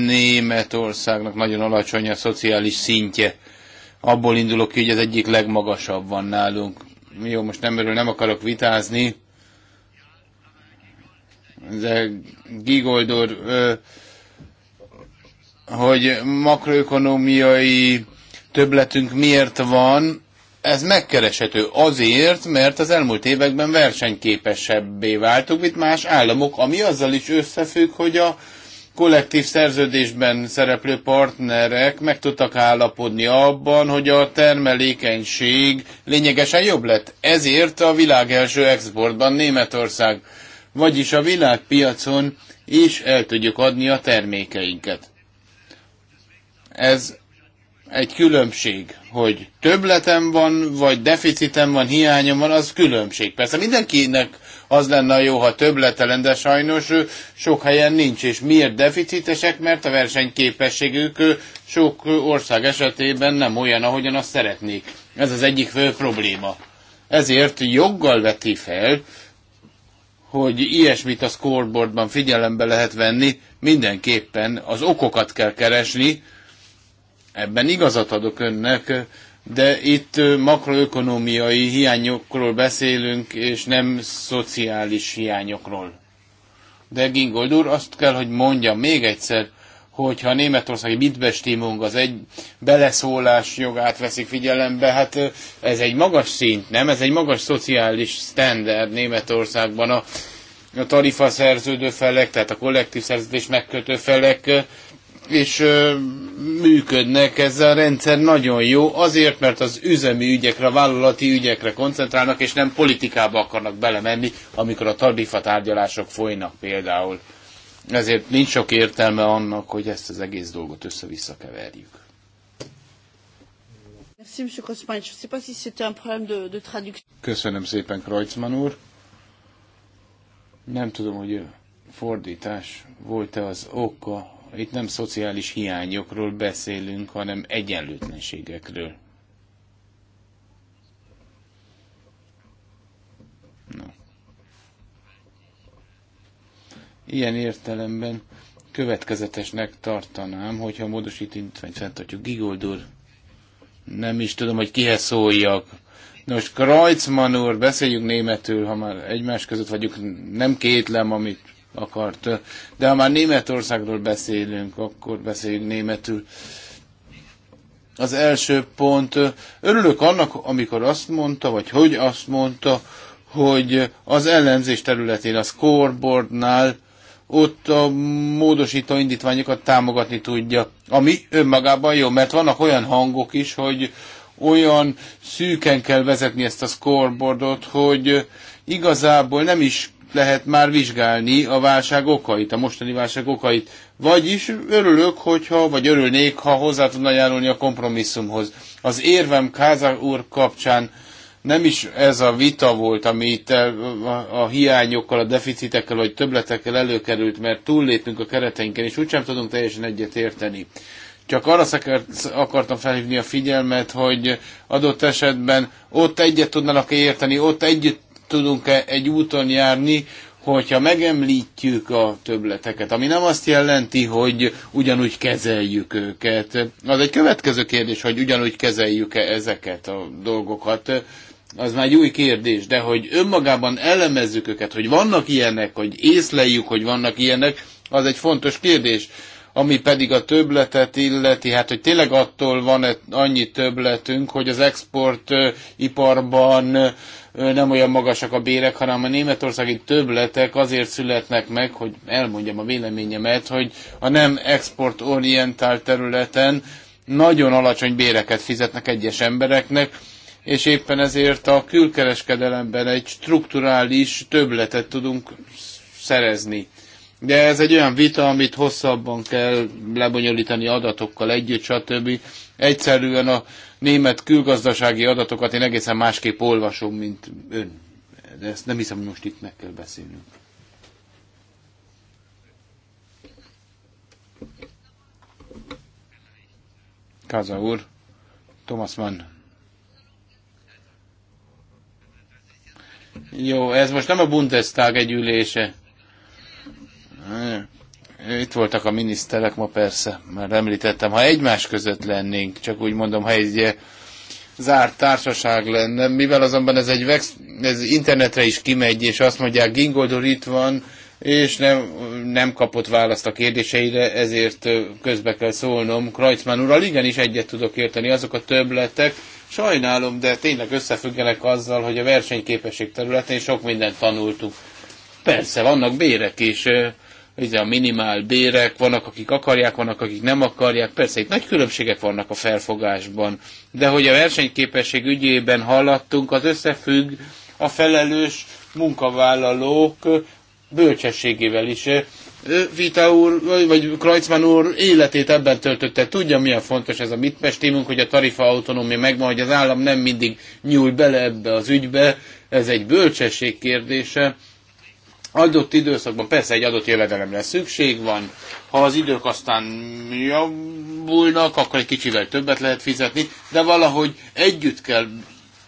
Németországnak nagyon alacsony a szociális szintje. Abból indulok ki, hogy az egyik legmagasabb van nálunk. Jó, most nem erről nem akarok vitázni, de Gigold úr, ö, hogy makroökonomiai többletünk miért van, ez megkereshető azért, mert az elmúlt években versenyképesebbé váltuk, mint más államok, ami azzal is összefügg, hogy a kollektív szerződésben szereplő partnerek meg tudtak állapodni abban, hogy a termelékenység lényegesen jobb lett. Ezért a világ első exportban Németország, vagyis a világpiacon is el tudjuk adni a termékeinket. Ez egy különbség, hogy többletem van, vagy deficitem van, hiányom van, az különbség. Persze mindenkinek az lenne jó, ha többlete lenne, de sajnos sok helyen nincs. És miért deficitesek? Mert a versenyképességük sok ország esetében nem olyan, ahogyan azt szeretnék. Ez az egyik fő probléma. Ezért joggal veti fel, hogy ilyesmit a scoreboardban figyelembe lehet venni, mindenképpen az okokat kell keresni, Ebben igazat adok önnek, de itt makroökonomiai hiányokról beszélünk, és nem szociális hiányokról. De Gingold úr, azt kell, hogy mondja még egyszer, hogyha a németországi mitbestimung az egy beleszólás jogát veszik figyelembe, hát ez egy magas szint, nem? Ez egy magas szociális standard Németországban a, a tarifa szerződő felek, tehát a kollektív szerződés megkötő felek és működnek, ez a rendszer nagyon jó, azért, mert az üzemi ügyekre, a vállalati ügyekre koncentrálnak, és nem politikába akarnak belemenni, amikor a tarifa tárgyalások folynak például. Ezért nincs sok értelme annak, hogy ezt az egész dolgot össze-vissza keverjük. Köszönöm szépen, Kreutzmann úr. Nem tudom, hogy fordítás volt-e az oka itt nem szociális hiányokról beszélünk, hanem egyenlőtlenségekről. Na. Ilyen értelemben következetesnek tartanám, hogyha módosítintványt fenntartjuk. Gigoldor, nem is tudom, hogy kihez szóljak. Nos, Kreutzmann úr, beszéljünk németül, ha már egymás között vagyunk, nem kétlem, amit akart. De ha már Németországról beszélünk, akkor beszéljünk németül. Az első pont, örülök annak, amikor azt mondta, vagy hogy azt mondta, hogy az ellenzés területén, a scoreboardnál ott a módosító indítványokat támogatni tudja. Ami önmagában jó, mert vannak olyan hangok is, hogy olyan szűken kell vezetni ezt a scoreboardot, hogy igazából nem is lehet már vizsgálni a válság okait, a mostani válság okait. Vagyis örülök, hogyha, vagy örülnék, ha hozzá tudna járulni a kompromisszumhoz. Az érvem Kázár úr kapcsán nem is ez a vita volt, ami itt a, a hiányokkal, a deficitekkel, vagy többletekkel előkerült, mert túllépünk a kereteinken, és úgysem tudunk teljesen egyet érteni. Csak arra akartam felhívni a figyelmet, hogy adott esetben ott egyet tudnának érteni, ott együtt tudunk-e egy úton járni, hogyha megemlítjük a töbleteket, ami nem azt jelenti, hogy ugyanúgy kezeljük őket. Az egy következő kérdés, hogy ugyanúgy kezeljük-e ezeket a dolgokat, az már egy új kérdés, de hogy önmagában elemezzük őket, hogy vannak ilyenek, hogy észleljük, hogy vannak ilyenek, az egy fontos kérdés. Ami pedig a töbletet illeti, hát hogy tényleg attól van -e annyi töbletünk, hogy az exportiparban nem olyan magasak a bérek, hanem a németországi többletek azért születnek meg, hogy elmondjam a véleményemet, hogy a nem exportorientált területen nagyon alacsony béreket fizetnek egyes embereknek, és éppen ezért a külkereskedelemben egy strukturális többletet tudunk szerezni. De ez egy olyan vita, amit hosszabban kell lebonyolítani adatokkal együtt, stb. Egyszerűen a német külgazdasági adatokat én egészen másképp olvasom, mint ön. De ezt nem hiszem, hogy most itt meg kell beszélnünk. Káza úr, Thomas Mann. Jó, ez most nem a Bundestag egy ülése. Itt voltak a miniszterek ma persze, már említettem, ha egymás között lennénk, csak úgy mondom, ha egy eh, zárt társaság lenne, mivel azonban ez egy vex, ez internetre is kimegy, és azt mondják, Gingoldor itt van, és nem, nem kapott választ a kérdéseire, ezért eh, közbe kell szólnom. Krajcmán ural, igenis egyet tudok érteni, azok a többletek, sajnálom, de tényleg összefüggenek azzal, hogy a versenyképesség területén sok mindent tanultuk. Persze, vannak bérek is, eh, ugye a minimál bérek, vannak akik akarják, vannak akik nem akarják, persze itt nagy különbségek vannak a felfogásban, de hogy a versenyképesség ügyében haladtunk, az összefügg a felelős munkavállalók bölcsességével is. Vita úr, vagy Krajcman úr életét ebben töltötte. Tudja, milyen fontos ez a mit mestémünk, hogy a tarifa autonómia megvan, hogy az állam nem mindig nyúl bele ebbe az ügybe. Ez egy bölcsesség kérdése adott időszakban persze egy adott jövedelemre szükség van, ha az idők aztán javulnak, akkor egy kicsivel többet lehet fizetni, de valahogy együtt kell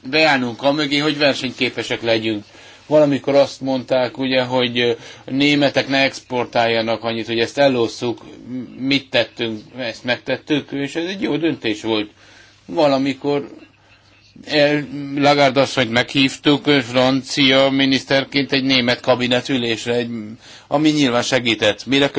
beállnunk a mögé, hogy versenyképesek legyünk. Valamikor azt mondták, ugye, hogy németek ne exportáljanak annyit, hogy ezt ellosszuk, mit tettünk, ezt megtettük, és ez egy jó döntés volt. Valamikor Lagarde asszonyt meghívtuk francia miniszterként egy német kabinetülésre, egy, ami nyilván segített. Mire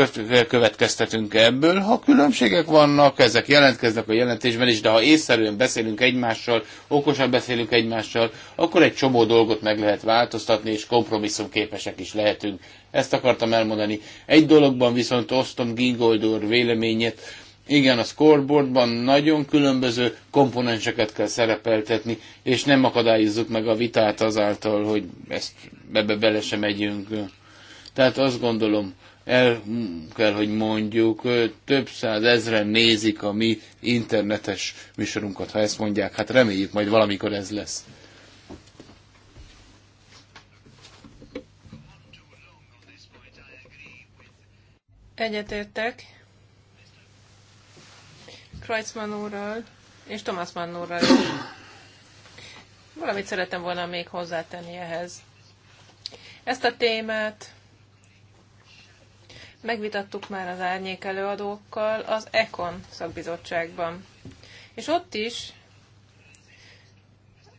következtetünk ebből? Ha különbségek vannak, ezek jelentkeznek a jelentésben is, de ha észszerűen beszélünk egymással, okosan beszélünk egymással, akkor egy csomó dolgot meg lehet változtatni, és kompromisszumképesek is lehetünk. Ezt akartam elmondani. Egy dologban viszont osztom Gingoldor véleményét, igen, a scoreboardban nagyon különböző komponenseket kell szerepeltetni, és nem akadályozzuk meg a vitát azáltal, hogy ezt ebbe bele sem megyünk. Tehát azt gondolom, el kell, hogy mondjuk, több száz ezren nézik a mi internetes műsorunkat, ha ezt mondják. Hát reméljük, majd valamikor ez lesz. Egyetértek Kreuzmann úrral és Thomas Mann Valamit szeretem volna még hozzátenni ehhez. Ezt a témát megvitattuk már az árnyék előadókkal az ECON szakbizottságban. És ott is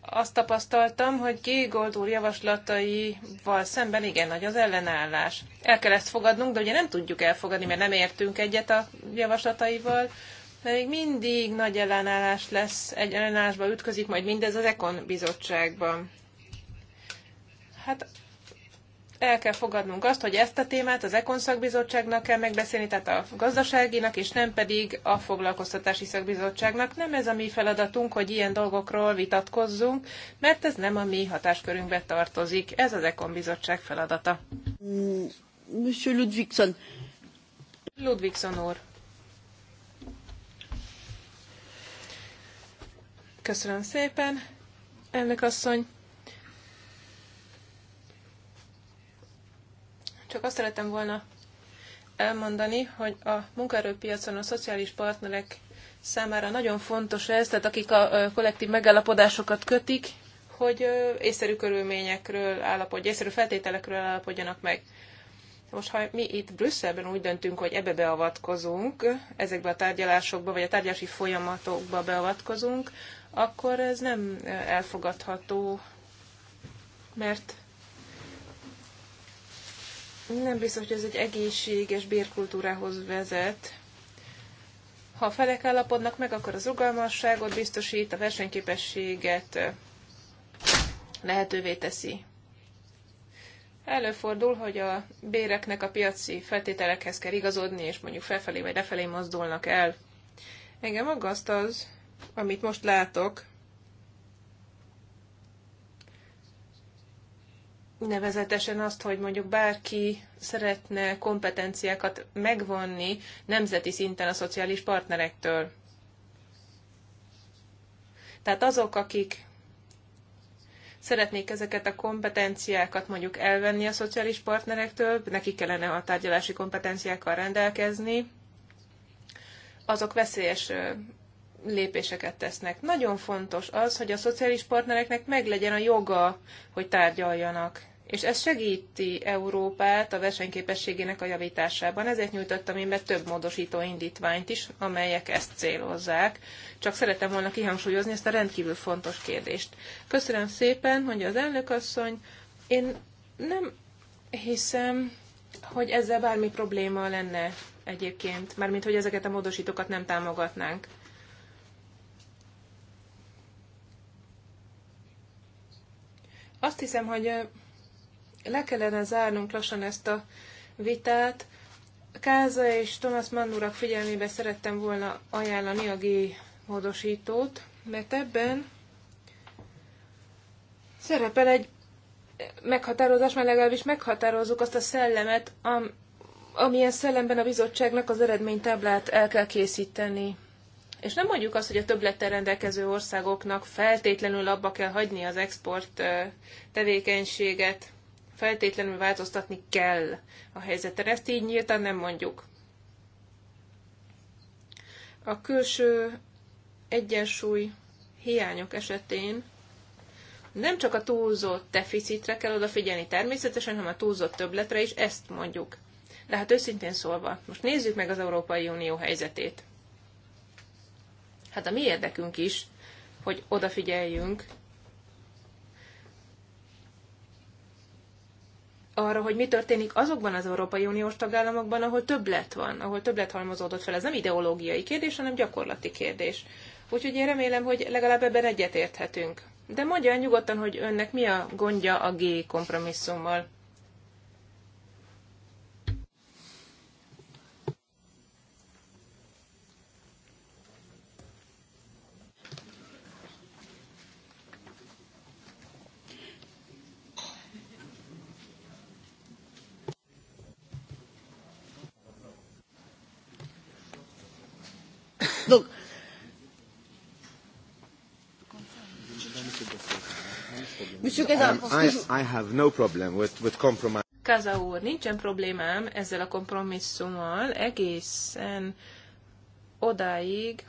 azt tapasztaltam, hogy Gégold úr javaslataival szemben igen nagy az ellenállás. El kell ezt fogadnunk, de ugye nem tudjuk elfogadni, mert nem értünk egyet a javaslataival, még mindig nagy ellenállás lesz, egy ellenállásba ütközik majd mindez az Ekon bizottságban. Hát el kell fogadnunk azt, hogy ezt a témát az Ekon szakbizottságnak kell megbeszélni, tehát a gazdaságinak, és nem pedig a foglalkoztatási szakbizottságnak. Nem ez a mi feladatunk, hogy ilyen dolgokról vitatkozzunk, mert ez nem a mi hatáskörünkbe tartozik. Ez az Ekon bizottság feladata. Mm, Monsieur Ludvigson. Ludvigson úr. Köszönöm szépen, elnök asszony. Csak azt szerettem volna elmondani, hogy a munkaerőpiacon a szociális partnerek számára nagyon fontos ez, tehát akik a kollektív megállapodásokat kötik, hogy észszerű körülményekről állapodj, észszerű feltételekről állapodjanak meg. Most, ha mi itt Brüsszelben úgy döntünk, hogy ebbe beavatkozunk, ezekbe a tárgyalásokba, vagy a tárgyalási folyamatokba beavatkozunk, akkor ez nem elfogadható, mert nem biztos, hogy ez egy egészséges bérkultúrához vezet. Ha a felek állapodnak meg, akkor az rugalmasságot biztosít, a versenyképességet lehetővé teszi. Előfordul, hogy a béreknek a piaci feltételekhez kell igazodni, és mondjuk felfelé vagy lefelé mozdulnak el. Engem aggaszt az, amit most látok, nevezetesen azt, hogy mondjuk bárki szeretne kompetenciákat megvonni nemzeti szinten a szociális partnerektől. Tehát azok, akik szeretnék ezeket a kompetenciákat mondjuk elvenni a szociális partnerektől, nekik kellene a tárgyalási kompetenciákkal rendelkezni, azok veszélyes lépéseket tesznek. Nagyon fontos az, hogy a szociális partnereknek meglegyen a joga, hogy tárgyaljanak. És ez segíti Európát a versenyképességének a javításában. Ezért nyújtottam én be több módosító indítványt is, amelyek ezt célozzák. Csak szeretem volna kihangsúlyozni ezt a rendkívül fontos kérdést. Köszönöm szépen, mondja az elnökasszony. Én nem hiszem, hogy ezzel bármi probléma lenne egyébként, mármint hogy ezeket a módosítókat nem támogatnánk. Azt hiszem, hogy le kellene zárnunk lassan ezt a vitát. Káza és Thomas Mandurak figyelmébe szerettem volna ajánlani a G-módosítót, mert ebben szerepel egy meghatározás, mert legalábbis meghatározzuk azt a szellemet, am, amilyen szellemben a bizottságnak az eredménytáblát el kell készíteni. És nem mondjuk azt, hogy a többlettel rendelkező országoknak feltétlenül abba kell hagyni az export tevékenységet, feltétlenül változtatni kell a helyzeten. Ezt így nyíltan nem mondjuk. A külső egyensúly hiányok esetén nem csak a túlzott deficitre kell odafigyelni természetesen, hanem a túlzott többletre is, ezt mondjuk. De hát őszintén szólva, most nézzük meg az Európai Unió helyzetét hát a mi érdekünk is, hogy odafigyeljünk arra, hogy mi történik azokban az Európai Uniós tagállamokban, ahol többlet van, ahol többlet halmozódott fel. Ez nem ideológiai kérdés, hanem gyakorlati kérdés. Úgyhogy én remélem, hogy legalább ebben egyetérthetünk. De mondja nyugodtan, hogy önnek mi a gondja a G kompromisszummal. Donc, um, I, I have no problem with, with compromise. Kaza úr, nincsen problémám ezzel a kompromisszummal egészen odáig,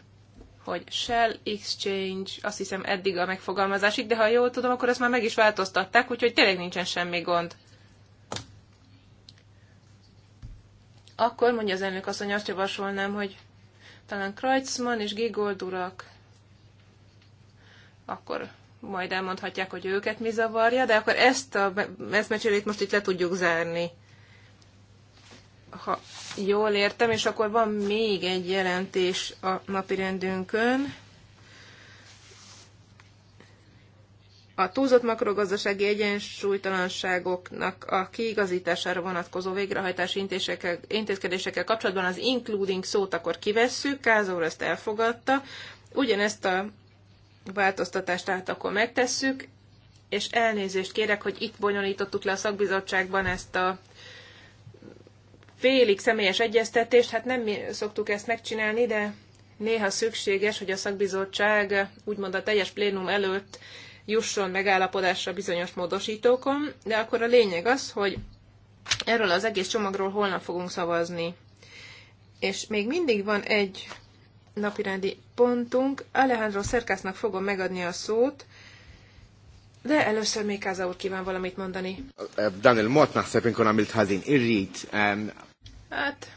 hogy Shell Exchange, azt hiszem eddig a megfogalmazásig, de ha jól tudom, akkor ezt már meg is változtatták, úgyhogy tényleg nincsen semmi gond. Akkor, mondja az elnök asszony, azt javasolnám, hogy talán Kreutzmann és Gigold urak, akkor majd elmondhatják, hogy őket mi zavarja, de akkor ezt a eszmecserét most itt le tudjuk zárni. Ha jól értem, és akkor van még egy jelentés a napi rendünkön. a túlzott makrogazdasági egyensúlytalanságoknak a kiigazítására vonatkozó végrehajtási intézkedésekkel, kapcsolatban az including szót akkor kivesszük, Kázor ezt elfogadta, ugyanezt a változtatást tehát akkor megtesszük, és elnézést kérek, hogy itt bonyolítottuk le a szakbizottságban ezt a félig személyes egyeztetést, hát nem mi szoktuk ezt megcsinálni, de néha szükséges, hogy a szakbizottság úgymond a teljes plénum előtt jusson megállapodásra bizonyos módosítókon, de akkor a lényeg az, hogy erről az egész csomagról holnap fogunk szavazni. És még mindig van egy napirendi pontunk. Alejandro Szerkásznak fogom megadni a szót, de először még Káza úr kíván valamit mondani. Daniel már szépen amit hazin irít. Hát,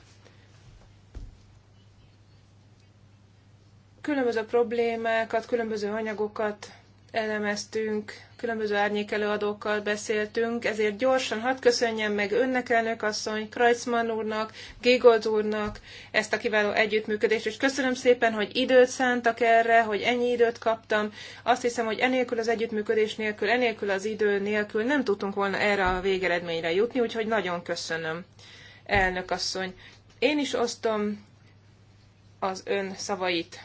különböző problémákat, különböző anyagokat elemeztünk, különböző árnyékelőadókkal beszéltünk, ezért gyorsan hadd köszönjem meg önnek, elnök asszony, Krajcman úrnak, Gigold úrnak ezt a kiváló együttműködést, és köszönöm szépen, hogy időt szántak erre, hogy ennyi időt kaptam. Azt hiszem, hogy enélkül az együttműködés nélkül, enélkül az idő nélkül nem tudtunk volna erre a végeredményre jutni, úgyhogy nagyon köszönöm, elnök asszony. Én is osztom az ön szavait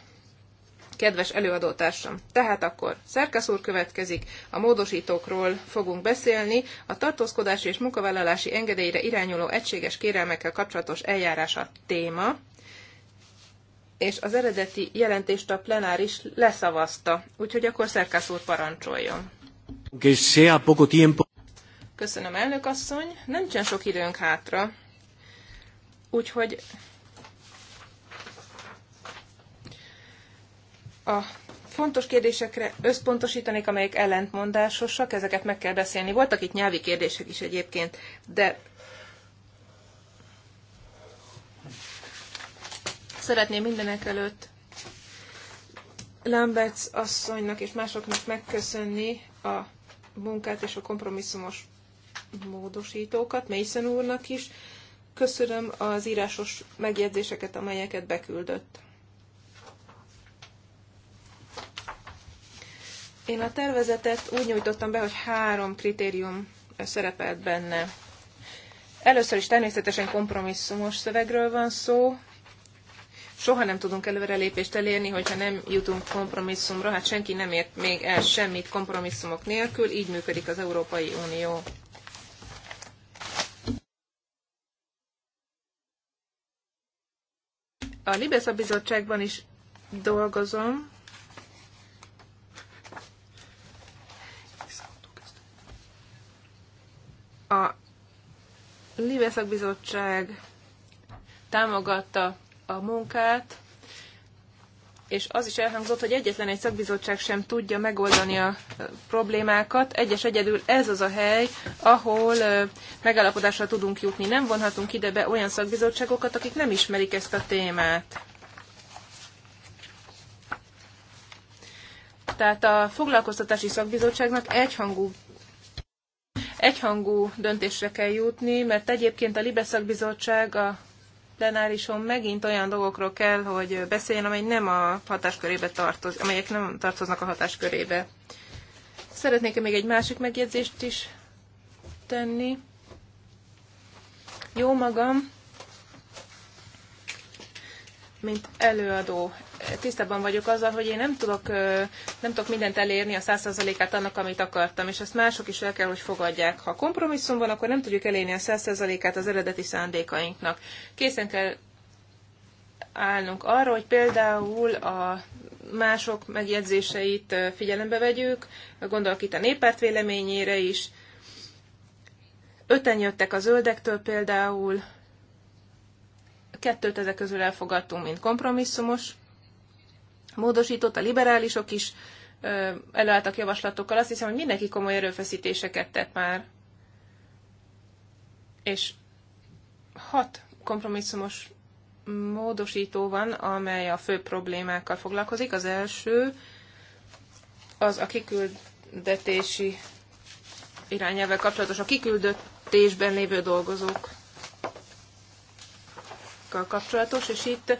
kedves előadótársam. Tehát akkor Szerkesz úr következik, a módosítókról fogunk beszélni, a tartózkodási és munkavállalási engedélyre irányuló egységes kérelmekkel kapcsolatos eljárás a téma, és az eredeti jelentést a plenáris leszavazta, úgyhogy akkor Szerkesz úr parancsoljon. Köszönöm, elnök asszony. Nincsen sok időnk hátra, úgyhogy a fontos kérdésekre összpontosítanék, amelyek ellentmondásosak, ezeket meg kell beszélni. Voltak itt nyelvi kérdések is egyébként, de szeretném mindenek előtt Lamberts asszonynak és másoknak megköszönni a munkát és a kompromisszumos módosítókat, Mason úrnak is. Köszönöm az írásos megjegyzéseket, amelyeket beküldött. Én a tervezetet úgy nyújtottam be, hogy három kritérium szerepelt benne. Először is természetesen kompromisszumos szövegről van szó. Soha nem tudunk előrelépést elérni, hogyha nem jutunk kompromisszumra. Hát senki nem ért még el semmit kompromisszumok nélkül, így működik az Európai Unió. A Libesza Bizottságban is dolgozom, A Libe Szakbizottság támogatta a munkát, és az is elhangzott, hogy egyetlen egy szakbizottság sem tudja megoldani a problémákat. Egyes egyedül ez az a hely, ahol megállapodásra tudunk jutni. Nem vonhatunk ide be olyan szakbizottságokat, akik nem ismerik ezt a témát. Tehát a foglalkoztatási szakbizottságnak egyhangú egyhangú döntésre kell jutni, mert egyébként a Libeszak Bizottság a plenárison megint olyan dolgokról kell, hogy beszéljen, amely nem a hatáskörébe tartoz, amelyek nem tartoznak a hatáskörébe. Szeretnék még egy másik megjegyzést is tenni. Jó magam, mint előadó tisztában vagyok azzal, hogy én nem tudok, nem tudok mindent elérni a százszerzalékát annak, amit akartam, és ezt mások is el kell, hogy fogadják. Ha kompromisszum van, akkor nem tudjuk elérni a százszerzalékát az eredeti szándékainknak. Készen kell állnunk arra, hogy például a mások megjegyzéseit figyelembe vegyük, gondolok itt a néppárt véleményére is. Öten jöttek a zöldektől például, kettőt ezek közül elfogadtunk, mint kompromisszumos módosított, a liberálisok is előálltak javaslatokkal. Azt hiszem, hogy mindenki komoly erőfeszítéseket tett már. És hat kompromisszumos módosító van, amely a fő problémákkal foglalkozik. Az első az a kiküldetési irányelvvel kapcsolatos a kiküldetésben lévő dolgozókkal kapcsolatos, és itt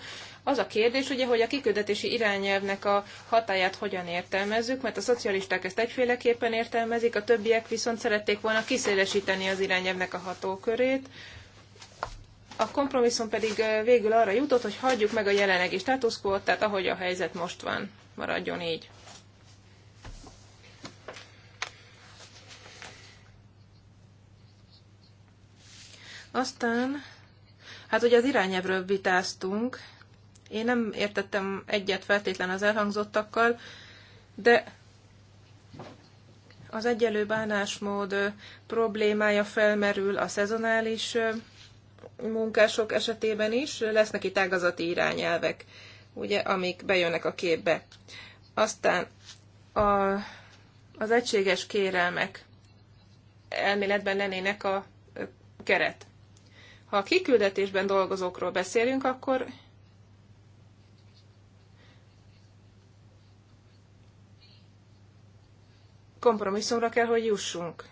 az a kérdés ugye, hogy a kiküldetési irányelvnek a hatáját hogyan értelmezzük, mert a szocialisták ezt egyféleképpen értelmezik, a többiek viszont szerették volna kiszélesíteni az irányelvnek a hatókörét. A kompromisszum pedig végül arra jutott, hogy hagyjuk meg a jelenlegi státuszkót, tehát ahogy a helyzet most van, maradjon így. Aztán, hát ugye az irányelvről vitáztunk, én nem értettem egyet feltétlen az elhangzottakkal, de az egyelő bánásmód problémája felmerül a szezonális munkások esetében is, lesznek itt ágazati irányelvek, ugye, amik bejönnek a képbe. Aztán a, az egységes kérelmek elméletben lennének a keret. Ha a kiküldetésben dolgozókról beszélünk, akkor kompromisszumra kell, hogy jussunk.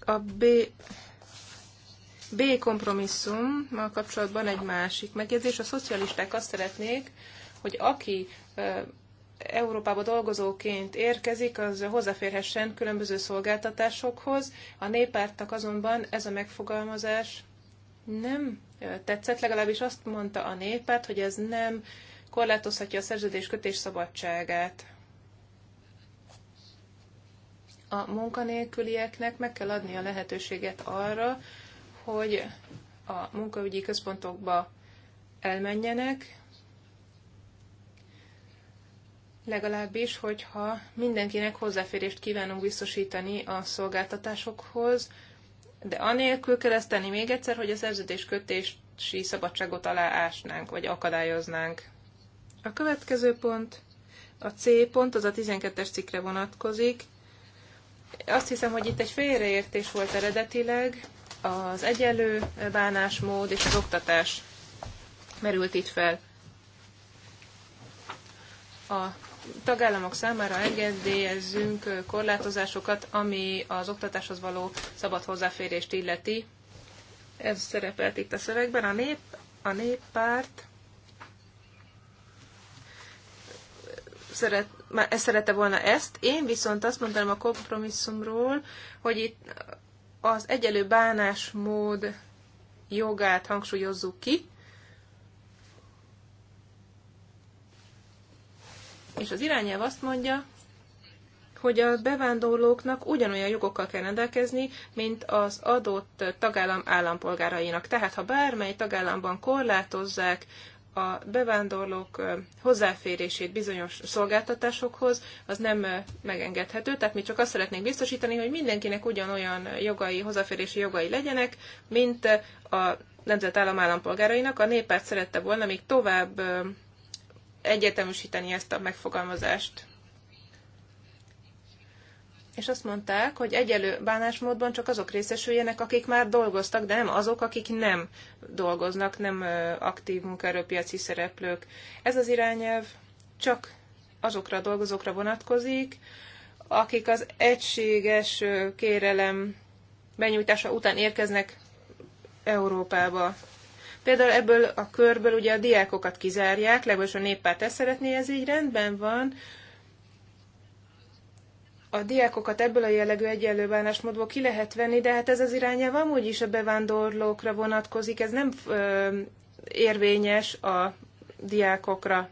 A B, B kompromisszummal kapcsolatban egy másik megjegyzés. A szocialisták azt szeretnék, hogy aki Európába dolgozóként érkezik, az hozzáférhessen különböző szolgáltatásokhoz. A néppártnak azonban ez a megfogalmazás nem tetszett, legalábbis azt mondta a néppárt, hogy ez nem korlátozhatja a szerződés kötés szabadságát a munkanélkülieknek meg kell adni a lehetőséget arra, hogy a munkaügyi központokba elmenjenek, legalábbis, hogyha mindenkinek hozzáférést kívánunk biztosítani a szolgáltatásokhoz, de anélkül kell ezt tenni még egyszer, hogy a szerződéskötési szabadságot ásnánk, vagy akadályoznánk. A következő pont, a C pont, az a 12-es cikkre vonatkozik. Azt hiszem, hogy itt egy félreértés volt eredetileg, az egyenlő bánásmód és az oktatás merült itt fel. A tagállamok számára engedélyezzünk korlátozásokat, ami az oktatáshoz való szabad hozzáférést illeti. Ez szerepelt itt a szövegben. A, nép, a néppárt szeret, már ezt szerette volna ezt, én viszont azt mondtam a kompromisszumról, hogy itt az egyelő bánásmód jogát hangsúlyozzuk ki, és az irányelv azt mondja, hogy a bevándorlóknak ugyanolyan jogokkal kell rendelkezni, mint az adott tagállam állampolgárainak. Tehát, ha bármely tagállamban korlátozzák a bevándorlók hozzáférését bizonyos szolgáltatásokhoz, az nem megengedhető. Tehát mi csak azt szeretnénk biztosítani, hogy mindenkinek ugyanolyan jogai, hozzáférési jogai legyenek, mint a nemzetállam állampolgárainak. A néppárt szerette volna még tovább egyeteműsíteni ezt a megfogalmazást és azt mondták, hogy egyelő bánásmódban csak azok részesüljenek, akik már dolgoztak, de nem azok, akik nem dolgoznak, nem aktív munkaerőpiaci szereplők. Ez az irányelv csak azokra a dolgozókra vonatkozik, akik az egységes kérelem benyújtása után érkeznek Európába. Például ebből a körből ugye a diákokat kizárják, legalábbis a néppárt ezt szeretné, ez így rendben van, a diákokat ebből a jellegű egyenlő bánásmódból ki lehet venni, de hát ez az irányelv amúgy is a bevándorlókra vonatkozik, ez nem ö, érvényes a diákokra.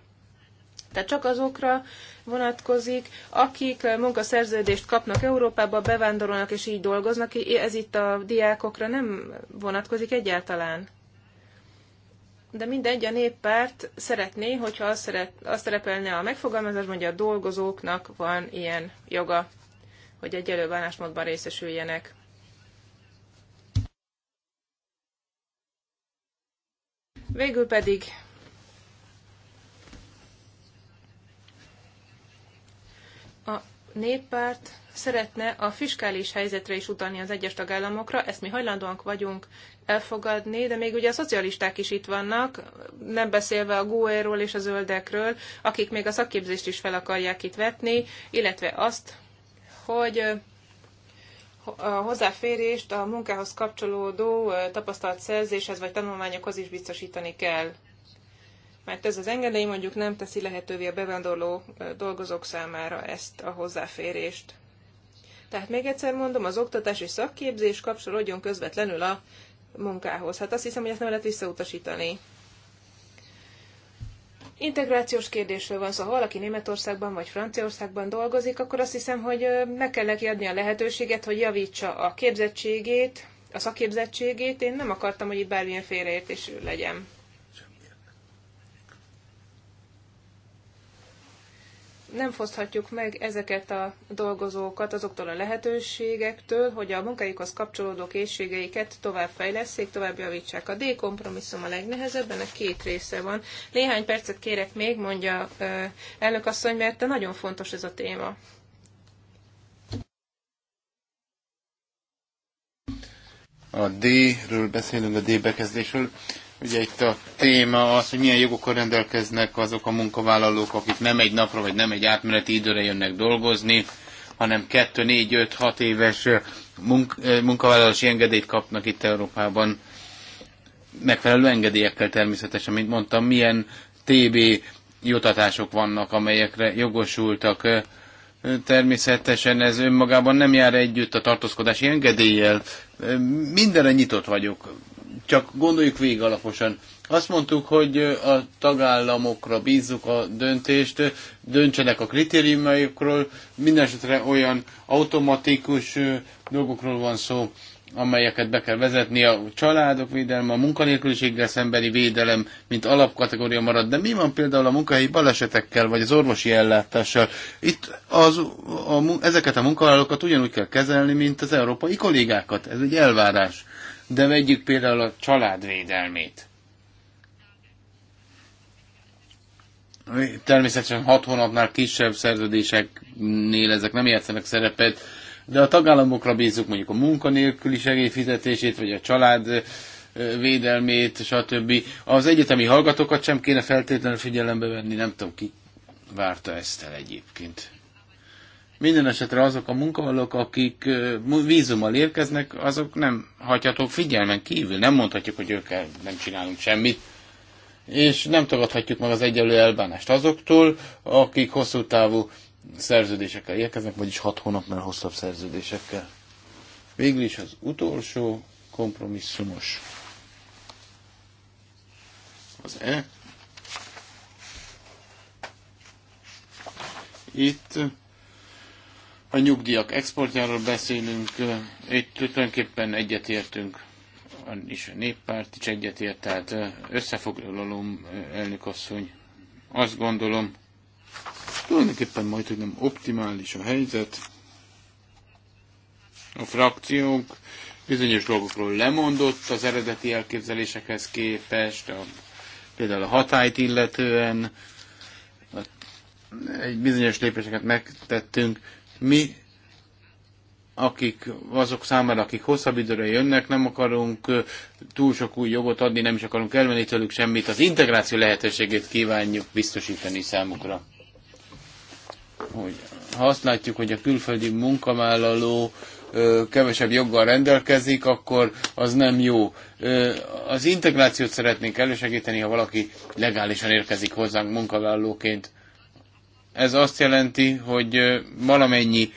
Tehát csak azokra vonatkozik, akik munkaszerződést kapnak Európába, bevándorolnak és így dolgoznak, ez itt a diákokra nem vonatkozik egyáltalán de mindegy, a néppárt szeretné, hogyha azt, szeret, azt szerepelne a megfogalmazás, mondja a dolgozóknak van ilyen joga, hogy egy előbánásmódban részesüljenek. Végül pedig a néppárt szeretne a fiskális helyzetre is utalni az egyes tagállamokra, ezt mi hajlandóak vagyunk elfogadni, de még ugye a szocialisták is itt vannak, nem beszélve a GUE-ról és a zöldekről, akik még a szakképzést is fel akarják itt vetni, illetve azt, hogy a hozzáférést a munkához kapcsolódó szerzéshez vagy tanulmányokhoz is biztosítani kell. Mert ez az engedély mondjuk nem teszi lehetővé a bevándorló dolgozók számára ezt a hozzáférést. Tehát még egyszer mondom, az oktatás és szakképzés kapcsolódjon közvetlenül a munkához. Hát azt hiszem, hogy ezt nem lehet visszautasítani. Integrációs kérdésről van szó, szóval, ha valaki Németországban vagy Franciaországban dolgozik, akkor azt hiszem, hogy meg kell neki adni a lehetőséget, hogy javítsa a képzettségét, a szakképzettségét. Én nem akartam, hogy itt bármilyen félreértés legyen. nem foszthatjuk meg ezeket a dolgozókat azoktól a lehetőségektől, hogy a munkájukhoz kapcsolódó készségeiket tovább fejleszék, tovább javítsák. A D kompromisszum a legnehezebb, ennek két része van. Néhány percet kérek még, mondja elnök asszony, mert de nagyon fontos ez a téma. A D-ről beszélünk, a D bekezdésről. Ugye itt a téma az, hogy milyen jogokkal rendelkeznek azok a munkavállalók, akik nem egy napra vagy nem egy átmeneti időre jönnek dolgozni, hanem 2, 4, 5, 6 éves munk- munkavállalási engedélyt kapnak itt Európában. Megfelelő engedélyekkel természetesen, mint mondtam, milyen TB jutatások vannak, amelyekre jogosultak. Természetesen ez önmagában nem jár együtt a tartózkodási engedéllyel. Mindenre nyitott vagyok csak gondoljuk végig alaposan. Azt mondtuk, hogy a tagállamokra bízzuk a döntést, döntsenek a kritériumaikról, esetre olyan automatikus dolgokról van szó, amelyeket be kell vezetni, a családok védelme, a munkanélküliséggel szembeni védelem, mint alapkategória marad, de mi van például a munkahelyi balesetekkel, vagy az orvosi ellátással? Itt az, a, a, ezeket a munkavállalókat ugyanúgy kell kezelni, mint az európai kollégákat. Ez egy elvárás. De vegyük például a családvédelmét. Természetesen hat hónapnál kisebb szerződéseknél ezek nem játszanak szerepet, de a tagállamokra bízzuk mondjuk a munkanélküli segélyfizetését, vagy a család védelmét, stb. Az egyetemi hallgatókat sem kéne feltétlenül figyelembe venni, nem tudom ki várta ezt el egyébként. Minden esetre azok a munkavallók, akik vízummal érkeznek, azok nem hagyhatók figyelmen kívül. Nem mondhatjuk, hogy őkkel nem csinálunk semmit, és nem tagadhatjuk meg az egyenlő elbánást azoktól, akik hosszú távú szerződésekkel érkeznek, vagyis hat hónapnál hosszabb szerződésekkel. Végül is az utolsó kompromisszumos. Az E. Itt a nyugdíjak exportjáról beszélünk, itt tulajdonképpen egyetértünk, és a néppárt is egyetért, tehát összefoglalom, elnök asszony, azt gondolom, tulajdonképpen majd, hogy nem optimális a helyzet. A frakciónk bizonyos dolgokról lemondott az eredeti elképzelésekhez képest, a, például a hatályt illetően, egy bizonyos lépéseket megtettünk, mi akik, azok számára, akik hosszabb időre jönnek, nem akarunk túl sok új jogot adni, nem is akarunk elvenni tőlük semmit, az integráció lehetőségét kívánjuk biztosítani számukra. Hogy, ha azt látjuk, hogy a külföldi munkavállaló kevesebb joggal rendelkezik, akkor az nem jó. Az integrációt szeretnénk elősegíteni, ha valaki legálisan érkezik hozzánk munkavállalóként ez azt jelenti, hogy valamennyi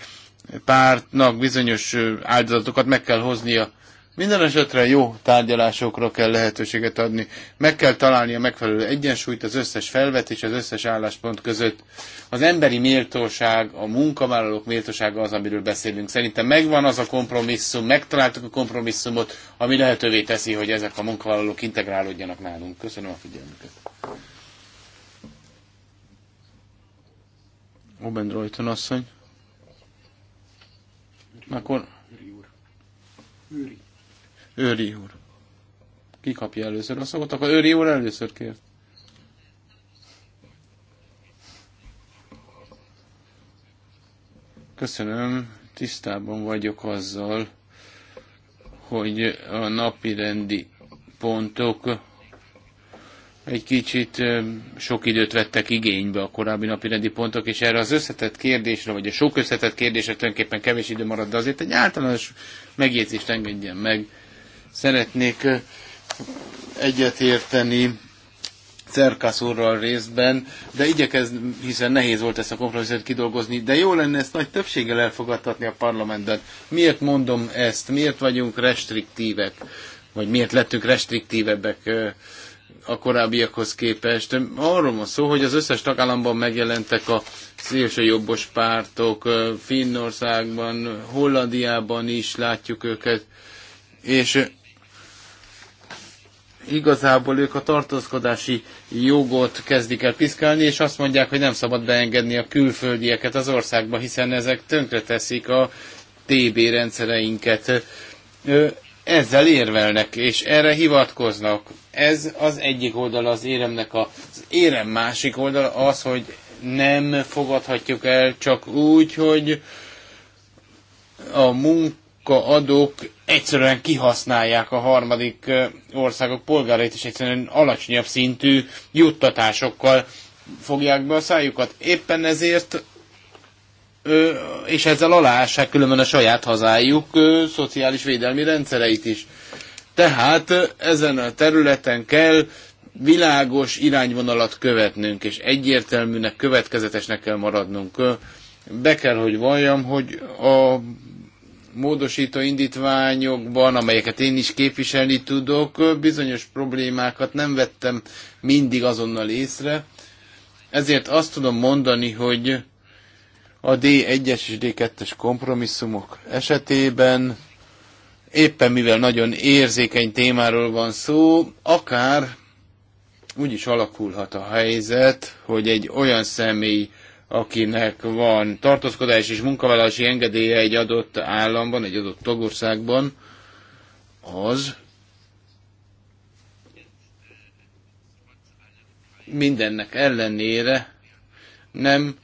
pártnak bizonyos áldozatokat meg kell hoznia. Minden esetre jó tárgyalásokra kell lehetőséget adni. Meg kell találni a megfelelő egyensúlyt az összes felvetés, az összes álláspont között. Az emberi méltóság, a munkavállalók méltósága az, amiről beszélünk. Szerintem megvan az a kompromisszum, megtaláltuk a kompromisszumot, ami lehetővé teszi, hogy ezek a munkavállalók integrálódjanak nálunk. Köszönöm a figyelmüket. Oben Rojton asszony. Akkor... Őri úr. Őri. Őri úr. Ki kapja először a szót? Akkor Őri úr először kért. Köszönöm, tisztában vagyok azzal, hogy a napi rendi pontok egy kicsit sok időt vettek igénybe a korábbi napi rendi pontok, és erre az összetett kérdésre, vagy a sok összetett kérdésre tulajdonképpen kevés idő maradt, de azért egy általános megjegyzést engedjen meg. Szeretnék egyetérteni Cerkász úrral részben, de igyekez, hiszen nehéz volt ezt a kompromisszumot kidolgozni, de jó lenne ezt nagy többséggel elfogadtatni a parlamentben. Miért mondom ezt? Miért vagyunk restriktívek? Vagy miért lettünk restriktívebbek? a korábbiakhoz képest. Arról van szó, hogy az összes tagállamban megjelentek a szélső jobbos pártok, Finnországban, Hollandiában is látjuk őket, és igazából ők a tartózkodási jogot kezdik el piszkálni, és azt mondják, hogy nem szabad beengedni a külföldieket az országba, hiszen ezek tönkreteszik a TB rendszereinket. Ezzel érvelnek, és erre hivatkoznak. Ez az egyik oldala az éremnek, a, az érem másik oldala az, hogy nem fogadhatjuk el csak úgy, hogy a munkaadók egyszerűen kihasználják a harmadik országok polgárait, és egyszerűen alacsonyabb szintű juttatásokkal fogják be a szájukat. Éppen ezért és ezzel aláássák különben a saját hazájuk szociális védelmi rendszereit is. Tehát ezen a területen kell világos irányvonalat követnünk, és egyértelműnek, következetesnek kell maradnunk. Be kell, hogy valljam, hogy a módosító indítványokban, amelyeket én is képviselni tudok, bizonyos problémákat nem vettem mindig azonnal észre. Ezért azt tudom mondani, hogy a D1-es és D2-es kompromisszumok esetében éppen mivel nagyon érzékeny témáról van szó, akár úgy is alakulhat a helyzet, hogy egy olyan személy, akinek van tartózkodás és munkavállalási engedélye egy adott államban, egy adott tagországban, az mindennek ellenére nem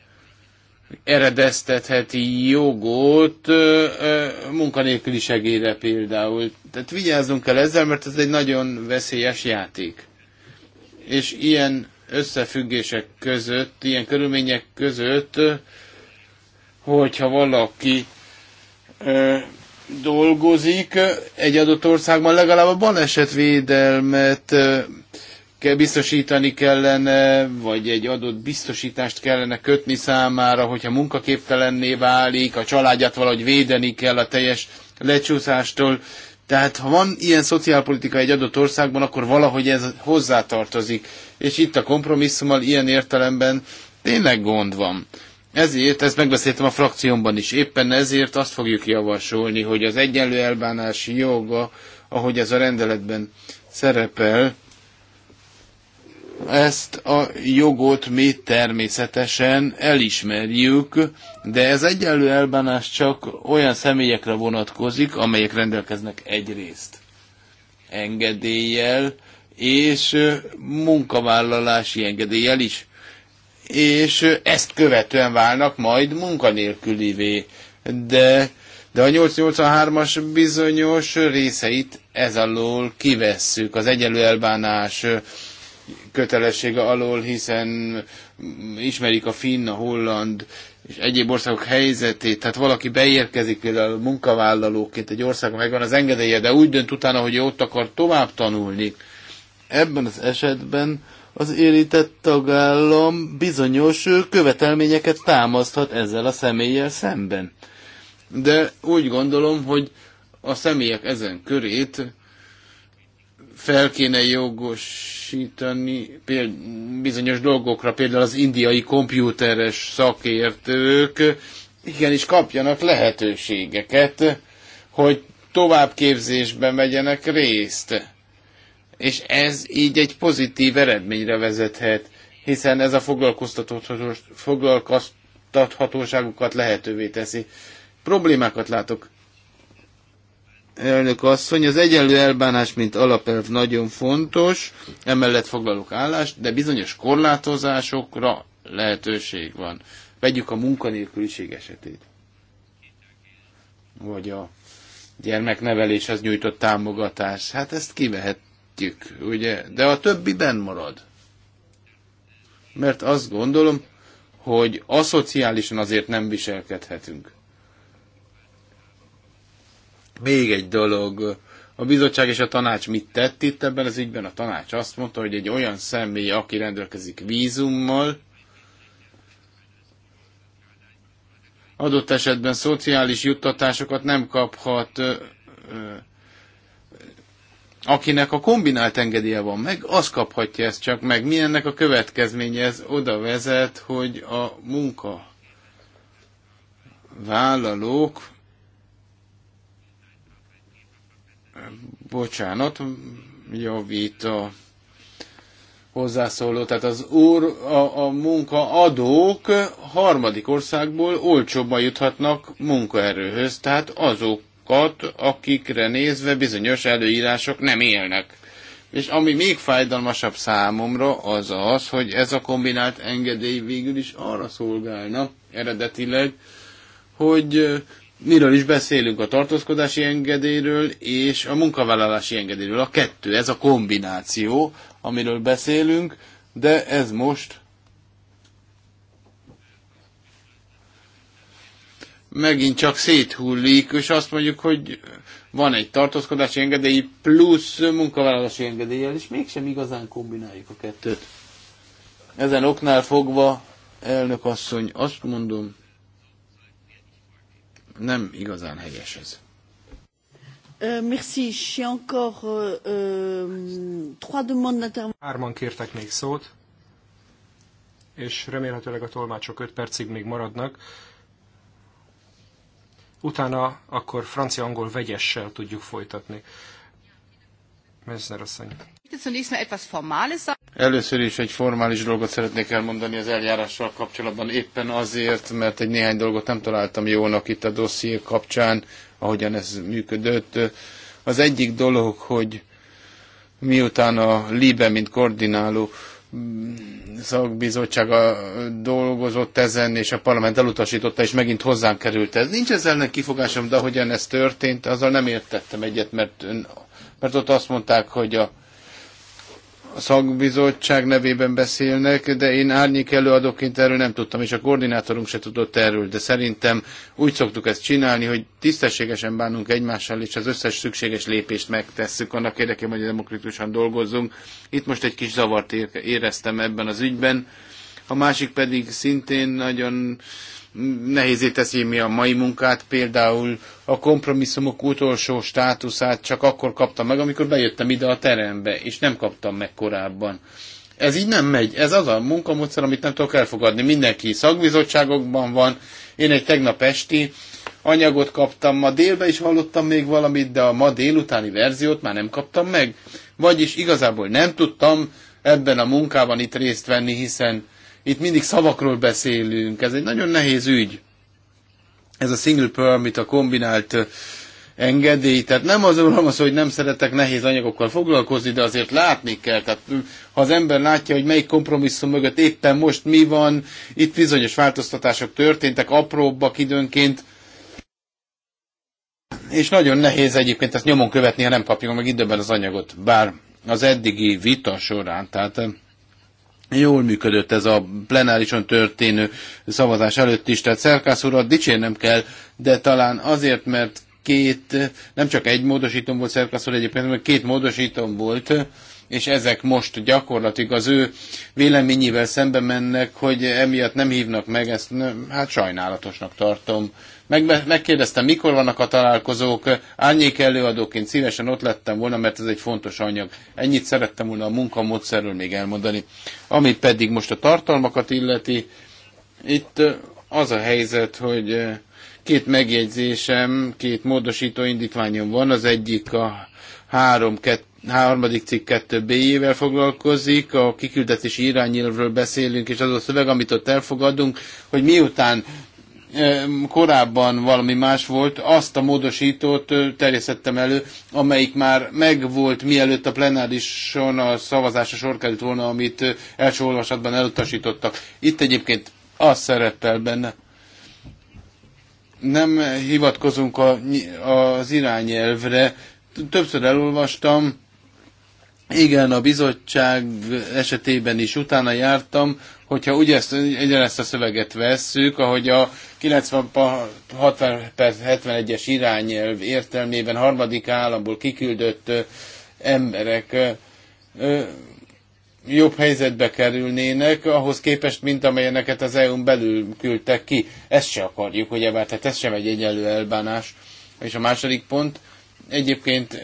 eredeztetheti jogot munkanélküli segélyre például. Tehát vigyázzunk el ezzel, mert ez egy nagyon veszélyes játék. És ilyen összefüggések között, ilyen körülmények között, hogyha valaki dolgozik egy adott országban, legalább a balesetvédelmet kell biztosítani kellene, vagy egy adott biztosítást kellene kötni számára, hogyha munkaképtelenné válik, a családját valahogy védeni kell a teljes lecsúszástól. Tehát ha van ilyen szociálpolitika egy adott országban, akkor valahogy ez hozzátartozik. És itt a kompromisszummal ilyen értelemben tényleg gond van. Ezért, ezt megbeszéltem a frakciómban is, éppen ezért azt fogjuk javasolni, hogy az egyenlő elbánási joga, ahogy ez a rendeletben szerepel, ezt a jogot mi természetesen elismerjük, de ez egyenlő elbánás csak olyan személyekre vonatkozik, amelyek rendelkeznek egyrészt engedéllyel, és munkavállalási engedéllyel is. És ezt követően válnak majd munkanélkülivé. De, de a 883-as bizonyos részeit ez alól kivesszük. Az egyenlő elbánás kötelessége alól, hiszen ismerik a finn, a holland és egyéb országok helyzetét. Tehát valaki beérkezik például munkavállalóként egy ország, megvan az engedélye, de úgy dönt utána, hogy ott akar tovább tanulni. Ebben az esetben az érintett tagállam bizonyos követelményeket támaszthat ezzel a személlyel szemben. De úgy gondolom, hogy a személyek ezen körét fel kéne jogosítani bizonyos dolgokra, például az indiai kompjúteres szakértők igenis kapjanak lehetőségeket, hogy továbbképzésben megyenek részt. És ez így egy pozitív eredményre vezethet, hiszen ez a foglalkoztathatóságukat lehetővé teszi. Problémákat látok elnök asszony, az egyenlő elbánás, mint alapelv nagyon fontos, emellett foglalok állást, de bizonyos korlátozásokra lehetőség van. Vegyük a munkanélküliség esetét. Vagy a gyermeknevelés az nyújtott támogatás. Hát ezt kivehetjük, ugye? De a többi benn marad. Mert azt gondolom, hogy aszociálisan azért nem viselkedhetünk. Még egy dolog, a bizottság és a tanács mit tett itt ebben az ügyben? A tanács azt mondta, hogy egy olyan személy, aki rendelkezik vízummal, adott esetben szociális juttatásokat nem kaphat, akinek a kombinált engedélye van meg, az kaphatja ezt csak meg. Mi ennek a következménye? Ez oda vezet, hogy a munka vállalók bocsánat, javít a hozzászóló, tehát az úr, a, a munkaadók harmadik országból olcsóban juthatnak munkaerőhöz, tehát azokat, akikre nézve bizonyos előírások nem élnek. És ami még fájdalmasabb számomra az az, hogy ez a kombinált engedély végül is arra szolgálna eredetileg, hogy miről is beszélünk, a tartózkodási engedélyről és a munkavállalási engedélyről. A kettő, ez a kombináció, amiről beszélünk, de ez most megint csak széthullik, és azt mondjuk, hogy van egy tartózkodási engedély plusz munkavállalási engedéllyel, és mégsem igazán kombináljuk a kettőt. Ezen oknál fogva, elnök asszony, azt mondom, nem igazán helyes ez. Merci. J'ai encore trois demandes d'intervention. Hárman kértek még szót, és remélhetőleg a tolmácsok öt percig még maradnak. Utána akkor francia-angol vegyessel tudjuk folytatni. Mezner asszony. Először is egy formális dolgot szeretnék elmondani az eljárással kapcsolatban, éppen azért, mert egy néhány dolgot nem találtam jónak itt a dosszié kapcsán, ahogyan ez működött. Az egyik dolog, hogy miután a LIBE, mint koordináló mm, szakbizottsága dolgozott ezen, és a parlament elutasította, és megint hozzánk került ez. Nincs ezzel ellen kifogásom, de ahogyan ez történt, azzal nem értettem egyet, mert, ön, mert ott azt mondták, hogy a a szakbizottság nevében beszélnek, de én árnyék előadóként erről nem tudtam, és a koordinátorunk se tudott erről, de szerintem úgy szoktuk ezt csinálni, hogy tisztességesen bánunk egymással, és az összes szükséges lépést megtesszük annak érdekében, hogy demokratikusan dolgozzunk. Itt most egy kis zavart éreztem ebben az ügyben. A másik pedig szintén nagyon nehézé teszi mi a mai munkát, például a kompromisszumok utolsó státuszát csak akkor kaptam meg, amikor bejöttem ide a terembe, és nem kaptam meg korábban. Ez így nem megy, ez az a munkamódszer, amit nem tudok elfogadni. Mindenki szakbizottságokban van, én egy tegnap esti anyagot kaptam, ma délben is hallottam még valamit, de a ma délutáni verziót már nem kaptam meg. Vagyis igazából nem tudtam ebben a munkában itt részt venni, hiszen itt mindig szavakról beszélünk, ez egy nagyon nehéz ügy. Ez a single permit, a kombinált engedély, tehát nem az van az, hogy nem szeretek nehéz anyagokkal foglalkozni, de azért látni kell. Tehát ha az ember látja, hogy melyik kompromisszum mögött éppen most mi van, itt bizonyos változtatások történtek, apróbbak időnként, és nagyon nehéz egyébként ezt nyomon követni, ha nem kapjuk meg időben az anyagot. Bár az eddigi vita során, tehát jól működött ez a plenárison történő szavazás előtt is, tehát Szerkász urat dicsérnem kell, de talán azért, mert két, nem csak egy módosítom volt Szerkász úr egyébként, mert két módosítom volt, és ezek most gyakorlatilag az ő véleményével szembe mennek, hogy emiatt nem hívnak meg, ezt nem, hát sajnálatosnak tartom. Meg, megkérdeztem, mikor vannak a találkozók, árnyék előadóként szívesen ott lettem volna, mert ez egy fontos anyag. Ennyit szerettem volna a munkamódszerről még elmondani. Ami pedig most a tartalmakat illeti, itt az a helyzet, hogy két megjegyzésem, két módosító indítványom van, az egyik a három, kett, harmadik cikk 2 b ével foglalkozik, a kiküldetési irányelvről beszélünk, és az a szöveg, amit ott elfogadunk, hogy miután korábban valami más volt, azt a módosítót terjesztettem elő, amelyik már megvolt, mielőtt a plenárison a szavazásra sor került volna, amit első olvasatban elutasítottak. Itt egyébként az szerepel benne. Nem hivatkozunk a, az irányelvre. Többször elolvastam, igen, a bizottság esetében is utána jártam, hogyha ugye ezt, ugyanezt a szöveget vesszük, ahogy a 90 71-es irányelv értelmében harmadik államból kiküldött emberek jobb helyzetbe kerülnének ahhoz képest, mint amelyeneket az EU-n belül küldtek ki. Ezt se akarjuk, ugye, mert tehát ez sem egy egyenlő elbánás. És a második pont, Egyébként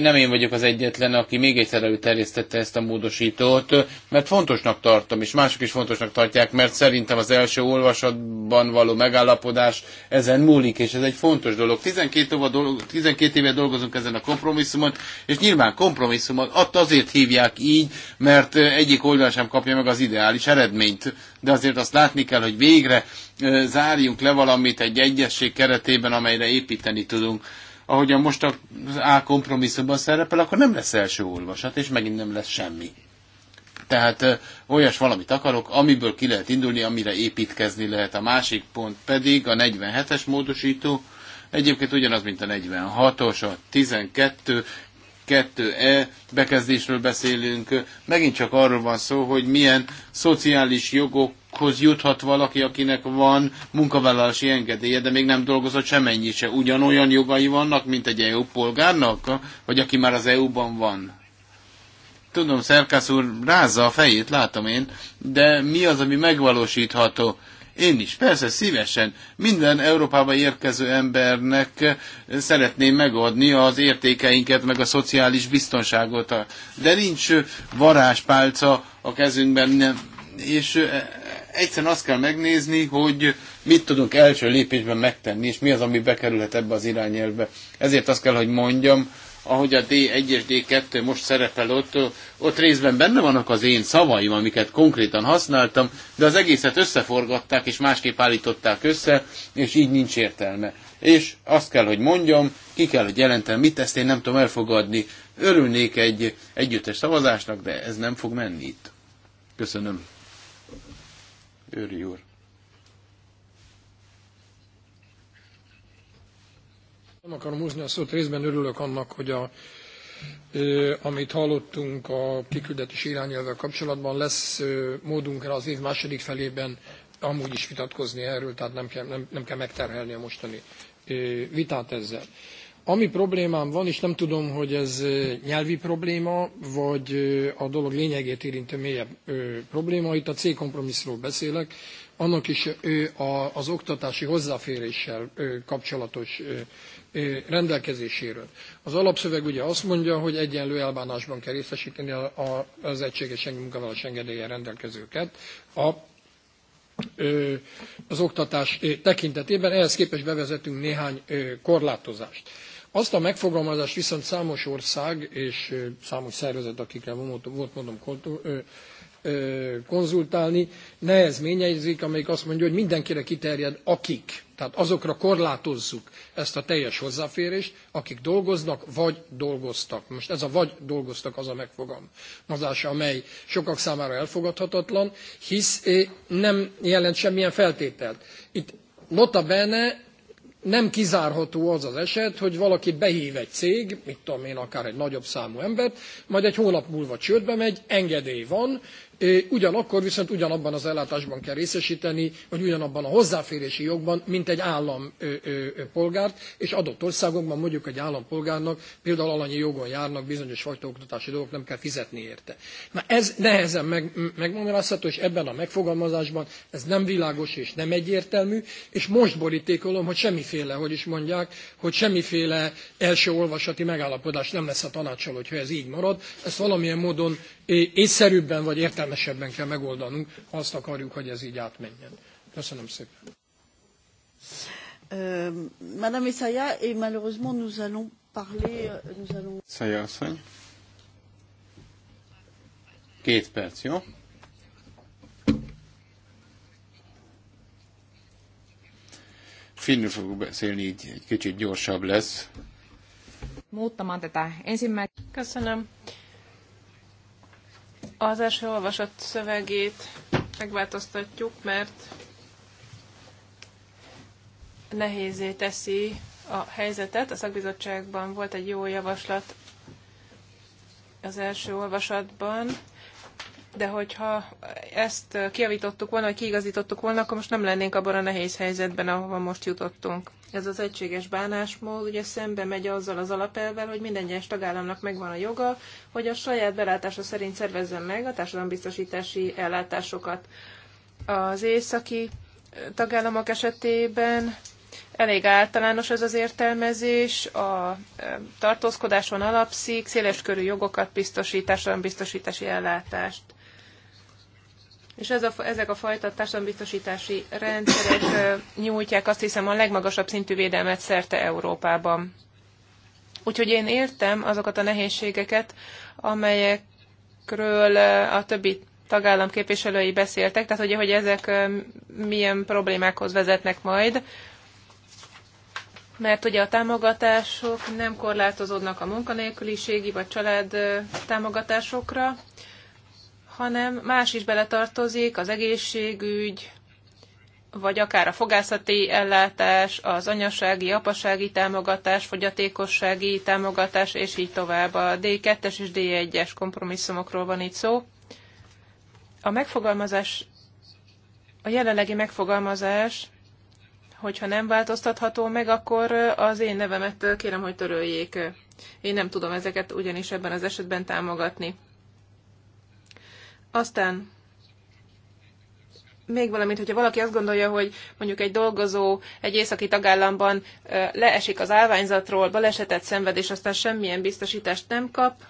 nem én vagyok az egyetlen, aki még egyszer előterjesztette ezt a módosítót, mert fontosnak tartom, és mások is fontosnak tartják, mert szerintem az első olvasatban való megállapodás ezen múlik, és ez egy fontos dolog. 12, óva dolog, 12 éve dolgozunk ezen a kompromisszumon, és nyilván kompromisszumot att azért hívják így, mert egyik oldal sem kapja meg az ideális eredményt, de azért azt látni kell, hogy végre zárjunk le valamit egy egyesség keretében, amelyre építeni tudunk ahogyan most az A kompromisszumban szerepel, akkor nem lesz első olvasat, és megint nem lesz semmi. Tehát olyas valamit akarok, amiből ki lehet indulni, amire építkezni lehet. A másik pont pedig a 47-es módosító, egyébként ugyanaz, mint a 46-os, a 12, 2E bekezdésről beszélünk. Megint csak arról van szó, hogy milyen szociális jogokhoz juthat valaki, akinek van munkavállalási engedélye, de még nem dolgozott semennyi se. Ugyanolyan jogai vannak, mint egy EU polgárnak, vagy aki már az EU-ban van. Tudom, Szerkász úr rázza a fejét, látom én, de mi az, ami megvalósítható? Én is, persze, szívesen. Minden Európába érkező embernek eh, szeretném megadni az értékeinket, meg a szociális biztonságot. De nincs eh, varázspálca a kezünkben, nem. és eh, egyszerűen azt kell megnézni, hogy mit tudunk első lépésben megtenni, és mi az, ami bekerülhet ebbe az irányelvbe. Ezért azt kell, hogy mondjam, ahogy a D1 és D2 most szerepel ott, ott részben benne vannak az én szavaim, amiket konkrétan használtam, de az egészet összeforgatták, és másképp állították össze, és így nincs értelme. És azt kell, hogy mondjam, ki kell, hogy jelentem, mit ezt én nem tudom elfogadni. Örülnék egy együttes szavazásnak, de ez nem fog menni itt. Köszönöm. Őri úr. Nem akarom húzni a szót, részben örülök annak, hogy a, amit hallottunk a kiküldetés irányelvvel kapcsolatban, lesz rá az év második felében amúgy is vitatkozni erről, tehát nem kell, nem, nem kell megterhelni a mostani vitát ezzel. Ami problémám van, és nem tudom, hogy ez nyelvi probléma, vagy a dolog lényegét érintő mélyebb probléma, itt a C-kompromisszról beszélek, annak is az oktatási hozzáféréssel kapcsolatos rendelkezéséről. Az alapszöveg ugye azt mondja, hogy egyenlő elbánásban kell részesíteni az egységes munkavállalás engedélye rendelkezőket a, az oktatás tekintetében. Ehhez képest bevezetünk néhány korlátozást. Azt a megfogalmazást viszont számos ország és számos szervezet, akikkel volt mondom konzultálni, nehezményezik, amelyik azt mondja, hogy mindenkire kiterjed, akik tehát azokra korlátozzuk ezt a teljes hozzáférést, akik dolgoznak, vagy dolgoztak. Most ez a vagy dolgoztak az a megfogalmazás, amely sokak számára elfogadhatatlan, hisz eh, nem jelent semmilyen feltételt. Itt nota bene nem kizárható az az eset, hogy valaki behív egy cég, mit tudom én, akár egy nagyobb számú embert, majd egy hónap múlva csődbe megy, engedély van, ugyanakkor viszont ugyanabban az ellátásban kell részesíteni, vagy ugyanabban a hozzáférési jogban, mint egy állampolgárt, és adott országokban mondjuk egy állampolgárnak például alanyi jogon járnak bizonyos fajta oktatási dolgok, nem kell fizetni érte. Na ez nehezen meg, megmagyarázható, és ebben a megfogalmazásban ez nem világos és nem egyértelmű, és most borítékolom, hogy semmiféle, hogy is mondják, hogy semmiféle első olvasati megállapodás nem lesz a tanácsal, hogyha ez így marad, ezt valamilyen módon észszerűbben vagy értelmesebben kell megoldanunk, ha azt akarjuk, hogy ez így átmenjen. Köszönöm szépen. Euh, Madame Essaya, et malheureusement nous allons parler, euh, nous allons... Essaya asszony. Két perc, jó? Finnül fogok beszélni, így egy kicsit gyorsabb lesz. Muuttamaan tätä ensimmäistä. Köszönöm. Az első olvasat szövegét megváltoztatjuk, mert nehézé teszi a helyzetet. A szakbizottságban volt egy jó javaslat az első olvasatban, de hogyha ezt kiavítottuk volna, vagy kiigazítottuk volna, akkor most nem lennénk abban a nehéz helyzetben, ahova most jutottunk ez az egységes bánásmód ugye szembe megy azzal az alapelvel, hogy minden egyes tagállamnak megvan a joga, hogy a saját belátása szerint szervezzen meg a társadalombiztosítási ellátásokat. Az északi tagállamok esetében elég általános ez az értelmezés, a e, tartózkodáson alapszik, széleskörű jogokat biztosít, társadalombiztosítási ellátást. És ez a, ezek a fajta társadalombiztosítási rendszerek nyújtják azt hiszem a legmagasabb szintű védelmet szerte Európában. Úgyhogy én értem azokat a nehézségeket, amelyekről a többi tagállam képviselői beszéltek, tehát ugye, hogy ezek milyen problémákhoz vezetnek majd, mert ugye a támogatások nem korlátozódnak a munkanélküliségi vagy család támogatásokra, hanem más is beletartozik, az egészségügy, vagy akár a fogászati ellátás, az anyasági, apasági támogatás, fogyatékossági támogatás, és így tovább. A D2-es és D1-es kompromisszumokról van itt szó. A megfogalmazás, a jelenlegi megfogalmazás, hogyha nem változtatható meg, akkor az én nevemet kérem, hogy töröljék. Én nem tudom ezeket ugyanis ebben az esetben támogatni. Aztán még valamit, hogyha valaki azt gondolja, hogy mondjuk egy dolgozó egy északi tagállamban leesik az állványzatról, balesetet szenved, és aztán semmilyen biztosítást nem kap,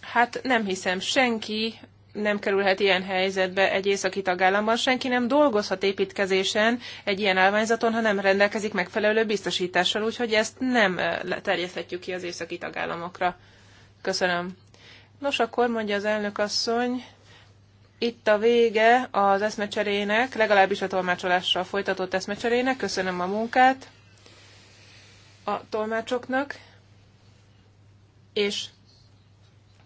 hát nem hiszem, senki nem kerülhet ilyen helyzetbe egy északi tagállamban, senki nem dolgozhat építkezésen egy ilyen állványzaton, ha nem rendelkezik megfelelő biztosítással, úgyhogy ezt nem terjeszthetjük ki az északi tagállamokra. Köszönöm. Nos, akkor mondja az elnök asszony, itt a vége az eszmecserének, legalábbis a tolmácsolással folytatott eszmecserének. Köszönöm a munkát a tolmácsoknak, és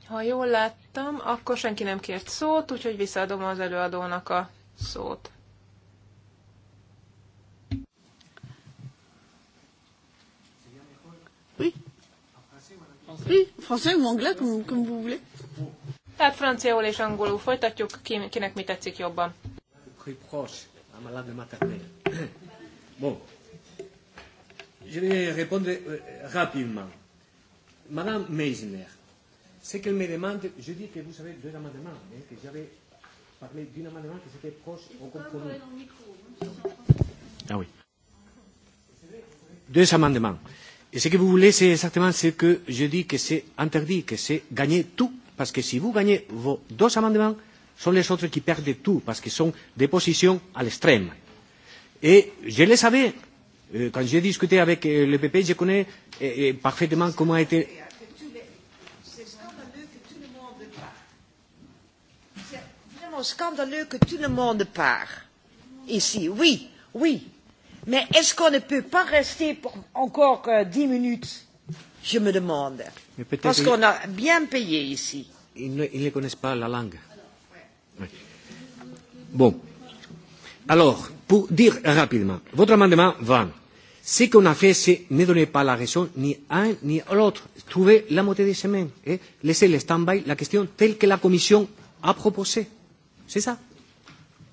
ha jól láttam, akkor senki nem kért szót, úgyhogy visszaadom az előadónak a szót. Oui. français ou anglais, comme, comme vous voulez. Tehát franciául és angolul folytatjuk, ki, kinek mi tetszik jobban. Bon. Je vais répondre euh, rapidement. Madame Meisner, ce qu'elle me demande, je dis que vous avez deux amendements, hein, que j'avais parlé d'un amendement qui était proche au compromis. Ah oui. Deux amendements. Et ce que vous voulez, c'est exactement ce que je dis que c'est interdit, que c'est gagner tout Parce que si vous gagnez vos deux amendements, ce sont les autres qui perdent tout, parce qu'ils sont des positions à l'extrême. Et je le savais, euh, quand j'ai discuté avec euh, le PP, je connais euh, parfaitement comment a été. scandaleux que tout le monde part ici. Oui, oui. Mais est-ce qu'on ne peut pas rester pour encore dix minutes Je me demande. Parce qu'on a bien payé ici. Ils ne, ils ne connaissent pas la langue. Oui. Bon. Alors, pour dire rapidement, votre amendement 20. Ce qu'on a fait, c'est ne donner pas la raison ni à un ni à l'autre. Trouver la moitié des semaines. Eh? Laisser le stand-by, la question telle que la Commission a proposée. C'est ça.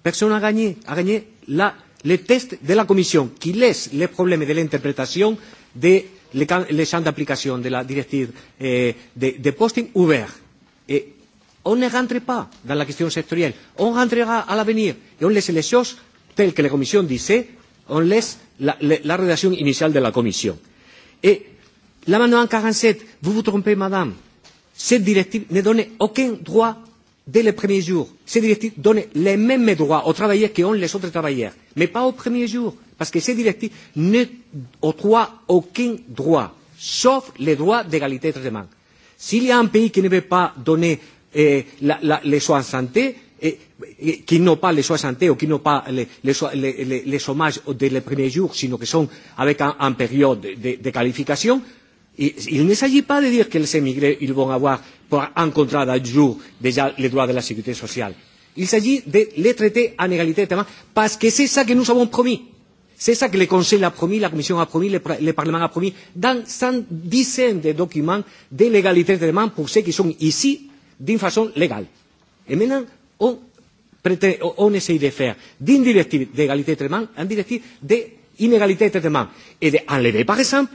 Personne n'a gagné. A gagné la, le test de la Commission qui laisse les problèmes de l'interprétation des le champ d'application de la directive euh, de, de posting ouvert. Et eh, on ne rentre pas dans la question sectorielle. On rentrera à l'avenir et on laisse les choses telles que la Commission disait, on laisse la, la, la rédaction initiale de la Commission. Et l'amendement 47, vous vous trompez, madame, cette directive ne donne aucun droit dès les premiers jours. Cette directive donne les mêmes droits aux travailleurs qu'ont les autres travailleurs, mais pas au premier jour. Parce que ces directives ne octroient aucun droit, sauf les droits d'égalité de traitement. S'il y a un pays qui ne veut pas donner eh, la, la, les soins de santé, et, eh, et, eh, qui n'ont pas les soins de santé ou qui n'ont pas les, les, les, les les chômages dès les premiers jours, sinon qui sont avec un, un période de, de de qualification, Et il ne s'agit pas de dire que les émigrés ils vont avoir, pour un contrat d'un jour, déjà les droits de la sécurité sociale. Il s'agit de les traiter en égalité de terrain, parce que c'est ça que nous avons promis. C'est ça que le Conseil a promis, la Commission a promis, le, le Parlement a promis, dans cent dizaines de documents de l'égalité de demande pour ceux qui sont ici d'une façon légale. Et maintenant, on, prête, on essaye de faire d'une directive d'égalité de traitement une directive d'inégalité de traitement. Et d'enlever, par exemple,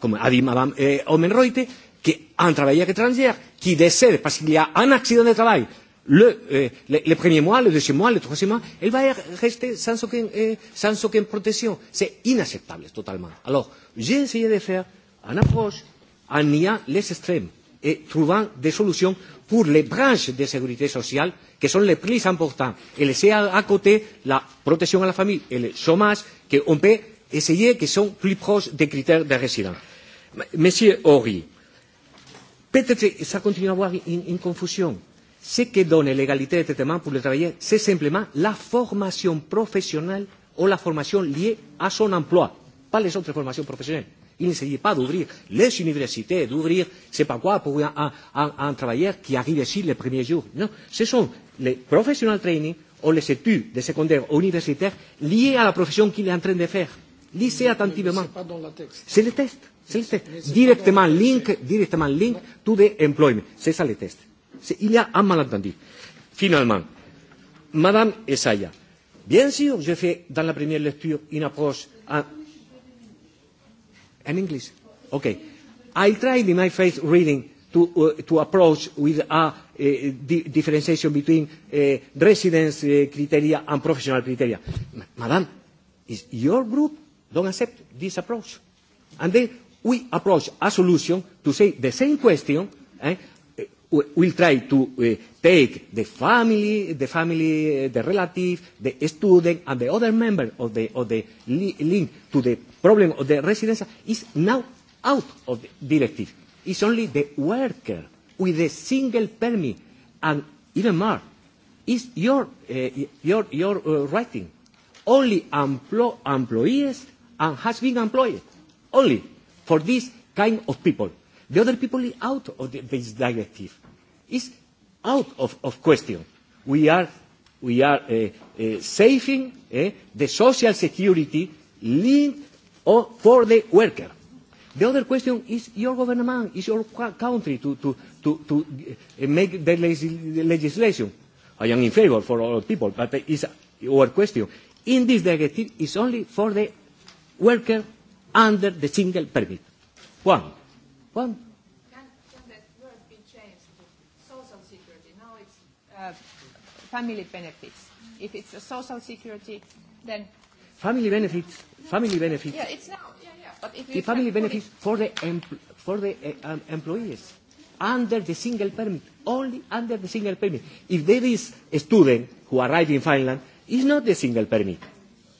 comme a dit Mme eh, Omenreuter, qu'un travailleur étranger qui décède parce qu'il y a un accident de travail le, euh, le, le premier mois, le deuxième mois, le troisième mois, elle va rester sans aucune, euh, sans aucune protection. C'est inacceptable totalement. Alors, j'ai essayé de faire une approche en niant les extrêmes et trouvant des solutions pour les branches de sécurité sociale qui sont les plus importantes et laisser à, à côté la protection à la famille et le chômage qu'on peut essayer qui sont plus proches des critères de résidence. Monsieur Horry, peut-être que ça continue à avoir une, une confusion ce que donne l'égalité de traitement pour les travailleurs, c'est simplement la formation professionnelle ou la formation liée à son emploi, pas les autres formations professionnelles. Il ne s'agit pas d'ouvrir les universités, d'ouvrir, c'est pas quoi, pour un, un, un, un travailleur qui arrive ici les premiers jours. Non, ce sont les professional training ou les études de secondaire ou universitaire liées à la profession qu'il est en train de faire. Lisez attentivement. C'est le test. C'est le test. Directement link, directement link to the employment. C'est ça le test. Il y a un malentendu. Finalement, Madame Esaya, bien sûr, je fais dans la première lecture une approche en, en anglais. OK. I tried in my first reading to, uh, to approach with a uh, di differentiation between uh, residence uh, criteria and professional criteria. M Madame, is your group don't accept this approach. And then we approach a solution to say the same question eh, will try to uh, take the family, the family, uh, the relative, the student, and the other member of the, of the li link to the problem of the residence is now out of the directive. It's only the worker with a single permit, and even more, it's your, uh, your, your uh, writing. Only emplo employees and has been employed, only for this kind of people The other people out of the, this directive. It's out of, of question. We are, we are uh, uh, saving uh, the social security linked or for the worker. The other question is your government, is your country to, to, to, to uh, make the, the legislation. I am in favor for all people, but it's our question. In this directive, is only for the worker under the single permit. One. One. Can, can that word be changed to social security? Now it's uh, family benefits. If it's a social security, then... Family benefits. Family benefits. Yeah, it's now. Yeah, yeah. But if the family benefits it, for the, empl for the uh, um, employees under the single permit, only under the single permit. If there is a student who arrived in Finland, it's not the single permit.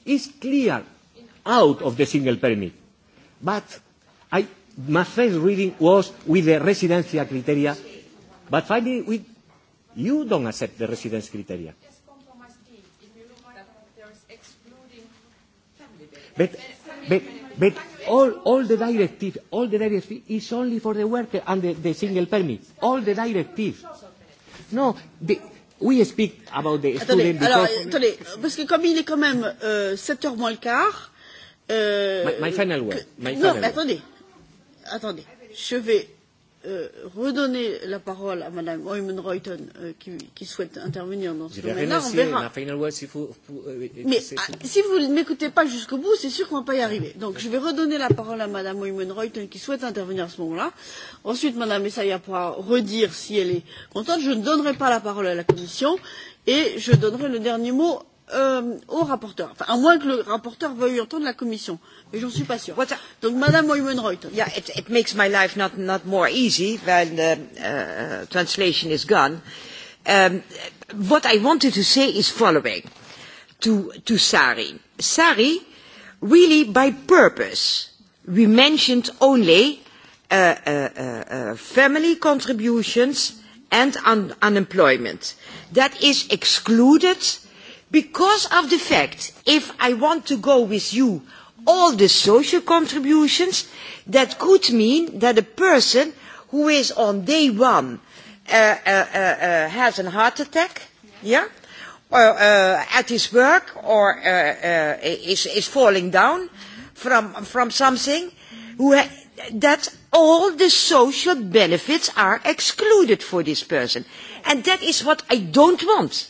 It's clear out of the single permit. But I my first reading was with the residencia criteria, but finally we, you don't accept the residence criteria. But, but, but all, all the directive, all the directive is only for the worker and the, the single permit. All the directive. No, the, we speak about the attendez, student alors, Attendez, parce que comme il est quand même euh, 7h moins le quart... Euh, my, my final word. My non, final non, word. attendez attendez, je vais euh, redonner la parole à Madame Oymen-Reuten euh, qui, qui souhaite intervenir dans ce domaine-là. On verra. final Si vous, pour, euh, Mais ah, si vous ne m'écoutez pas jusqu'au bout, c'est sûr qu'on ne va pas y arriver. Donc je vais redonner la parole à Madame Oymen-Reuten qui souhaite intervenir à ce moment-là. Ensuite, Madame Essaya pourra redire si elle est contente. Je ne donnerai pas la parole à la Commission et je donnerai le dernier mot euh, au rapporteur, enfin, à moins que le rapporteur veuille entendre la commission, mais j'en suis pas sûre. What, Donc Madame Oymenreuth. Yeah, it, it makes my life not, not more easy when the uh, translation is gone. Um, what I wanted to say is following to, to Sari. Sari, really by purpose, we mentioned only uh, uh, uh, uh family contributions and un unemployment. That is excluded uh, Because of the fact, if I want to go with you, all the social contributions, that could mean that a person who is on day one uh, uh, uh, uh has a heart attack, yeah, or, uh, at his work, or uh, is, is falling down from from something, who ha- that all the social benefits are excluded for this person, and that is what I don't want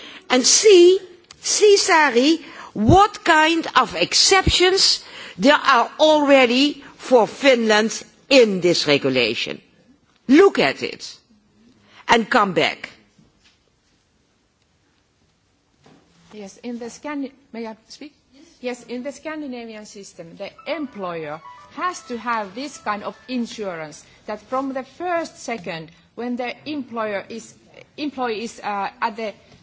and see, see Sari, what kind of exceptions there are already for Finland in this regulation. Look at it and come back. Yes, in the Scandi- may I speak? Yes. yes, in the Scandinavian system, the employer has to have this kind of insurance that from the first second when the employer is, employee is uh, at the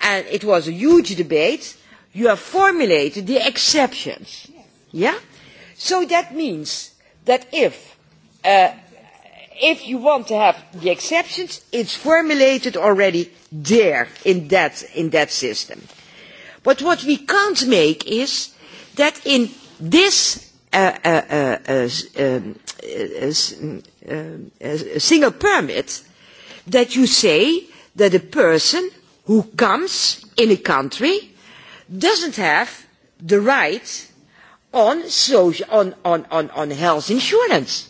and it was a huge debate you have formulated the exceptions yeah so that means that if uh, if you want to have the exceptions it's formulated already there in that in that system but what we can't make is that in this single permit that you say that a person who comes in a country not have the right to health insurance.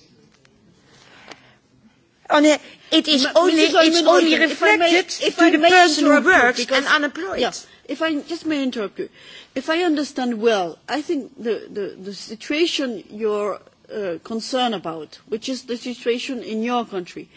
it is only, it's only reflected may, to I the person who works and unemployed. Yeah, if I just may interrupt you, if I understand well, I think the, the, the situation you're uh, concerned about, which is the situation in your country, uh,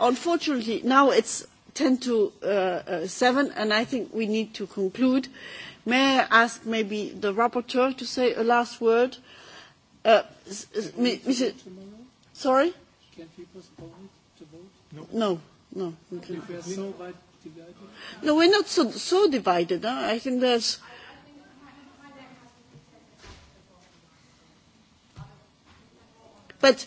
Unfortunately, now it's 10 to uh, uh, 7, and I think we need to conclude. May I ask maybe the rapporteur to say a last word? Uh, Mr. Sorry? Can we postpone it to vote? No. No. no. Okay. No, we're not so, so divided. Huh? I think there's... But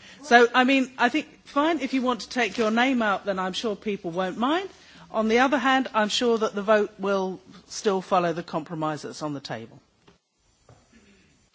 So, I mean, I think, fine, if you want to take your name out, then I'm sure people won't mind. On the other hand, I'm sure that the vote will still follow the compromise that's on the table.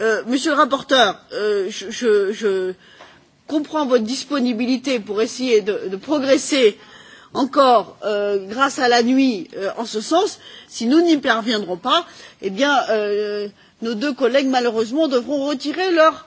Euh, monsieur le rapporteur euh, je, comprends votre disponibilité pour essayer de, progresser encore euh, grâce à la nuit en ce sens. si nous n'y parviendrons pas eh nos deux collègues malheureusement devront retirer leurs